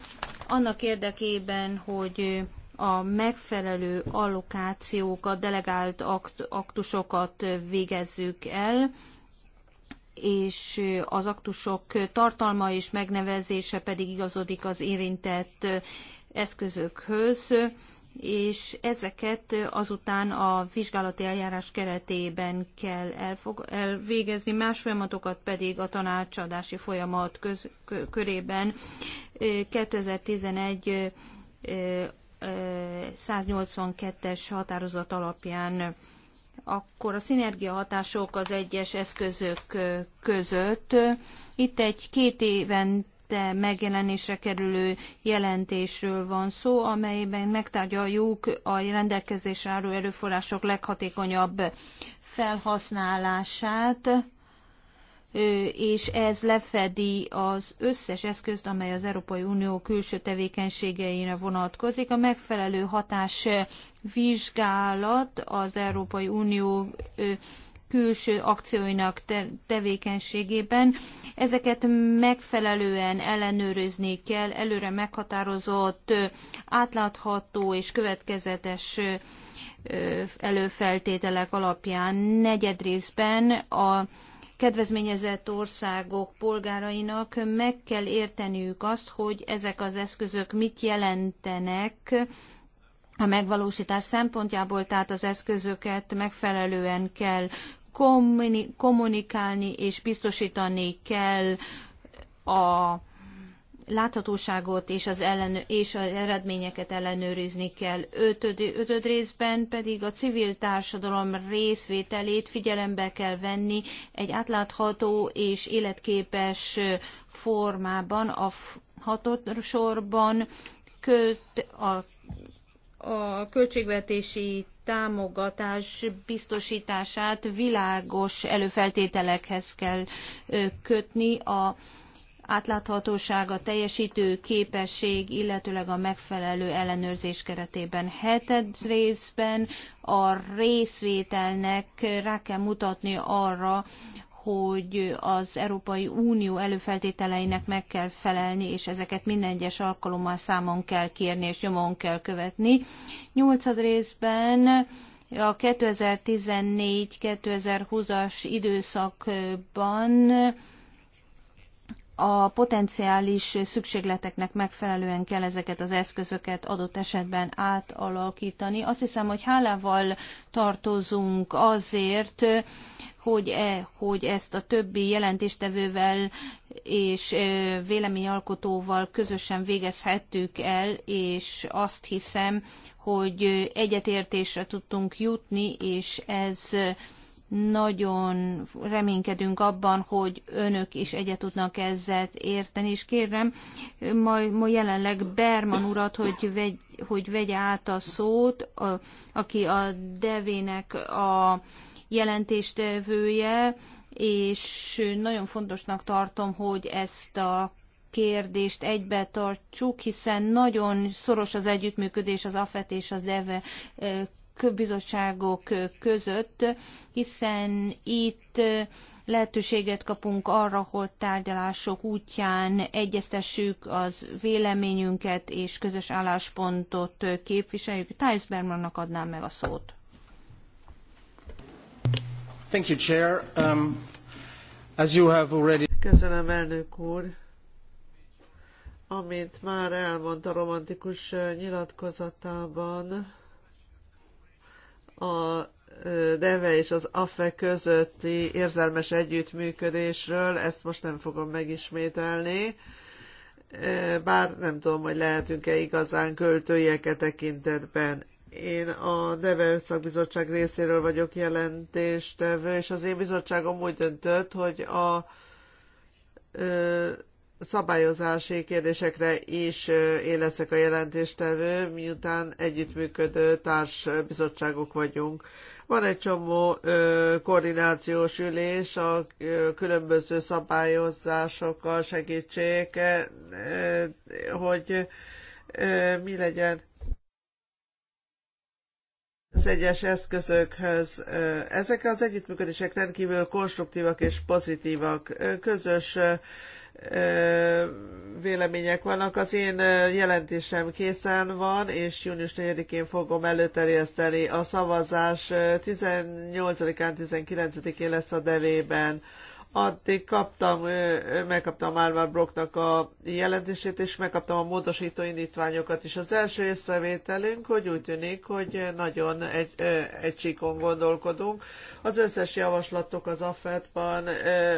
annak érdekében, hogy a megfelelő allokációkat, delegált aktusokat végezzük el, és az aktusok tartalma és megnevezése pedig igazodik az érintett eszközökhöz, és ezeket azután a vizsgálati eljárás keretében kell elfog, elvégezni, más folyamatokat pedig a tanácsadási folyamat köz, körében 2011 182-es határozat alapján akkor a szinergia hatások az egyes eszközök között. Itt egy két éven megjelenésre kerülő jelentésről van szó, amelyben megtárgyaljuk a rendelkezésre álló erőforrások leghatékonyabb felhasználását, és ez lefedi az összes eszközt, amely az Európai Unió külső tevékenységeire vonatkozik. A megfelelő hatás vizsgálat az Európai Unió külső akcióinak tevékenységében. Ezeket megfelelően ellenőrizni kell, előre meghatározott, átlátható és következetes előfeltételek alapján negyedrészben a kedvezményezett országok polgárainak meg kell érteniük azt, hogy ezek az eszközök mit jelentenek a megvalósítás szempontjából, tehát az eszközöket megfelelően kell kommunikálni és biztosítani kell a láthatóságot és az, ellen, és az eredményeket ellenőrizni kell. Ötöd, ötöd részben pedig a civil társadalom részvételét figyelembe kell venni egy átlátható és életképes formában, a hatósorban köt, a a költségvetési támogatás biztosítását világos előfeltételekhez kell kötni a átláthatóság, a teljesítő képesség, illetőleg a megfelelő ellenőrzés keretében. Heted részben a részvételnek rá kell mutatni arra, hogy az Európai Unió előfeltételeinek meg kell felelni, és ezeket minden egyes alkalommal számon kell kérni, és nyomon kell követni. Nyolcad részben a 2014-2020-as időszakban a potenciális szükségleteknek megfelelően kell ezeket az eszközöket adott esetben átalakítani. Azt hiszem, hogy hálával tartozunk azért, hogy, e, hogy ezt a többi jelentéstevővel és véleményalkotóval közösen végezhettük el, és azt hiszem, hogy egyetértésre tudtunk jutni, és ez nagyon reménykedünk abban, hogy önök is egyet tudnak ezzel érteni, és kérem ma, ma jelenleg Berman urat, hogy, vegy, hogy vegye át a szót, a, aki a devének a jelentéstevője, és nagyon fontosnak tartom, hogy ezt a kérdést egybe tartsuk, hiszen nagyon szoros az együttműködés az AFET és az DEVE eh, bizottságok között, hiszen itt lehetőséget kapunk arra, hogy tárgyalások útján egyeztessük az véleményünket és közös álláspontot képviseljük. Thijs Bermannak adnám meg a szót. Thank you, Chair. Um, as you have already... Köszönöm, elnök úr. Amint már elmondta romantikus nyilatkozatában, a Deve és az AFE közötti érzelmes együttműködésről, ezt most nem fogom megismételni, bár nem tudom, hogy lehetünk-e igazán költőjek tekintetben. Én a Deve szakbizottság részéről vagyok jelentéstevő, és az én bizottságom úgy döntött, hogy a szabályozási kérdésekre is én leszek a jelentéstevő, miután együttműködő társbizottságok vagyunk. Van egy csomó koordinációs ülés, a különböző szabályozásokkal segítsék, hogy mi legyen az egyes eszközökhöz. Ezek az együttműködések rendkívül konstruktívak és pozitívak. Közös vélemények vannak. Az én jelentésem készen van, és június 4-én fogom előterjeszteni. A szavazás 18-án, 19-én lesz a devében addig kaptam, megkaptam már Brocknak a jelentését, és megkaptam a módosító indítványokat is. Az első észrevételünk, hogy úgy tűnik, hogy nagyon egy, egy csíkon gondolkodunk. Az összes javaslatok az AFED-ban,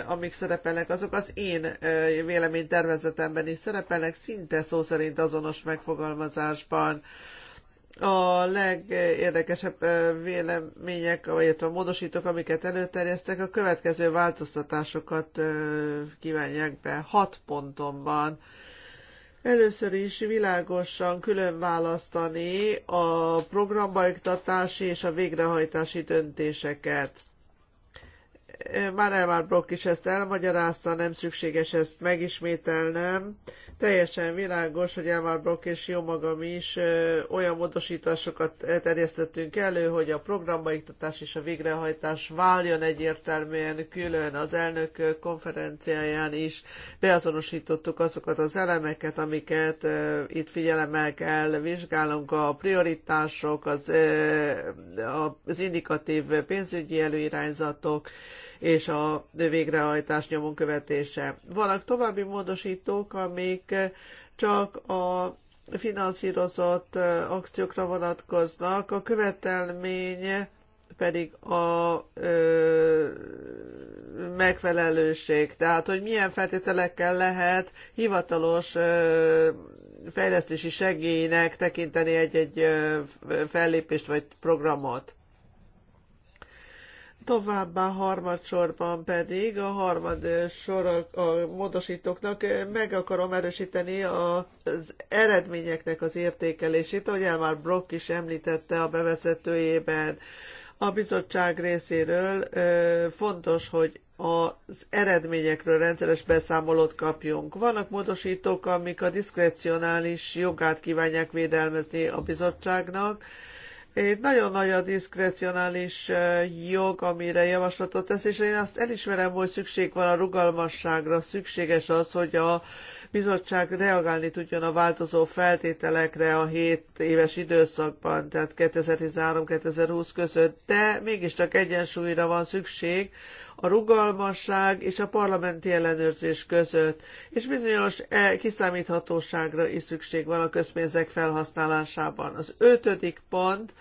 amik szerepelnek, azok az én véleménytervezetemben is szerepelnek, szinte szó szerint azonos megfogalmazásban a legérdekesebb vélemények, vagy a módosítók, amiket előterjesztek, a következő változtatásokat kívánják be hat pontomban. Először is világosan külön választani a programbaiktatási és a végrehajtási döntéseket. Már Elmar Brock is ezt elmagyarázta, nem szükséges ezt megismételnem. Teljesen világos, hogy Elmar Brock és jó magam is ö, olyan módosításokat terjesztettünk elő, hogy a programbaiktatás és a végrehajtás váljon egyértelműen külön az elnök konferenciáján is. Beazonosítottuk azokat az elemeket, amiket ö, itt figyelemmel kell vizsgálunk, a prioritások, az, ö, az indikatív pénzügyi előirányzatok, ö, és a végrehajtás nyomon követése. Vannak további módosítók, amik csak a finanszírozott akciókra vonatkoznak, a követelmény pedig a ö, megfelelőség, tehát hogy milyen feltételekkel lehet hivatalos ö, fejlesztési segélynek tekinteni egy-egy fellépést vagy programot. Továbbá harmadsorban pedig a harmad sor a módosítóknak eh, meg akarom erősíteni az eredményeknek az értékelését, ahogy már Brock is említette a bevezetőjében. A bizottság részéről eh, fontos, hogy az eredményekről rendszeres beszámolót kapjunk. Vannak módosítók, amik a diszkrecionális jogát kívánják védelmezni a bizottságnak, itt nagyon nagy a diszkrecionális jog, amire javaslatot tesz, és én azt elismerem, hogy szükség van a rugalmasságra, szükséges az, hogy a bizottság reagálni tudjon a változó feltételekre a 7 éves időszakban, tehát 2013-2020 között, de mégiscsak egyensúlyra van szükség, a rugalmasság és a parlamenti ellenőrzés között, és bizonyos e, kiszámíthatóságra is szükség van a közpénzek felhasználásában. Az ötödik pont,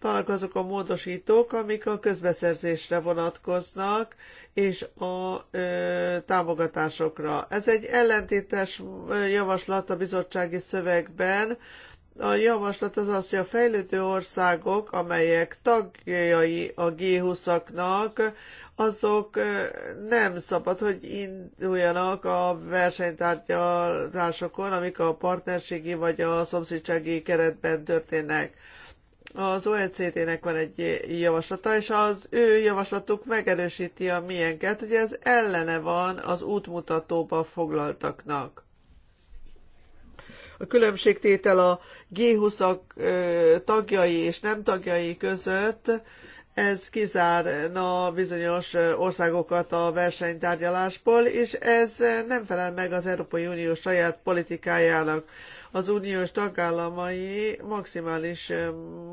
vannak azok a módosítók, amik a közbeszerzésre vonatkoznak, és a ö, támogatásokra. Ez egy ellentétes javaslat a bizottsági szövegben, a javaslat az az, hogy a fejlődő országok, amelyek tagjai a g 20 azok nem szabad, hogy induljanak a versenytárgyalásokon, amik a partnerségi vagy a szomszédsági keretben történnek. Az OECD-nek van egy javaslata, és az ő javaslatuk megerősíti a miénket, hogy ez ellene van az útmutatóba foglaltaknak. A különbségtétel a g 20 tagjai és nem tagjai között ez kizárna bizonyos országokat a versenytárgyalásból, és ez nem felel meg az Európai Unió saját politikájának. Az uniós tagállamai maximális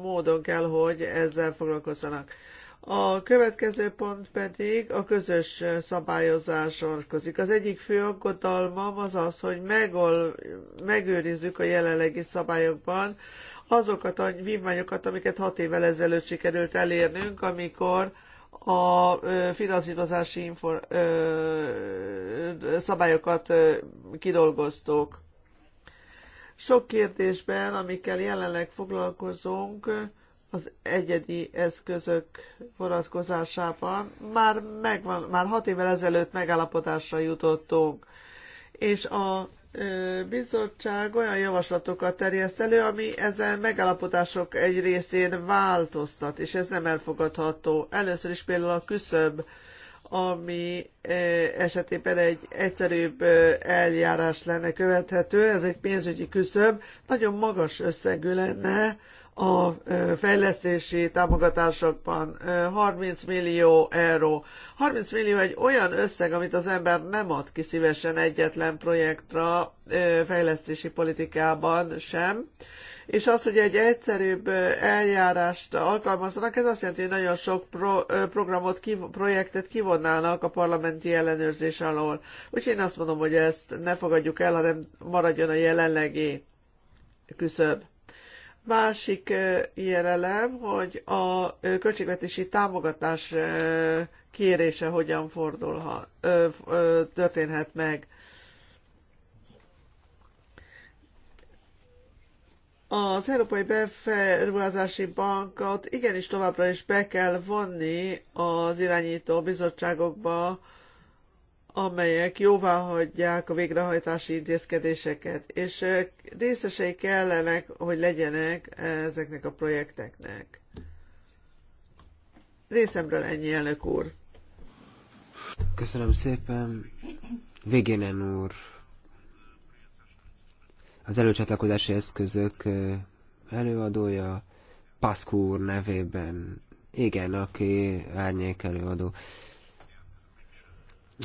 módon kell, hogy ezzel foglalkozzanak. A következő pont pedig a közös szabályozás orkozik. Az egyik fő aggodalmam az az, hogy megol, megőrizzük a jelenlegi szabályokban azokat a vívmányokat, amiket hat évvel ezelőtt sikerült elérnünk, amikor a finanszírozási infor, ö, szabályokat ö, kidolgoztuk. Sok kérdésben, amikkel jelenleg foglalkozunk, az egyedi eszközök vonatkozásában már megvan, már hat évvel ezelőtt megállapodásra jutottunk, és a bizottság olyan javaslatokat terjeszt elő, ami ezen megállapodások egy részén változtat, és ez nem elfogadható. Először is például a küszöb, ami esetében egy egyszerűbb eljárás lenne követhető, ez egy pénzügyi küszöb, nagyon magas összegű lenne, a fejlesztési támogatásokban 30 millió euró. 30 millió egy olyan összeg, amit az ember nem ad ki szívesen egyetlen projektra fejlesztési politikában sem, és az, hogy egy egyszerűbb eljárást alkalmazzanak, ez azt jelenti, hogy nagyon sok pro, programot, kiv, projektet kivonnának a parlamenti ellenőrzés alól. Úgyhogy én azt mondom, hogy ezt ne fogadjuk el, hanem maradjon a jelenlegi küszöb. Másik ilyen elem, hogy a költségvetési támogatás kérése hogyan fordulhat, történhet meg. Az Európai Beruházási Bankot igenis továbbra is be kell vonni az irányító bizottságokba, amelyek jóvá hagyják a végrehajtási intézkedéseket, és részesei kellenek, hogy legyenek ezeknek a projekteknek. Részemről ennyi, elnök úr. Köszönöm szépen. Végénen úr, az előcsatlakozási eszközök előadója Paszkú úr nevében. Igen, aki árnyék előadó.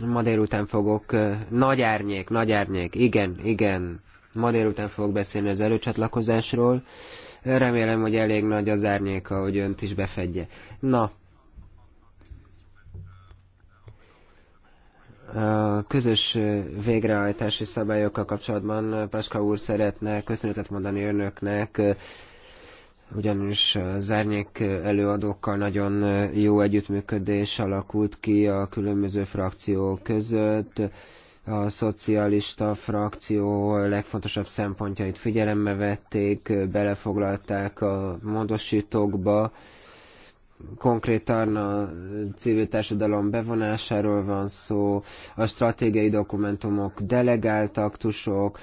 Ma délután fogok, nagy árnyék, nagy árnyék, igen, igen, ma délután fogok beszélni az előcsatlakozásról. Remélem, hogy elég nagy az árnyéka, hogy önt is befedje. Na, A közös végrehajtási szabályokkal kapcsolatban Paska úr szeretne köszönetet mondani önöknek ugyanis az árnyék előadókkal nagyon jó együttműködés alakult ki a különböző frakciók között. A szocialista frakció legfontosabb szempontjait figyelembe vették, belefoglalták a módosítókba, konkrétan a civil társadalom bevonásáról van szó, a stratégiai dokumentumok delegált aktusok,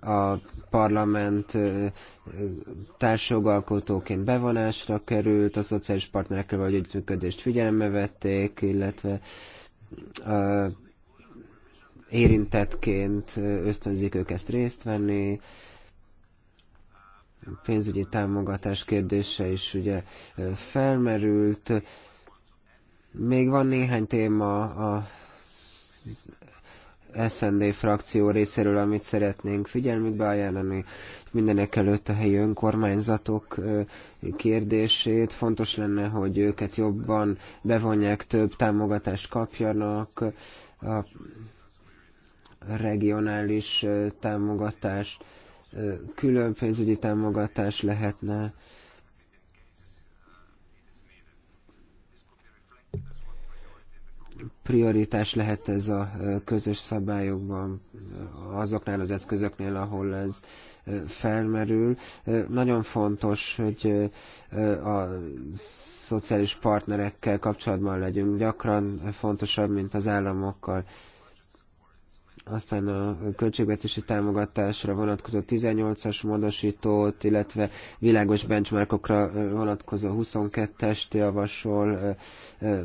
a parlament társjogalkotóként bevonásra került, a szociális partnerekkel vagy együttműködést figyelembe vették, illetve érintettként ösztönzik ők ezt részt venni, pénzügyi támogatás kérdése is ugye felmerült. Még van néhány téma a SND frakció részéről, amit szeretnénk figyelmükbe ajánlani. Mindenek előtt a helyi önkormányzatok kérdését. Fontos lenne, hogy őket jobban bevonják, több támogatást kapjanak, a regionális támogatást külön pénzügyi támogatás lehetne. Prioritás lehet ez a közös szabályokban, azoknál az eszközöknél, ahol ez felmerül. Nagyon fontos, hogy a szociális partnerekkel kapcsolatban legyünk. Gyakran fontosabb, mint az államokkal aztán a költségvetési támogatásra vonatkozó 18-as módosítót, illetve világos benchmarkokra vonatkozó 22-est javasol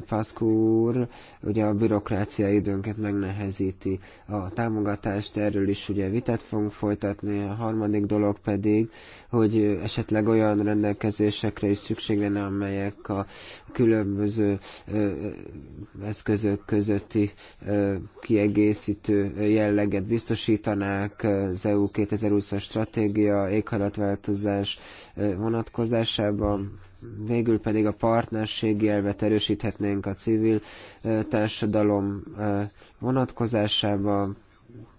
Paszkú úr. Ugye a bürokrácia időnket megnehezíti a támogatást, erről is ugye vitát fogunk folytatni. A harmadik dolog pedig, hogy esetleg olyan rendelkezésekre is szükség lenne, amelyek a különböző eszközök közötti kiegészítő jelleget biztosítanák az EU 2020-as stratégia éghajlatváltozás vonatkozásában, végül pedig a partnerségi elvet erősíthetnénk a civil társadalom vonatkozásában,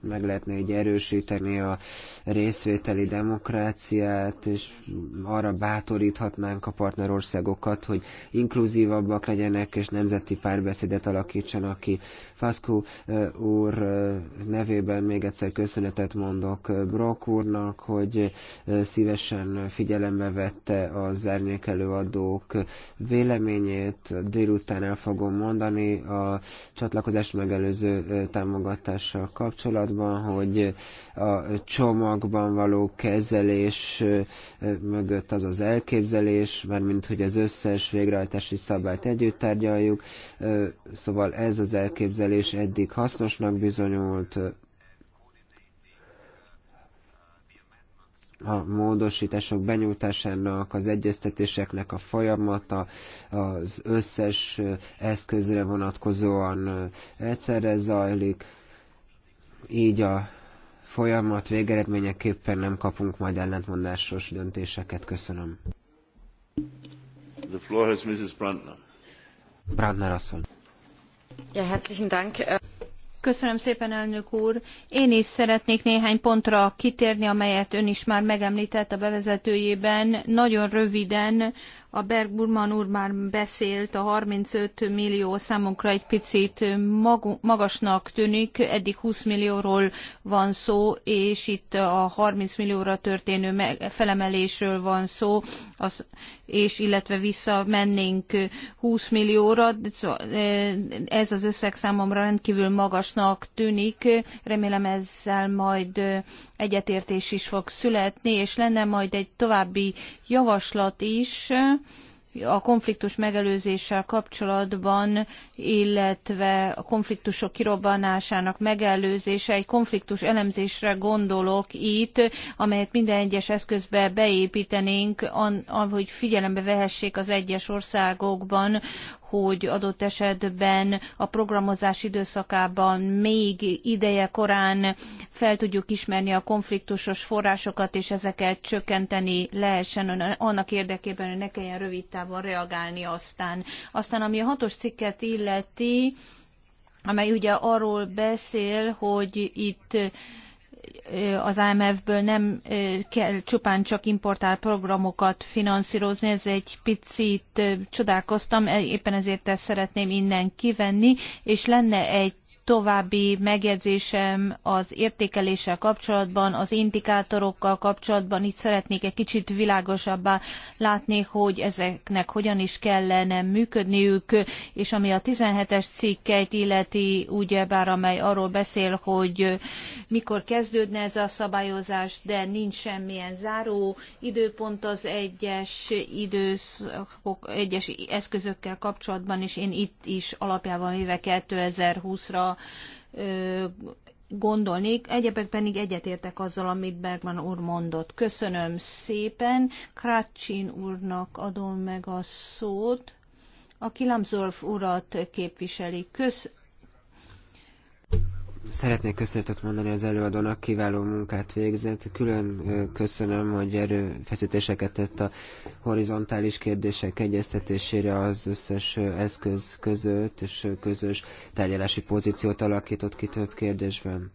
meg lehetne így erősíteni a részvételi demokráciát, és arra bátoríthatnánk a partnerországokat, hogy inkluzívabbak legyenek, és nemzeti párbeszédet alakítsanak ki. Faszkó úr nevében még egyszer köszönetet mondok Brock úrnak, hogy szívesen figyelembe vette az árnyékelőadók véleményét. Délután el fogom mondani a csatlakozás megelőző támogatással kapcsolatban kapcsolatban, hogy a csomagban való kezelés mögött az az elképzelés, mint hogy az összes végrehajtási szabályt együtt tárgyaljuk, szóval ez az elképzelés eddig hasznosnak bizonyult, a módosítások benyújtásának, az egyeztetéseknek a folyamata, az összes eszközre vonatkozóan egyszerre zajlik így a folyamat végeredményeképpen nem kapunk majd ellentmondásos döntéseket. Köszönöm. The floor has Mrs. Brandner. Brandner asszony. Ja, herzlichen Dank. Köszönöm szépen, elnök úr. Én is szeretnék néhány pontra kitérni, amelyet ön is már megemlített a bevezetőjében. Nagyon röviden, a Burman úr már beszélt, a 35 millió számunkra egy picit magasnak tűnik, eddig 20 millióról van szó, és itt a 30 millióra történő meg, felemelésről van szó, az, és illetve visszamennénk 20 millióra, e, ez az összeg számomra rendkívül magasnak tűnik, remélem ezzel majd egyetértés is fog születni, és lenne majd egy további javaslat is, a konfliktus megelőzéssel kapcsolatban, illetve a konfliktusok kirobbanásának megelőzése, egy konfliktus elemzésre gondolok itt, amelyet minden egyes eszközbe beépítenénk, ahogy figyelembe vehessék az egyes országokban, hogy adott esetben a programozás időszakában még ideje korán fel tudjuk ismerni a konfliktusos forrásokat, és ezeket csökkenteni lehessen annak érdekében, hogy ne kelljen rövid távon reagálni aztán. Aztán ami a hatos cikket illeti, amely ugye arról beszél, hogy itt az IMF-ből nem kell csupán csak importál programokat finanszírozni, ez egy picit csodálkoztam, e, éppen ezért ezt szeretném innen kivenni, és lenne egy további megjegyzésem az értékeléssel kapcsolatban, az indikátorokkal kapcsolatban. Itt szeretnék egy kicsit világosabbá látni, hogy ezeknek hogyan is kellene működniük, és ami a 17-es cikkeit illeti, ugyebár amely arról beszél, hogy mikor kezdődne ez a szabályozás, de nincs semmilyen záró időpont az egyes időszakok, egyes eszközökkel kapcsolatban, és én itt is alapjában véve 2020-ra ö, gondolnék. Egyébként pedig egyetértek azzal, amit Bergman úr mondott. Köszönöm szépen. Kratcsin úrnak adom meg a szót. a Kilamzorf urat képviseli. Kösz, Szeretnék köszönetet mondani az előadónak, kiváló munkát végzett. Külön köszönöm, hogy erőfeszítéseket tett a horizontális kérdések egyeztetésére az összes eszköz között, és közös tárgyalási pozíciót alakított ki több kérdésben.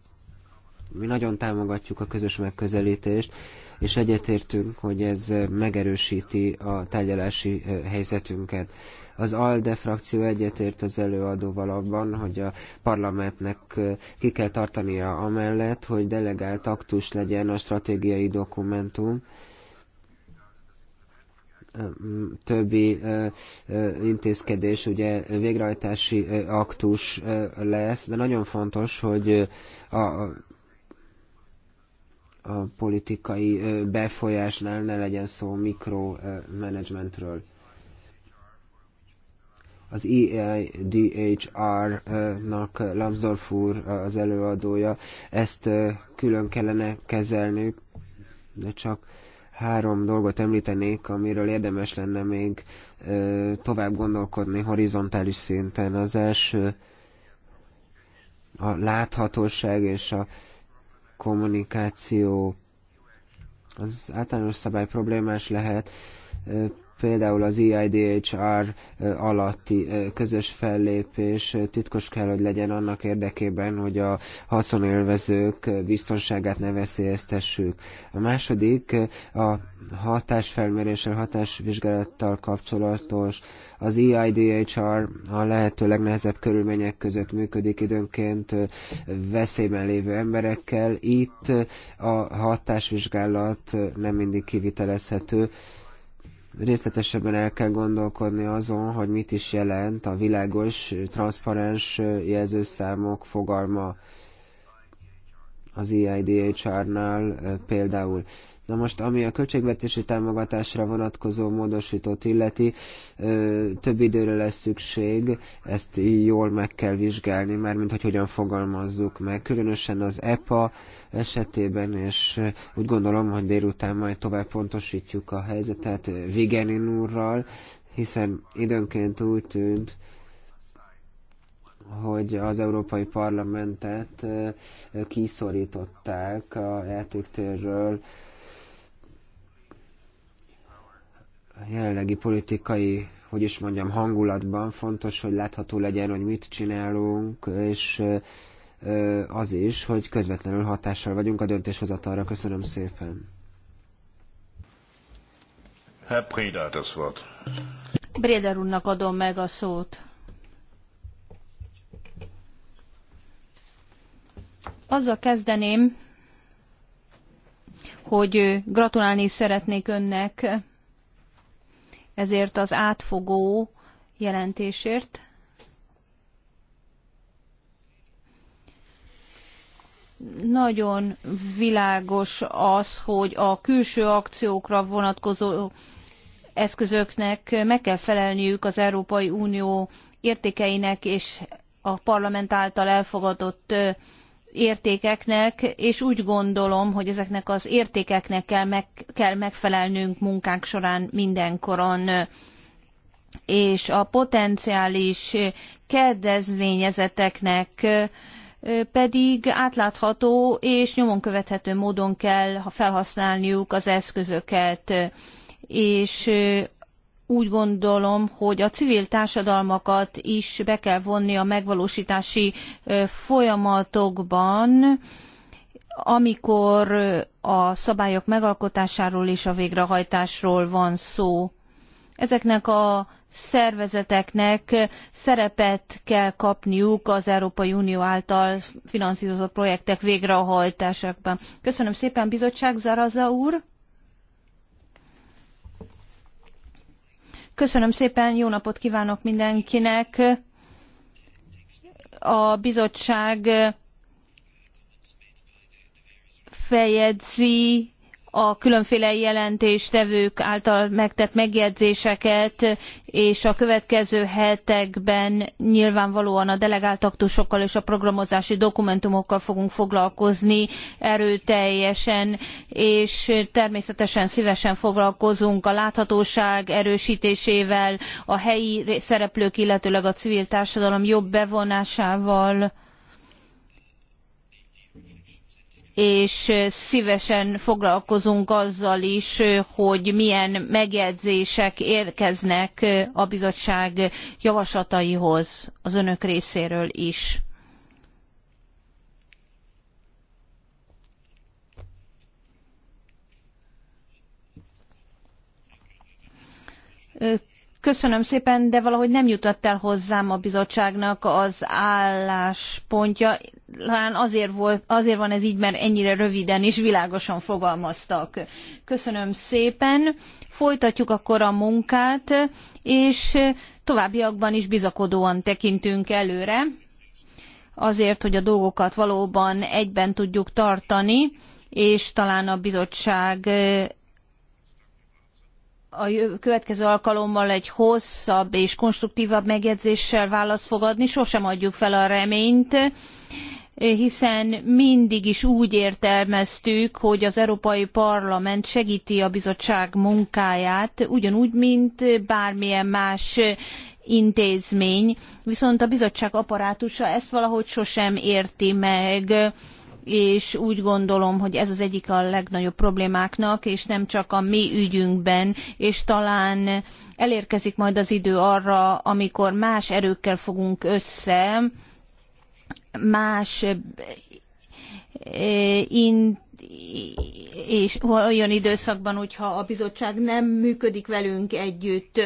Mi nagyon támogatjuk a közös megközelítést, és egyetértünk, hogy ez megerősíti a tárgyalási helyzetünket. Az ALDE frakció egyetért az előadóval abban, hogy a parlamentnek ki kell tartania amellett, hogy delegált aktus legyen a stratégiai dokumentum, többi intézkedés, ugye végrehajtási aktus lesz, de nagyon fontos, hogy a, a politikai befolyásnál ne legyen szó mikromanagementről. Az EIDHR-nak Lambsdorff úr az előadója, ezt külön kellene kezelni, de csak három dolgot említenék, amiről érdemes lenne még tovább gondolkodni horizontális szinten. Az első a láthatóság és a kommunikáció az általános szabály problémás lehet, például az EIDHR alatti közös fellépés titkos kell, hogy legyen annak érdekében, hogy a haszonélvezők biztonságát ne veszélyeztessük. A második a hatásfelméréssel, hatásvizsgálattal kapcsolatos. Az EIDHR a lehető legnehezebb körülmények között működik időnként veszélyben lévő emberekkel. Itt a hatásvizsgálat nem mindig kivitelezhető részletesebben el kell gondolkodni azon, hogy mit is jelent a világos, transzparens jelzőszámok fogalma az EIDHR-nál eh, például. Na most, ami a költségvetési támogatásra vonatkozó módosítót illeti, több időre lesz szükség, ezt jól meg kell vizsgálni, mert mint hogy hogyan fogalmazzuk meg, különösen az EPA esetében, és úgy gondolom, hogy délután majd tovább pontosítjuk a helyzetet Vigenin úrral, hiszen időnként úgy tűnt, hogy az Európai Parlamentet kiszorították a játéktérről, jelenlegi politikai, hogy is mondjam, hangulatban fontos, hogy látható legyen, hogy mit csinálunk, és az is, hogy közvetlenül hatással vagyunk a döntéshozatalra. Köszönöm szépen. Herr Breda, das Wort. Bréder úrnak adom meg a szót. Azzal kezdeném, hogy gratulálni szeretnék önnek ezért az átfogó jelentésért. Nagyon világos az, hogy a külső akciókra vonatkozó eszközöknek meg kell felelniük az Európai Unió értékeinek és a parlament által elfogadott értékeknek, és úgy gondolom, hogy ezeknek az értékeknek kell, meg, kell megfelelnünk munkánk során mindenkoron és a potenciális kedvezményezeteknek pedig átlátható és nyomon követhető módon kell felhasználniuk az eszközöket, és úgy gondolom, hogy a civil társadalmakat is be kell vonni a megvalósítási folyamatokban, amikor a szabályok megalkotásáról és a végrehajtásról van szó. Ezeknek a szervezeteknek szerepet kell kapniuk az Európai Unió által finanszírozott projektek végrehajtásában. Köszönöm szépen, bizottság Zaraza úr! Köszönöm szépen, jó napot kívánok mindenkinek. A bizottság eh, feljegyzi a különféle jelentéstevők által megtett megjegyzéseket, és a következő hetekben nyilvánvalóan a delegált aktusokkal és a programozási dokumentumokkal fogunk foglalkozni erőteljesen, és természetesen szívesen foglalkozunk a láthatóság erősítésével, a helyi szereplők, illetőleg a civil társadalom jobb bevonásával, és szívesen foglalkozunk azzal is, hogy milyen megjegyzések érkeznek a bizottság javaslataihoz az önök részéről is. Köszönöm szépen, de valahogy nem jutott el hozzám a bizottságnak az álláspontja. Talán azért, volt, azért van ez így, mert ennyire röviden és világosan fogalmaztak. Köszönöm szépen. Folytatjuk akkor a munkát, és továbbiakban is bizakodóan tekintünk előre, azért, hogy a dolgokat valóban egyben tudjuk tartani, és talán a bizottság a következő alkalommal egy hosszabb és konstruktívabb megjegyzéssel választ fog adni. Sosem adjuk fel a reményt, hiszen mindig is úgy értelmeztük, hogy az Európai Parlament segíti a bizottság munkáját, ugyanúgy, mint bármilyen más intézmény, viszont a bizottság apparátusa ezt valahogy sosem érti meg és úgy gondolom, hogy ez az egyik a legnagyobb problémáknak, és nem csak a mi ügyünkben, és talán elérkezik majd az idő arra, amikor más erőkkel fogunk össze, más eh, in, és olyan időszakban, hogyha a bizottság nem működik velünk együtt,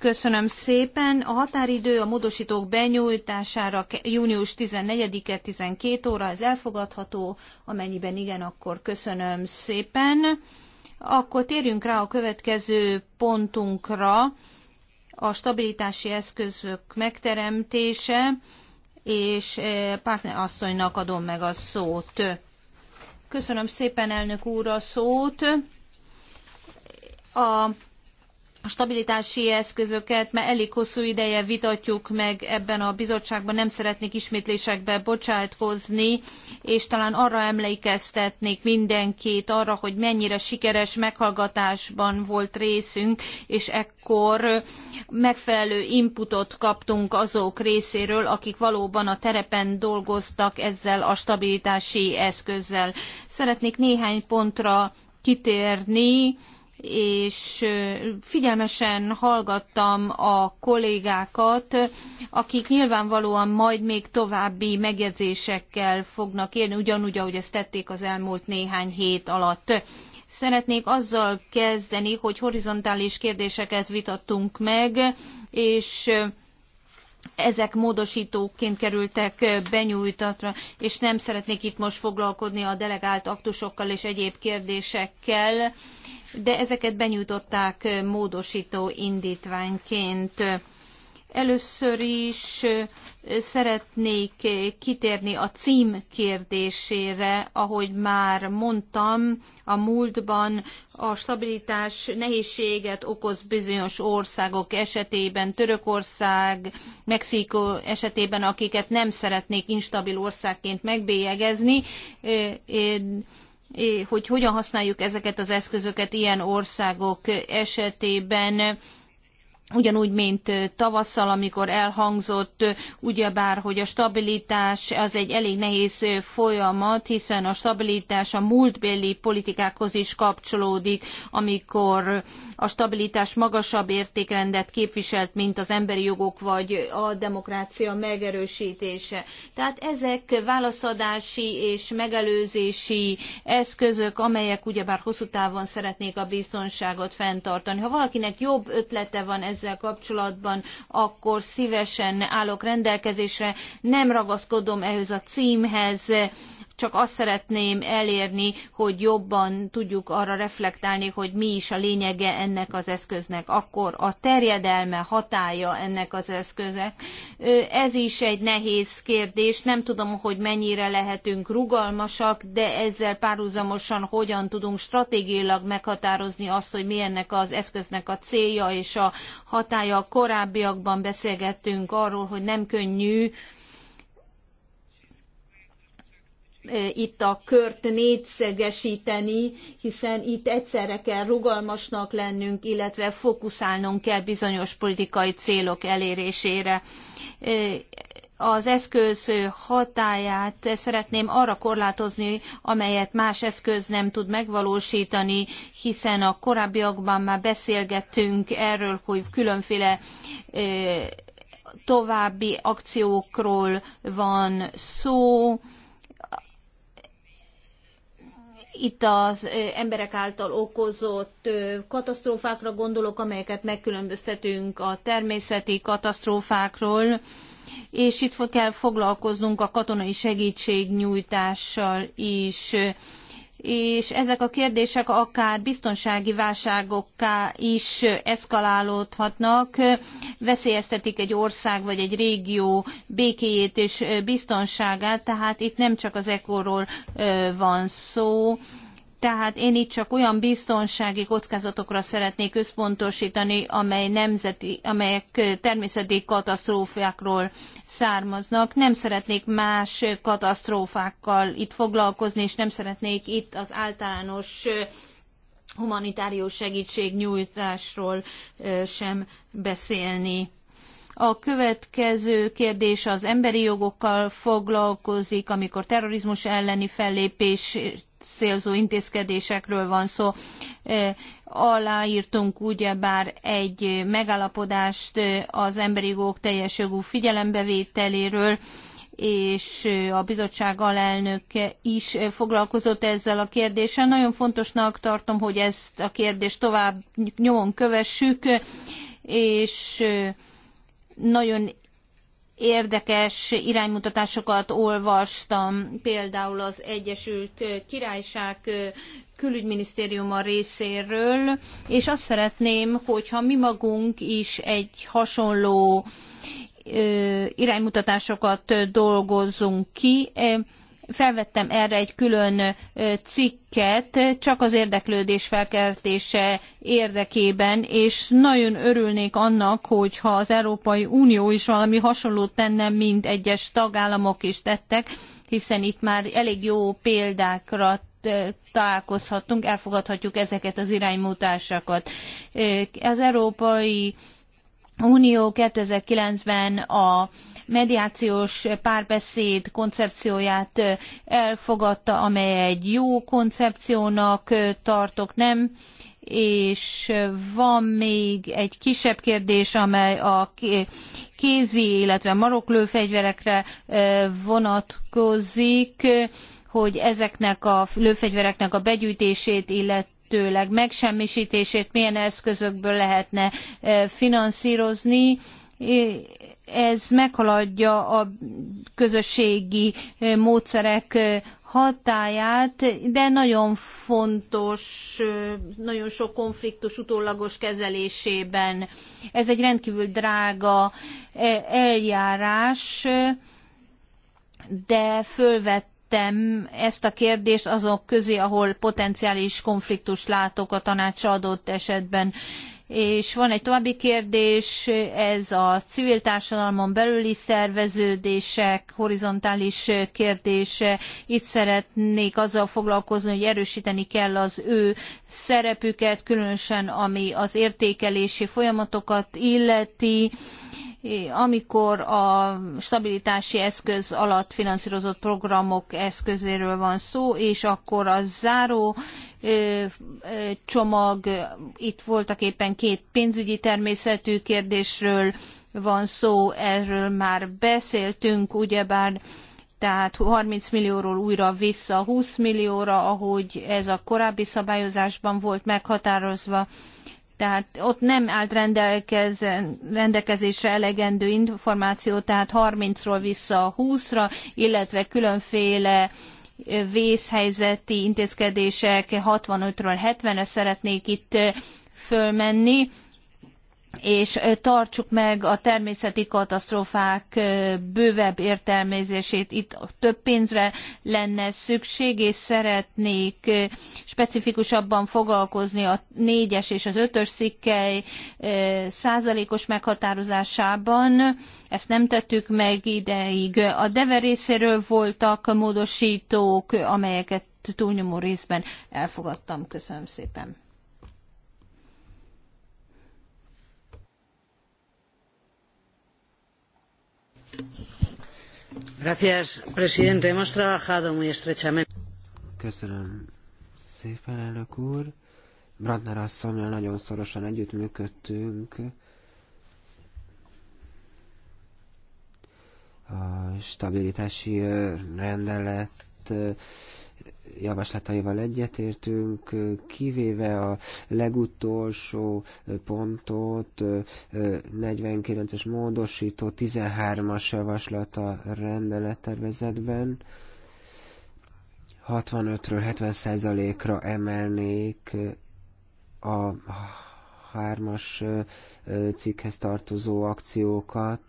Köszönöm szépen. A határidő a módosítók benyújtására június 14-e 12 óra, ez elfogadható, amennyiben igen, akkor köszönöm szépen. Akkor térjünk rá a következő pontunkra, a stabilitási eszközök megteremtése, és eh, partnerasszonynak adom meg a szót. Köszönöm szépen, elnök úr, a szót. A a stabilitási eszközöket már elég hosszú ideje vitatjuk meg ebben a bizottságban, nem szeretnék ismétlésekbe bocsátkozni, és talán arra emlékeztetnék mindenkit arra, hogy mennyire sikeres meghallgatásban volt részünk, és ekkor megfelelő inputot kaptunk azok részéről, akik valóban a terepen dolgoztak ezzel a stabilitási eszközzel. Szeretnék néhány pontra kitérni, és figyelmesen hallgattam a kollégákat, akik nyilvánvalóan majd még további megjegyzésekkel fognak élni, ugyanúgy, ahogy ezt tették az elmúlt néhány hét alatt. Szeretnék azzal kezdeni, hogy horizontális kérdéseket vitattunk meg, és ezek módosítóként kerültek benyújtatra, és nem szeretnék itt most foglalkozni a delegált aktusokkal és egyéb kérdésekkel, de ezeket benyújtották módosító indítványként Először is szeretnék kitérni a cím kérdésére, ahogy már mondtam, a múltban a stabilitás nehézséget okoz bizonyos országok esetében, Törökország, Mexikó esetében, akiket nem szeretnék instabil országként megbélyegezni hogy hogyan használjuk ezeket az eszközöket ilyen országok esetében ugyanúgy, mint tavasszal, amikor elhangzott, ugyebár, hogy a stabilitás az egy elég nehéz folyamat, hiszen a stabilitás a múltbéli politikákhoz is kapcsolódik, amikor a stabilitás magasabb értékrendet képviselt, mint az emberi jogok vagy a demokrácia megerősítése. Tehát ezek válaszadási és megelőzési eszközök, amelyek ugyebár hosszú távon szeretnék a biztonságot fenntartani. Ha valakinek jobb ötlete van ezzel kapcsolatban, akkor szívesen állok rendelkezésre, nem ragaszkodom ehhez a címhez, csak azt szeretném elérni, hogy jobban tudjuk arra reflektálni, hogy mi is a lényege ennek az eszköznek. Akkor a terjedelme, hatája ennek az eszköznek. Ez is egy nehéz kérdés. Nem tudom, hogy mennyire lehetünk rugalmasak, de ezzel párhuzamosan hogyan tudunk stratégiailag meghatározni azt, hogy mi ennek az eszköznek a célja és a hatája. Korábbiakban beszélgettünk arról, hogy nem könnyű, E, itt a kört négyszegesíteni, hiszen itt egyszerre kell rugalmasnak lennünk, illetve fókuszálnunk kell bizonyos politikai célok elérésére. E, az eszköz hatáját szeretném arra korlátozni, amelyet más eszköz nem tud megvalósítani, hiszen a korábbiakban már beszélgettünk erről, hogy különféle e, további akciókról van szó, itt az emberek által okozott katasztrófákra gondolok, amelyeket megkülönböztetünk a természeti katasztrófákról, és itt kell foglalkoznunk a katonai segítségnyújtással is és ezek a kérdések akár biztonsági válságokká is eszkalálódhatnak, veszélyeztetik egy ország vagy egy régió békéjét és biztonságát, tehát itt nem csak az ekóról van szó, tehát én itt csak olyan biztonsági kockázatokra szeretnék összpontosítani, amely nemzeti, amelyek természeti katasztrófákról származnak. Nem szeretnék más katasztrófákkal itt foglalkozni, és nem szeretnék itt az általános humanitárius segítségnyújtásról sem beszélni. A következő kérdés az emberi jogokkal foglalkozik, amikor terrorizmus elleni fellépést célzó intézkedésekről van szó. E, aláírtunk ugyebár egy megállapodást az emberi jogok teljes jogú figyelembevételéről, és a bizottság alelnöke is foglalkozott ezzel a kérdéssel. Nagyon fontosnak tartom, hogy ezt a kérdést tovább nyomon kövessük, és nagyon érdekes iránymutatásokat olvastam, például az Egyesült Királyság külügyminisztériuma részéről, és azt szeretném, hogyha mi magunk is egy hasonló iránymutatásokat dolgozzunk ki, Felvettem erre egy külön cikket, csak az érdeklődés felkeltése érdekében, és nagyon örülnék annak, hogyha az Európai Unió is valami hasonlót tenne, mint egyes tagállamok is tettek, hiszen itt már elég jó példákra találkozhatunk, elfogadhatjuk ezeket az iránymutatásokat. Az Európai Unió 2009-ben a mediációs párbeszéd koncepcióját elfogadta, amely egy jó koncepciónak tartok, nem? És van még egy kisebb kérdés, amely a kézi, illetve maroklő fegyverekre vonatkozik hogy ezeknek a lőfegyvereknek a begyűjtését, illet, illetőleg megsemmisítését milyen eszközökből lehetne e, finanszírozni, ez meghaladja a közösségi e, módszerek e, hatáját, de nagyon fontos, nagyon sok konfliktus utólagos kezelésében. Ez egy rendkívül drága eljárás, de fölvet tettem ezt a kérdést azok közé, ahol potenciális konfliktus látok a tanács adott esetben. És van egy további kérdés, ez a civil társadalmon belüli szerveződések, horizontális kérdése. Itt szeretnék azzal foglalkozni, hogy erősíteni kell az ő szerepüket, különösen ami az értékelési folyamatokat illeti amikor a stabilitási eszköz alatt finanszírozott programok eszközéről van szó, és akkor a záró csomag, itt voltak éppen két pénzügyi természetű kérdésről van szó, erről már beszéltünk, ugyebár tehát 30 millióról újra vissza 20 millióra, ahogy ez a korábbi szabályozásban volt meghatározva tehát ott nem állt rendelkezésre elegendő információ, tehát 30-ról vissza a 20-ra, illetve különféle vészhelyzeti intézkedések 65-ről 70-re szeretnék itt fölmenni és tartsuk meg a természeti katasztrófák bővebb értelmezését. Itt több pénzre lenne szükség, és szeretnék specifikusabban foglalkozni a négyes és az ötös szikkely százalékos meghatározásában. Ezt nem tettük meg ideig. A DEVE részéről voltak módosítók, amelyeket túlnyomó részben elfogadtam. Köszönöm szépen. Köszönöm szépen, elnök úr. Brandner asszonynal nagyon szorosan együttműködtünk. A stabilitási rendelet javaslataival egyetértünk, kivéve a legutolsó pontot, 49-es módosító 13-as javaslata rendelettervezetben, 65-ről 70%-ra emelnék a hármas cikkhez tartozó akciókat,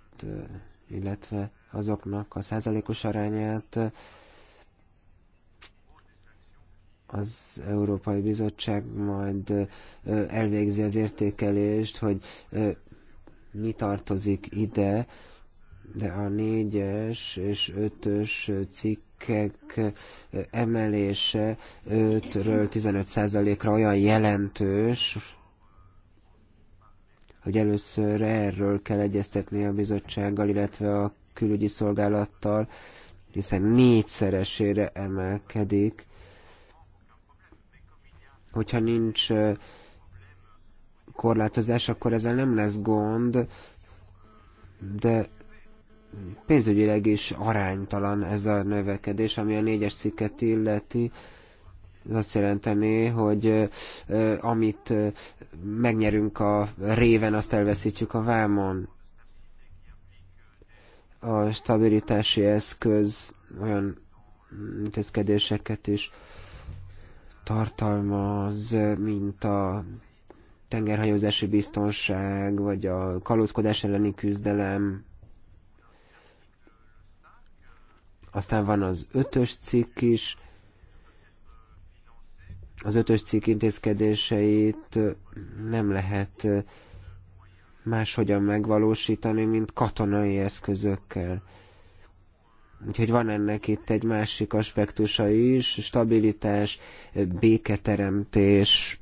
illetve azoknak a százalékos arányát, az Európai Bizottság majd elvégzi az értékelést, hogy mi tartozik ide, de a négyes és ötös cikkek emelése 5-ről 15%-ra olyan jelentős, hogy először erről kell egyeztetni a bizottsággal, illetve a külügyi szolgálattal, hiszen négyszeresére emelkedik Hogyha nincs korlátozás, akkor ezzel nem lesz gond, de pénzügyileg is aránytalan ez a növekedés, ami a négyes cikket illeti. azt jelenteni, hogy amit megnyerünk a réven, azt elveszítjük a vámon. A stabilitási eszköz olyan intézkedéseket is tartalmaz, mint a tengerhajózási biztonság, vagy a kalózkodás elleni küzdelem. Aztán van az ötös cikk is, az ötös cikk intézkedéseit nem lehet máshogyan megvalósítani, mint katonai eszközökkel. Úgyhogy van ennek itt egy másik aspektusa is, stabilitás, béketeremtés,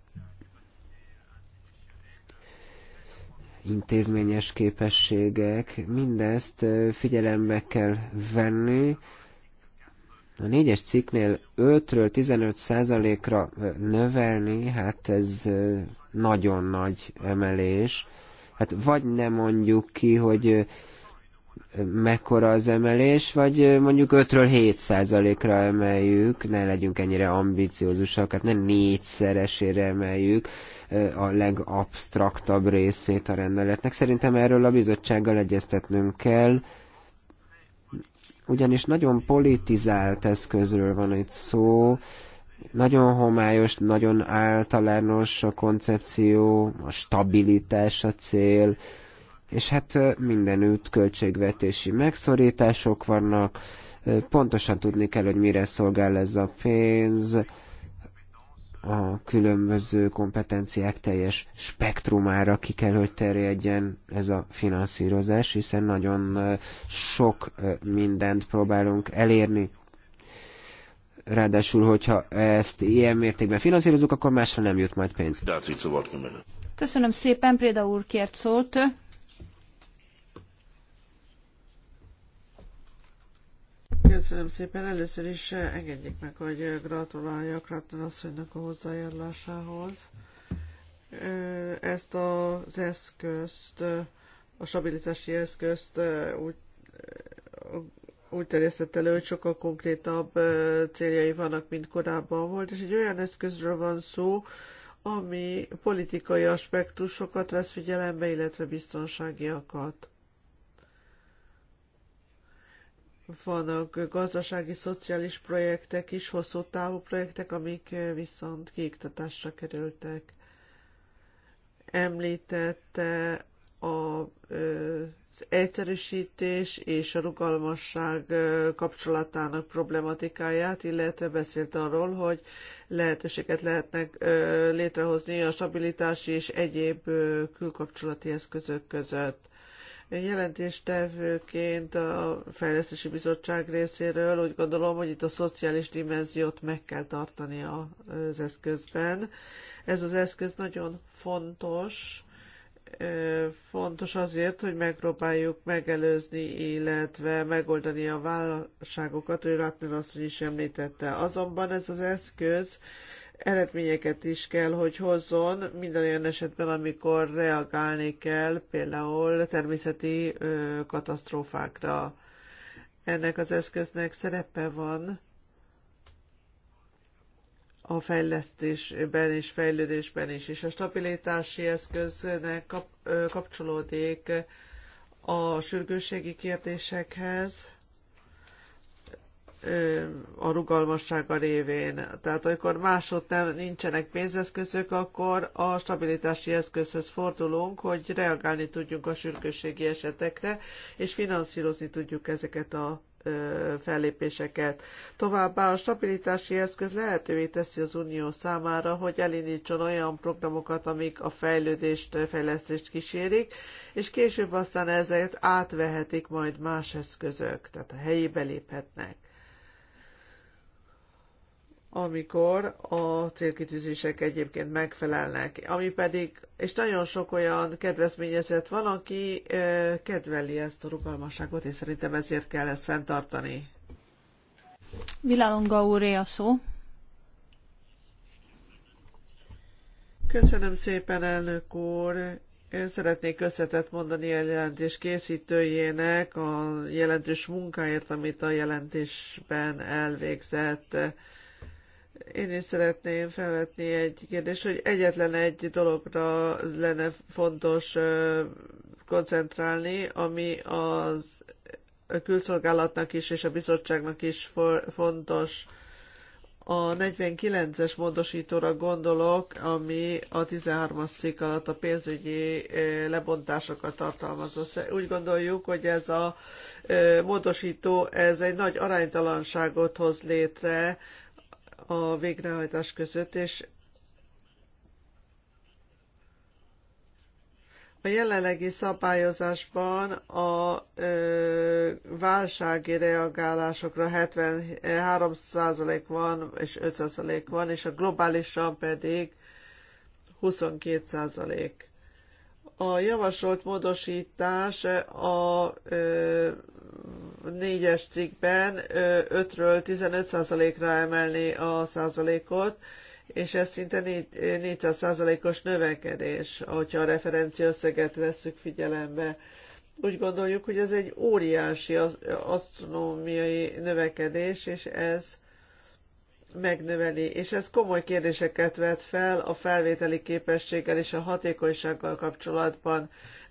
intézményes képességek, mindezt figyelembe kell venni. A négyes cikknél 5-ről 15 százalékra növelni, hát ez nagyon nagy emelés. Hát vagy nem mondjuk ki, hogy mekkora az emelés, vagy mondjuk 5-ről 7 ra emeljük, ne legyünk ennyire ambiciózusak, hát ne négyszeresére emeljük a legabstraktabb részét a rendeletnek. Szerintem erről a bizottsággal egyeztetnünk kell, ugyanis nagyon politizált eszközről van itt szó, nagyon homályos, nagyon általános a koncepció, a stabilitás a cél, és hát mindenütt költségvetési megszorítások vannak, pontosan tudni kell, hogy mire szolgál ez a pénz, a különböző kompetenciák teljes spektrumára ki kell, hogy terjedjen ez a finanszírozás, hiszen nagyon sok mindent próbálunk elérni. Ráadásul, hogyha ezt ilyen mértékben finanszírozunk, akkor másra nem jut majd pénz. Köszönöm szépen, Préda úr kért szólt. Köszönöm szépen. Először is eh, engedjék meg, hogy eh, gratuláljak Rattan asszonynak a hozzájárulásához. Eh, ezt az eszközt, a stabilitási eszközt úgy, úgy terjesztett elő, hogy sokkal konkrétabb céljai vannak, mint korábban volt, és egy olyan eszközről van szó, ami politikai aspektusokat vesz figyelembe, illetve biztonságiakat vannak gazdasági, szociális projektek is, hosszú távú projektek, amik eh, viszont kiiktatásra kerültek. Említette a, eh, az egyszerűsítés és a rugalmasság eh, kapcsolatának problematikáját, illetve beszélt arról, hogy lehetőséget lehetnek létrehozni a stabilitási és egyéb külkapcsolati eszközök között Jelentéstevőként a Fejlesztési Bizottság részéről úgy gondolom, hogy itt a szociális dimenziót meg kell tartani az eszközben. Ez az eszköz nagyon fontos, fontos azért, hogy megpróbáljuk megelőzni, illetve megoldani a válságokat, hogy Ratner azt is említette. Azonban ez az eszköz eredményeket is kell, hogy hozzon minden olyan esetben, amikor reagálni kell például természeti ö, katasztrófákra. Ennek az eszköznek szerepe van a fejlesztésben és fejlődésben is, és a stabilitási eszköznek kap, ö, kapcsolódik a sürgősségi kérdésekhez, a rugalmassága révén. Tehát amikor másod nem nincsenek pénzeszközök, akkor a stabilitási eszközhöz fordulunk, hogy reagálni tudjunk a sürgősségi esetekre, és finanszírozni tudjuk ezeket a fellépéseket. Továbbá a stabilitási eszköz lehetővé teszi az Unió számára, hogy elindítson olyan programokat, amik a fejlődést, fejlesztést kísérik, és később aztán ezeket átvehetik majd más eszközök, tehát a helyébe léphetnek amikor a célkitűzések egyébként megfelelnek, ami pedig, és nagyon sok olyan kedvezményezett van, aki kedveli ezt a rugalmasságot, és szerintem ezért kell ezt fenntartani. Vilalonga úré a szó. Köszönöm szépen, elnök úr. Én szeretnék összetett mondani a jelentés készítőjének a jelentős munkáért, amit a jelentésben elvégzett én is szeretném felvetni egy kérdést, hogy egyetlen egy dologra lenne fontos koncentrálni, ami az külszolgálatnak is és a bizottságnak is fontos. A 49-es módosítóra gondolok, ami a 13-as cikk alatt a pénzügyi lebontásokat tartalmazza. Úgy gondoljuk, hogy ez a módosító ez egy nagy aránytalanságot hoz létre a végrehajtás között, és a jelenlegi szabályozásban a ö, válsági reagálásokra 73% van, és 5% van, és a globálisan pedig 22%. A javasolt módosítás a ö, négyes cikkben 5-ről 15%-ra emelni a százalékot, és ez szinte 400%-os növekedés, hogyha a referencia összeget vesszük figyelembe. Úgy gondoljuk, hogy ez egy óriási asztronómiai növekedés, és ez megnöveli, és ez komoly kérdéseket vet fel a felvételi képességgel és a hatékonysággal kapcsolatban.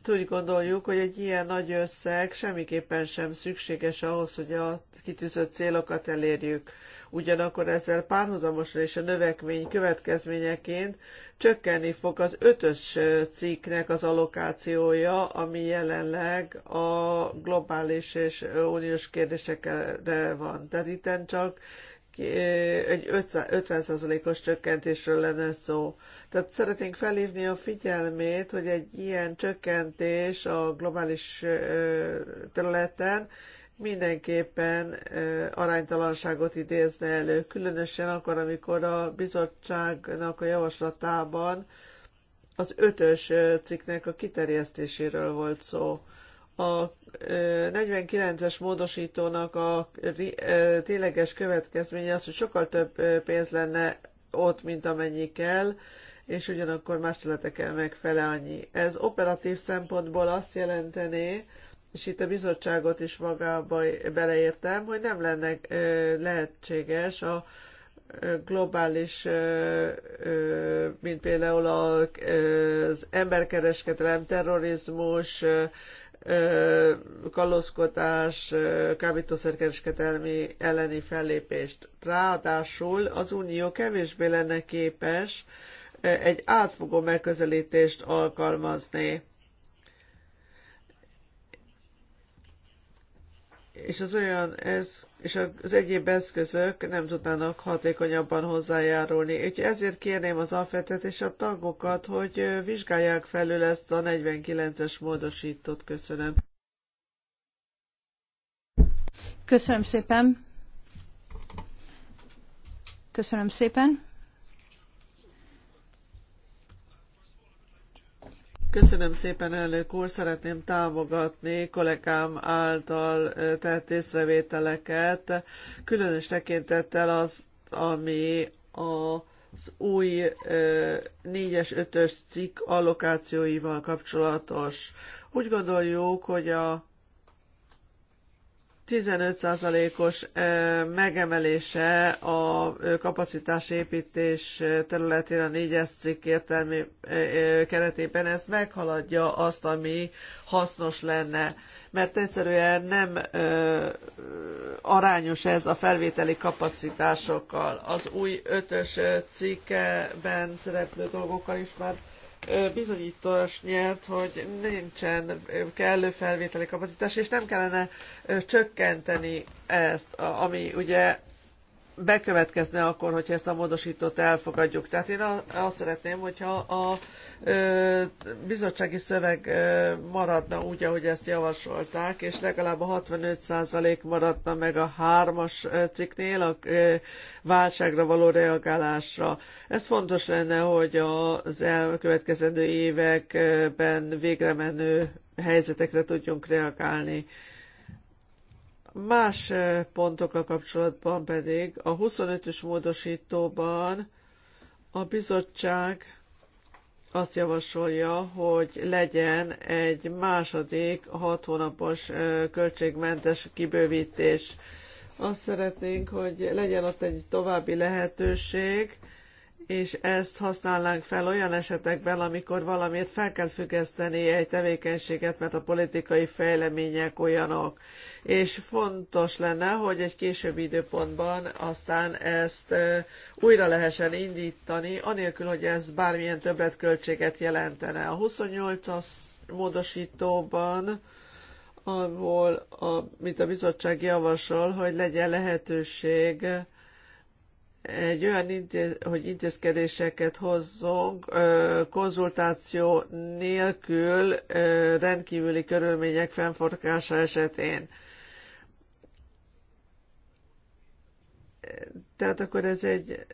Úgy gondoljuk, hogy egy ilyen nagy összeg semmiképpen sem szükséges ahhoz, hogy a kitűzött célokat elérjük. Ugyanakkor ezzel párhuzamosan és a növekmény következményeként csökkenni fog az ötös cikknek az allokációja, ami jelenleg a globális és uniós kérdésekre van. Tehát itten csak egy 50%-os csökkentésről lenne szó. Tehát szeretnénk felhívni a figyelmét, hogy egy ilyen csökkentés a globális területen mindenképpen aránytalanságot idézne elő, különösen akkor, amikor a bizottságnak a javaslatában az ötös cikknek a kiterjesztéséről volt szó a 49-es módosítónak a tényleges következménye az, hogy sokkal több pénz lenne ott, mint amennyi kell, és ugyanakkor más területeken fele annyi. Ez operatív szempontból azt jelentené, és itt a bizottságot is magába beleértem, hogy nem lenne lehetséges a globális, mint például az emberkereskedelem, terrorizmus, kalózkodás, kábítószerkereskedelmi elleni fellépést. Ráadásul az Unió kevésbé lenne képes egy átfogó megközelítést alkalmazni és az olyan ez, és az egyéb eszközök nem tudnának hatékonyabban hozzájárulni. Úgyhogy ezért kérném az afetet és a tagokat, hogy vizsgálják felül ezt a 49-es módosítót. Köszönöm. Köszönöm szépen. Köszönöm szépen. Köszönöm szépen, elnök úr! Szeretném támogatni kollégám által tett észrevételeket, különös tekintettel az, ami az új 4-es, 5-ös cikk allokációival kapcsolatos. Úgy gondoljuk, hogy a 15%-os megemelése a kapacitásépítés területén a 4-es cikk értelmi keretében, ez meghaladja azt, ami hasznos lenne, mert egyszerűen nem arányos ez a felvételi kapacitásokkal. Az új ötös cikkeben szereplő dolgokkal is már bizonyítós nyert, hogy nincsen kellő felvételi kapacitás, és nem kellene csökkenteni ezt, ami ugye bekövetkezne akkor, hogyha ezt a módosítót elfogadjuk. Tehát én azt szeretném, hogyha a bizottsági szöveg maradna úgy, ahogy ezt javasolták, és legalább a 65% maradna meg a hármas cikknél a válságra való reagálásra. Ez fontos lenne, hogy az elkövetkezendő években végre menő helyzetekre tudjunk reagálni Más eh, pontokkal kapcsolatban pedig a 25-ös módosítóban a bizottság azt javasolja, hogy legyen egy második hat hónapos eh, költségmentes kibővítés. Azt szeretnénk, hogy legyen ott egy további lehetőség, és ezt használnánk fel olyan esetekben, amikor valamiért fel kell függeszteni egy tevékenységet, mert a politikai fejlemények olyanok. És fontos lenne, hogy egy későbbi időpontban aztán ezt újra lehessen indítani, anélkül, hogy ez bármilyen többletköltséget jelentene. A 28-as módosítóban ahol, amit a bizottság javasol, hogy legyen lehetőség egy olyan, intéz, hogy intézkedéseket hozzunk konzultáció nélkül rendkívüli körülmények fennforgása esetén. Tehát akkor ez egy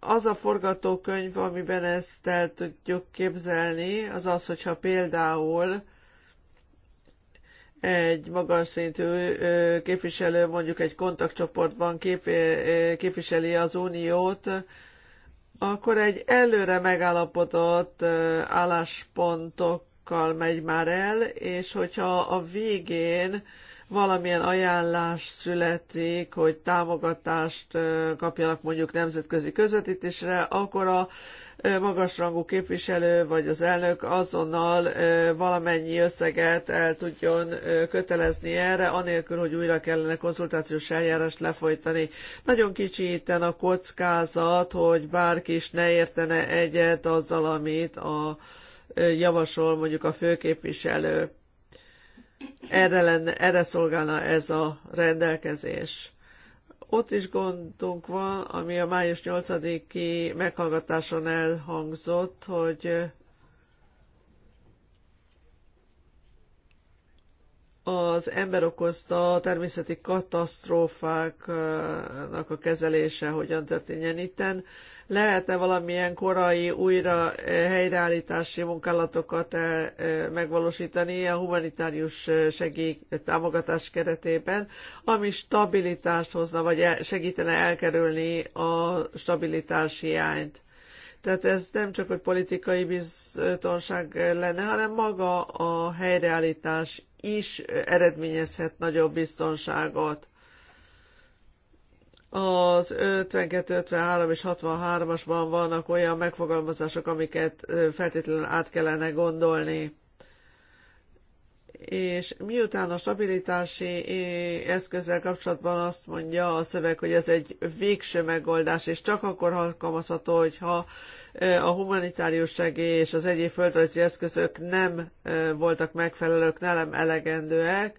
az a forgatókönyv, amiben ezt el tudjuk képzelni, az az, hogyha például egy magas szintű képviselő mondjuk egy kontaktcsoportban képviseli az uniót, akkor egy előre megállapodott álláspontokkal megy már el, és hogyha a végén valamilyen ajánlás születik, hogy támogatást kapjanak mondjuk nemzetközi közvetítésre, akkor a magasrangú képviselő vagy az elnök azonnal valamennyi összeget el tudjon kötelezni erre, anélkül, hogy újra kellene konzultációs eljárást lefolytani. Nagyon kicsi itten a kockázat, hogy bárki is ne értene egyet azzal, amit a javasol mondjuk a főképviselő. Erre, lenne, erre szolgálna ez a rendelkezés. Ott is gondunk van, ami a május 8-i meghallgatáson elhangzott, hogy eh, az ember okozta természeti katasztrófáknak a kezelése hogyan történjen itten. Léhet-e valamilyen korai újra eh, helyreállítási munkálatokat eh, eh, megvalósítani a humanitárius segély támogatás keretében, ami stabilitást hozna, vagy segítene elkerülni a stabilitás hiányt. Tehát ez nem csak, hogy politikai biztonság lenne, hanem maga a helyreállítás is eredményezhet nagyobb biztonságot az 52, 53 és 63-asban vannak olyan megfogalmazások, amiket feltétlenül át kellene gondolni. És miután a stabilitási eszközzel kapcsolatban azt mondja a szöveg, hogy ez egy végső megoldás, és csak akkor alkalmazható, hogyha a humanitárius segély és az egyéb földrajzi eszközök nem voltak megfelelők, nem elegendőek,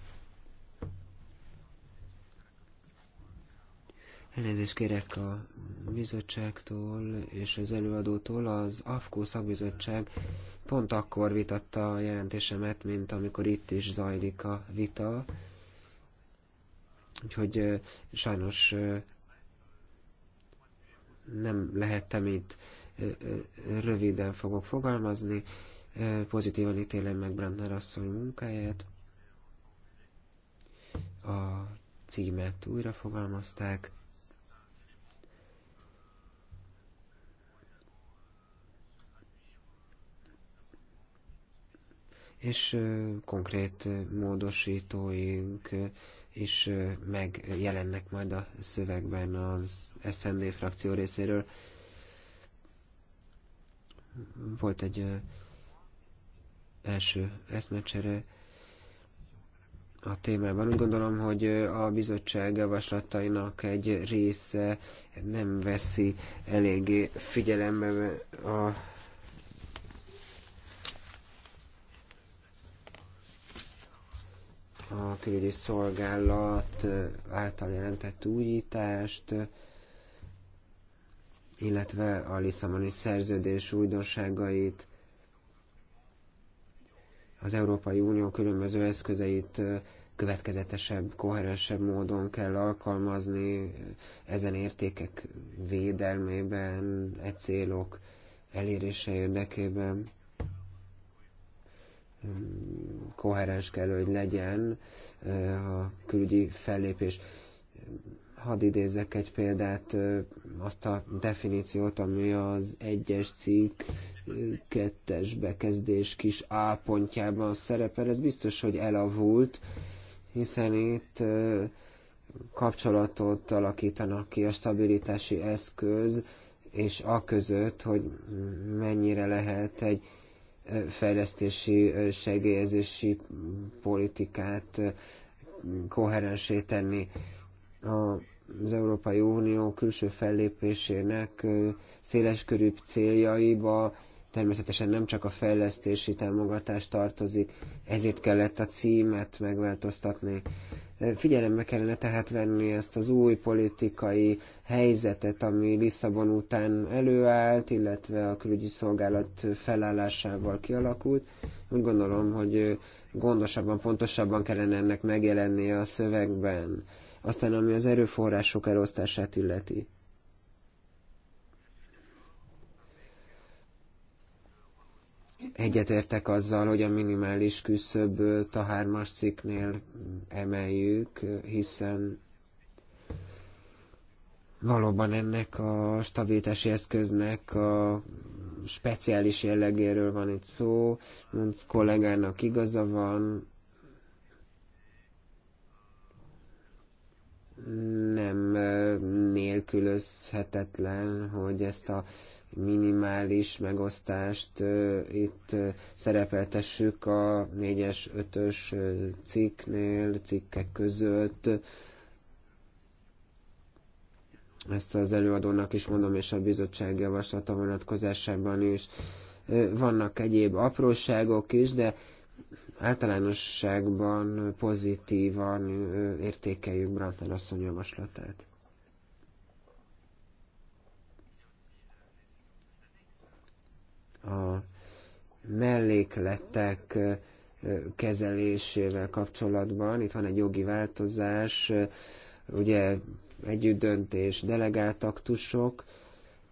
Elnézést kérek a bizottságtól és az előadótól. Az AFKO szakbizottság pont akkor vitatta a jelentésemet, mint amikor itt is zajlik a vita. Úgyhogy sajnos nem lehettem itt. Röviden fogok fogalmazni. Pozitívan ítélem meg Brandner asszony munkáját. A címet újra fogalmazták és konkrét módosítóink is megjelennek majd a szövegben az SND frakció részéről. Volt egy első eszmecsere a témában. Úgy gondolom, hogy a bizottság javaslatainak egy része nem veszi eléggé figyelembe a a külügyi szolgálat által jelentett újítást, illetve a Lisszaboni szerződés újdonságait, az Európai Unió különböző eszközeit következetesebb, koherensebb módon kell alkalmazni ezen értékek védelmében, e célok elérése érdekében koherens kell, hogy legyen a külügyi fellépés. Hadd idézek egy példát, azt a definíciót, ami az egyes cikk kettes bekezdés kis A pontjában szerepel. Ez biztos, hogy elavult, hiszen itt kapcsolatot alakítanak ki a stabilitási eszköz és a között, hogy mennyire lehet egy fejlesztési segélyezési politikát koherensé tenni. Az Európai Unió külső fellépésének széleskörű céljaiba természetesen nem csak a fejlesztési támogatás tartozik, ezért kellett a címet megváltoztatni. Figyelembe kellene tehát venni ezt az új politikai helyzetet, ami Lisszabon után előállt, illetve a külügyi szolgálat felállásával kialakult. Úgy gondolom, hogy gondosabban, pontosabban kellene ennek megjelennie a szövegben. Aztán ami az erőforrások elosztását illeti Egyetértek azzal, hogy a minimális küszöbb a hármas cikknél emeljük, hiszen valóban ennek a stabilitási eszköznek a speciális jellegéről van itt szó, mint kollégának igaza van, nem nélkülözhetetlen, hogy ezt a minimális megosztást itt szerepeltessük a 4-es, 5-ös cikknél, cikkek között. Ezt az előadónak is mondom, és a bizottság javaslata vonatkozásában is. Vannak egyéb apróságok is, de általánosságban pozitívan értékeljük Brantner asszony javaslatát. a mellékletek kezelésével kapcsolatban. Itt van egy jogi változás, ugye együttdöntés, döntés, delegált aktusok.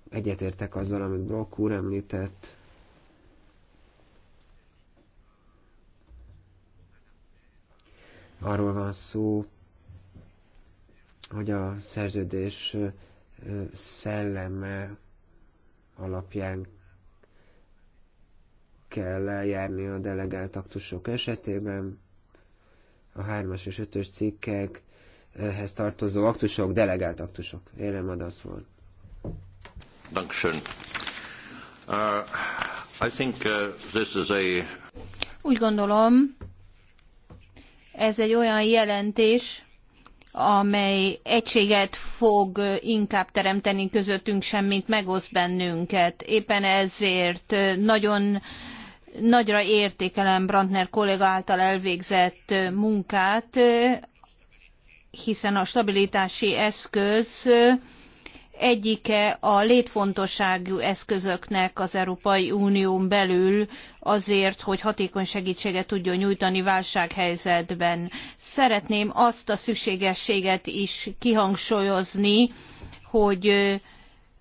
Egyetértek azzal, amit Brock úr említett. Arról van szó, hogy a szerződés szelleme alapján kell eljárni a delegált aktusok esetében. A 3-as és 5-ös cikkekhez tartozó aktusok, delegált aktusok. Érem ad az volt. Dankeschön. Uh, I think uh, this is a... Úgy gondolom, ez egy olyan jelentés, amely egységet fog inkább teremteni közöttünk, semmint megoszt bennünket. Éppen ezért nagyon Nagyra értékelem Brandner kolléga által elvégzett munkát, hiszen a stabilitási eszköz egyike a létfontosságú eszközöknek az Európai Unión belül azért, hogy hatékony segítséget tudjon nyújtani válsághelyzetben. Szeretném azt a szükségességet is kihangsúlyozni, hogy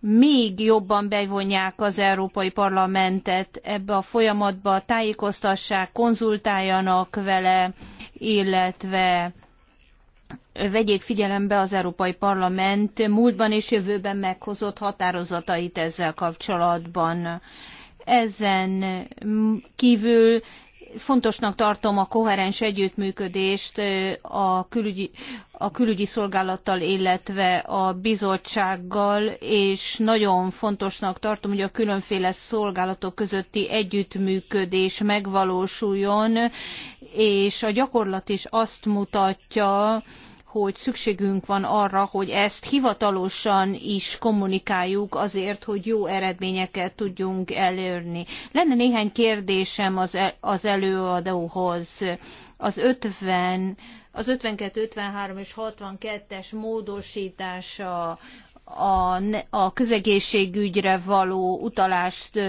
még jobban bevonják az Európai Parlamentet ebbe a folyamatba, tájékoztassák, konzultáljanak vele, illetve vegyék figyelembe az Európai Parlament múltban és jövőben meghozott határozatait ezzel kapcsolatban. Ezen kívül fontosnak tartom a koherens együttműködést a külügyi, a külügyi szolgálattal, illetve a bizottsággal, és nagyon fontosnak tartom, hogy a különféle szolgálatok közötti együttműködés megvalósuljon, és a gyakorlat is azt mutatja, hogy szükségünk van arra, hogy ezt hivatalosan is kommunikáljuk azért, hogy jó eredményeket tudjunk elérni. Lenne néhány kérdésem az, e- az előadóhoz. Az 50 az 52, 53 és 62-es módosítása a, a közegészségügyre való utalást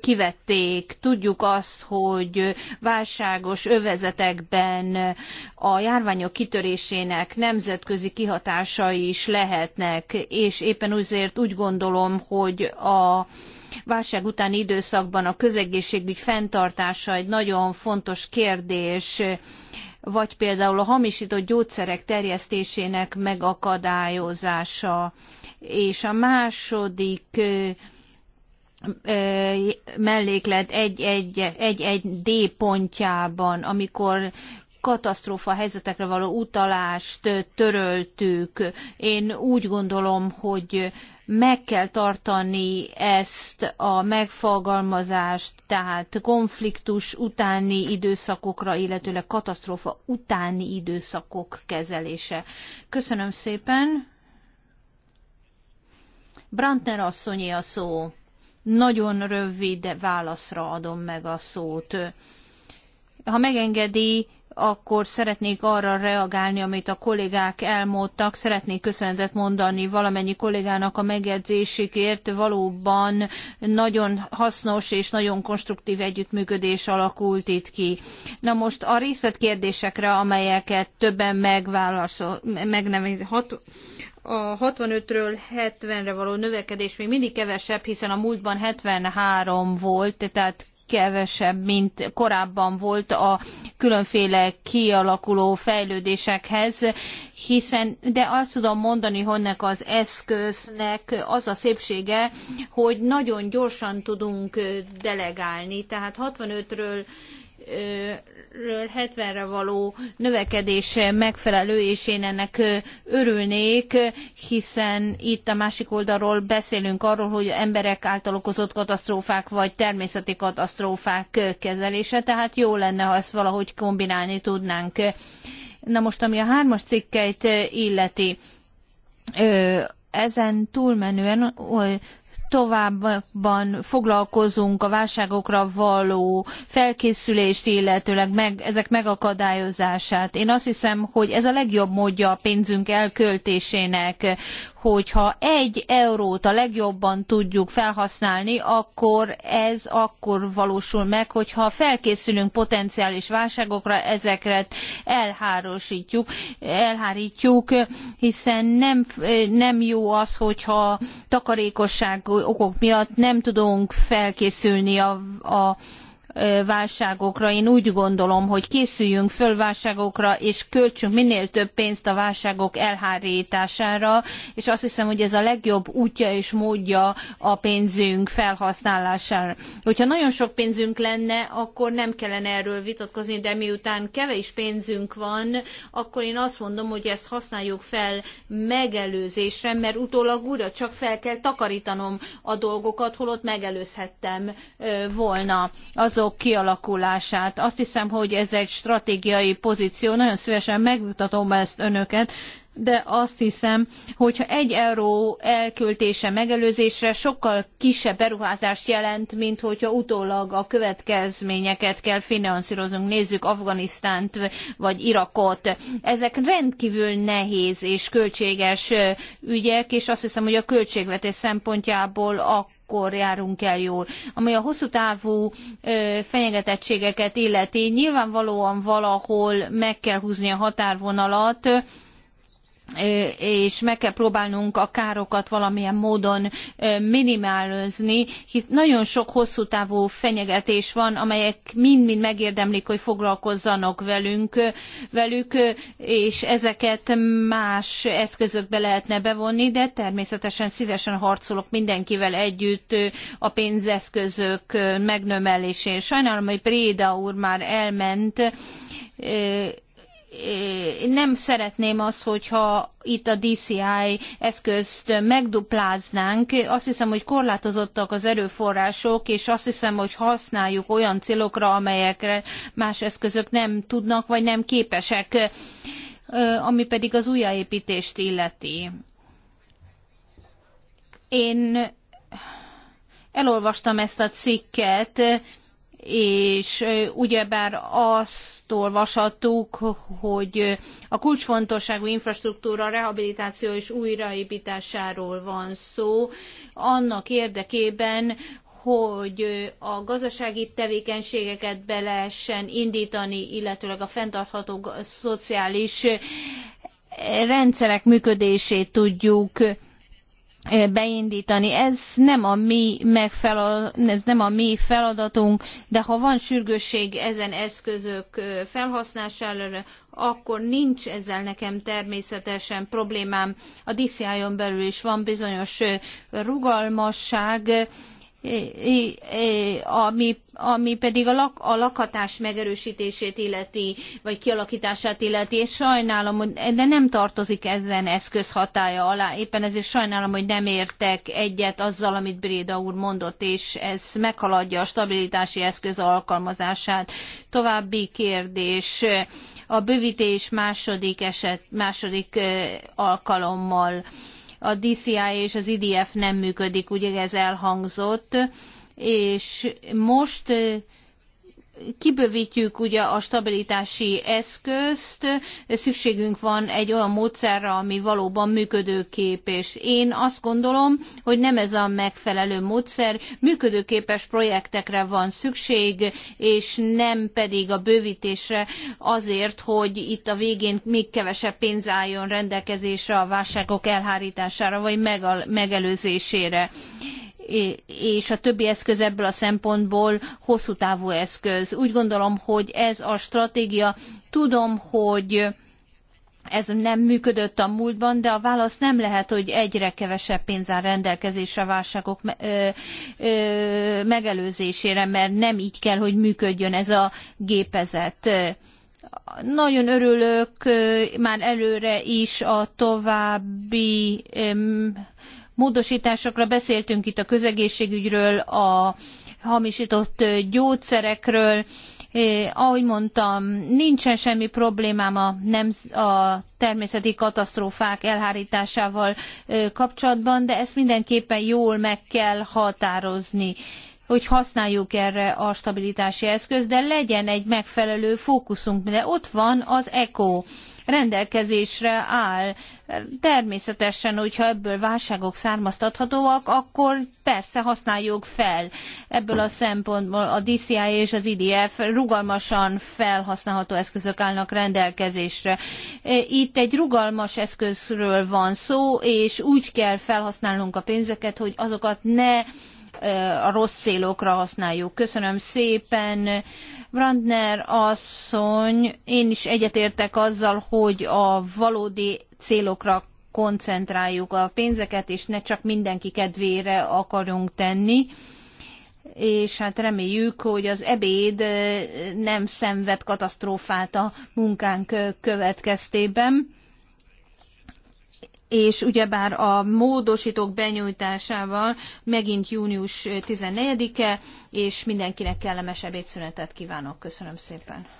kivették, tudjuk azt, hogy válságos övezetekben a járványok kitörésének nemzetközi kihatásai is lehetnek, és éppen úgyért úgy gondolom, hogy a válság utáni időszakban a közegészségügy fenntartása egy nagyon fontos kérdés, vagy például a hamisított gyógyszerek terjesztésének megakadályozása. És a második melléklet egy d pontjában, amikor katasztrófa helyzetekre való utalást töröltük. Én úgy gondolom, hogy meg kell tartani ezt a megfogalmazást, tehát konfliktus utáni időszakokra, illetőleg katasztrófa utáni időszakok kezelése. Köszönöm szépen. Brantner asszonyi a szó nagyon rövid válaszra adom meg a szót. Ha megengedi, akkor szeretnék arra reagálni, amit a kollégák elmondtak. Szeretnék köszönetet mondani valamennyi kollégának a megjegyzésikért. Valóban nagyon hasznos és nagyon konstruktív együttműködés alakult itt ki. Na most a részletkérdésekre, amelyeket többen megválaszol, meg nem, hat, a 65-ről 70-re való növekedés még mindig kevesebb, hiszen a múltban 73 volt, tehát kevesebb, mint korábban volt a különféle kialakuló fejlődésekhez, hiszen, de azt tudom mondani, hogy ennek az eszköznek az a szépsége, hogy nagyon gyorsan tudunk delegálni, tehát 65-ről ről 70-re való növekedés megfelelő, és én ennek örülnék, hiszen itt a másik oldalról beszélünk arról, hogy emberek által okozott katasztrófák vagy természeti katasztrófák kezelése, tehát jó lenne, ha ezt valahogy kombinálni tudnánk. Na most, ami a hármas cikkeit illeti, ezen túlmenően továbbban foglalkozunk a válságokra való felkészülést, illetőleg meg, ezek megakadályozását. Én azt hiszem, hogy ez a legjobb módja a pénzünk elköltésének, hogyha egy eurót a legjobban tudjuk felhasználni, akkor ez akkor valósul meg, hogyha felkészülünk potenciális válságokra, ezeket elhárosítjuk, elhárítjuk, hiszen nem, nem jó az, hogyha takarékosság okok miatt nem tudunk felkészülni a, a válságokra. Én úgy gondolom, hogy készüljünk föl válságokra, és költsünk minél több pénzt a válságok elhárítására, és azt hiszem, hogy ez a legjobb útja és módja a pénzünk felhasználására. Hogyha nagyon sok pénzünk lenne, akkor nem kellene erről vitatkozni, de miután kevés pénzünk van, akkor én azt mondom, hogy ezt használjuk fel megelőzésre, mert utólag újra csak fel kell takarítanom a dolgokat, holott megelőzhettem volna. Az azok kialakulását. Azt hiszem, hogy ez egy stratégiai pozíció, nagyon szívesen megmutatom ezt önöket, de azt hiszem, hogyha egy euró elköltése megelőzésre sokkal kisebb beruházást jelent, mint hogyha utólag a következményeket kell finanszíroznunk. Nézzük Afganisztánt vagy Irakot. Ezek rendkívül nehéz és költséges ügyek, és azt hiszem, hogy a költségvetés szempontjából a akkor járunk el jól. Ami a hosszú távú fenyegetettségeket illeti, nyilvánvalóan valahol meg kell húzni a határvonalat, és meg kell próbálnunk a károkat valamilyen módon minimálozni, hisz nagyon sok hosszú távú fenyegetés van, amelyek mind-mind megérdemlik, hogy foglalkozzanak velünk, velük, és ezeket más eszközökbe lehetne bevonni, de természetesen szívesen harcolok mindenkivel együtt a pénzeszközök megnömelésén. Sajnálom, hogy Préda úr már elment, nem szeretném azt, hogyha itt a DCI eszközt megdupláznánk. Azt hiszem, hogy korlátozottak az erőforrások, és azt hiszem, hogy használjuk olyan célokra, amelyekre más eszközök nem tudnak, vagy nem képesek, ami pedig az újjáépítést illeti. Én elolvastam ezt a cikket, és ugyebár azt olvashattuk, hogy a kulcsfontosságú infrastruktúra rehabilitáció és újraépításáról van szó, annak érdekében, hogy a gazdasági tevékenységeket be lehessen indítani, illetőleg a fenntartható szociális rendszerek működését tudjuk beindítani. Ez nem a mi megfelel, ez nem a mi feladatunk, de ha van sürgősség ezen eszközök felhasználására, akkor nincs ezzel nekem természetesen problémám. A DCI-on belül is van bizonyos rugalmasság, ami, ami pedig a, lak, a lakhatás megerősítését illeti, vagy kialakítását illeti, és sajnálom, hogy, de nem tartozik ezen eszköz hatája alá. Éppen ezért sajnálom, hogy nem értek egyet azzal, amit Bréda úr mondott, és ez meghaladja a stabilitási eszköz alkalmazását. További kérdés a bővítés második eset, második alkalommal a DCI és az IDF nem működik, ugye ez elhangzott, és most kibővítjük ugye a stabilitási eszközt, szükségünk van egy olyan módszerre, ami valóban működőképes. Én azt gondolom, hogy nem ez a megfelelő módszer, működőképes projektekre van szükség, és nem pedig a bővítésre azért, hogy itt a végén még kevesebb pénz álljon rendelkezésre a válságok elhárítására vagy megelőzésére és a többi eszköz ebből a szempontból hosszú távú eszköz. Úgy gondolom, hogy ez a stratégia, tudom, hogy ez nem működött a múltban, de a válasz nem lehet, hogy egyre kevesebb pénz áll rendelkezésre válságok megelőzésére, mert nem így kell, hogy működjön ez a gépezet. Nagyon örülök már előre is a további módosításokra. Beszéltünk itt a közegészségügyről, a hamisított gyógyszerekről. Eh, ahogy mondtam, nincsen semmi problémám a, nem, a természeti katasztrófák elhárításával eh, kapcsolatban, de ezt mindenképpen jól meg kell határozni hogy használjuk erre a stabilitási eszközt, de legyen egy megfelelő fókuszunk, mert ott van az ECO rendelkezésre áll. Természetesen, hogyha ebből válságok származtathatóak, akkor persze használjuk fel. Ebből a szempontból a DCI és az IDF rugalmasan felhasználható eszközök állnak rendelkezésre. E, itt egy rugalmas eszközről van szó, és úgy kell felhasználnunk a pénzeket, hogy azokat ne Eh, a rossz célokra használjuk. Köszönöm szépen. Brandner asszony, én is egyetértek azzal, hogy a valódi célokra koncentráljuk a pénzeket, és ne csak mindenki kedvére akarjunk tenni és hát reméljük, hogy az ebéd eh, nem szenved katasztrófát a munkánk eh, következtében és ugyebár a módosítók benyújtásával megint június 14-e, és mindenkinek kellemes ebédszünetet kívánok. Köszönöm szépen.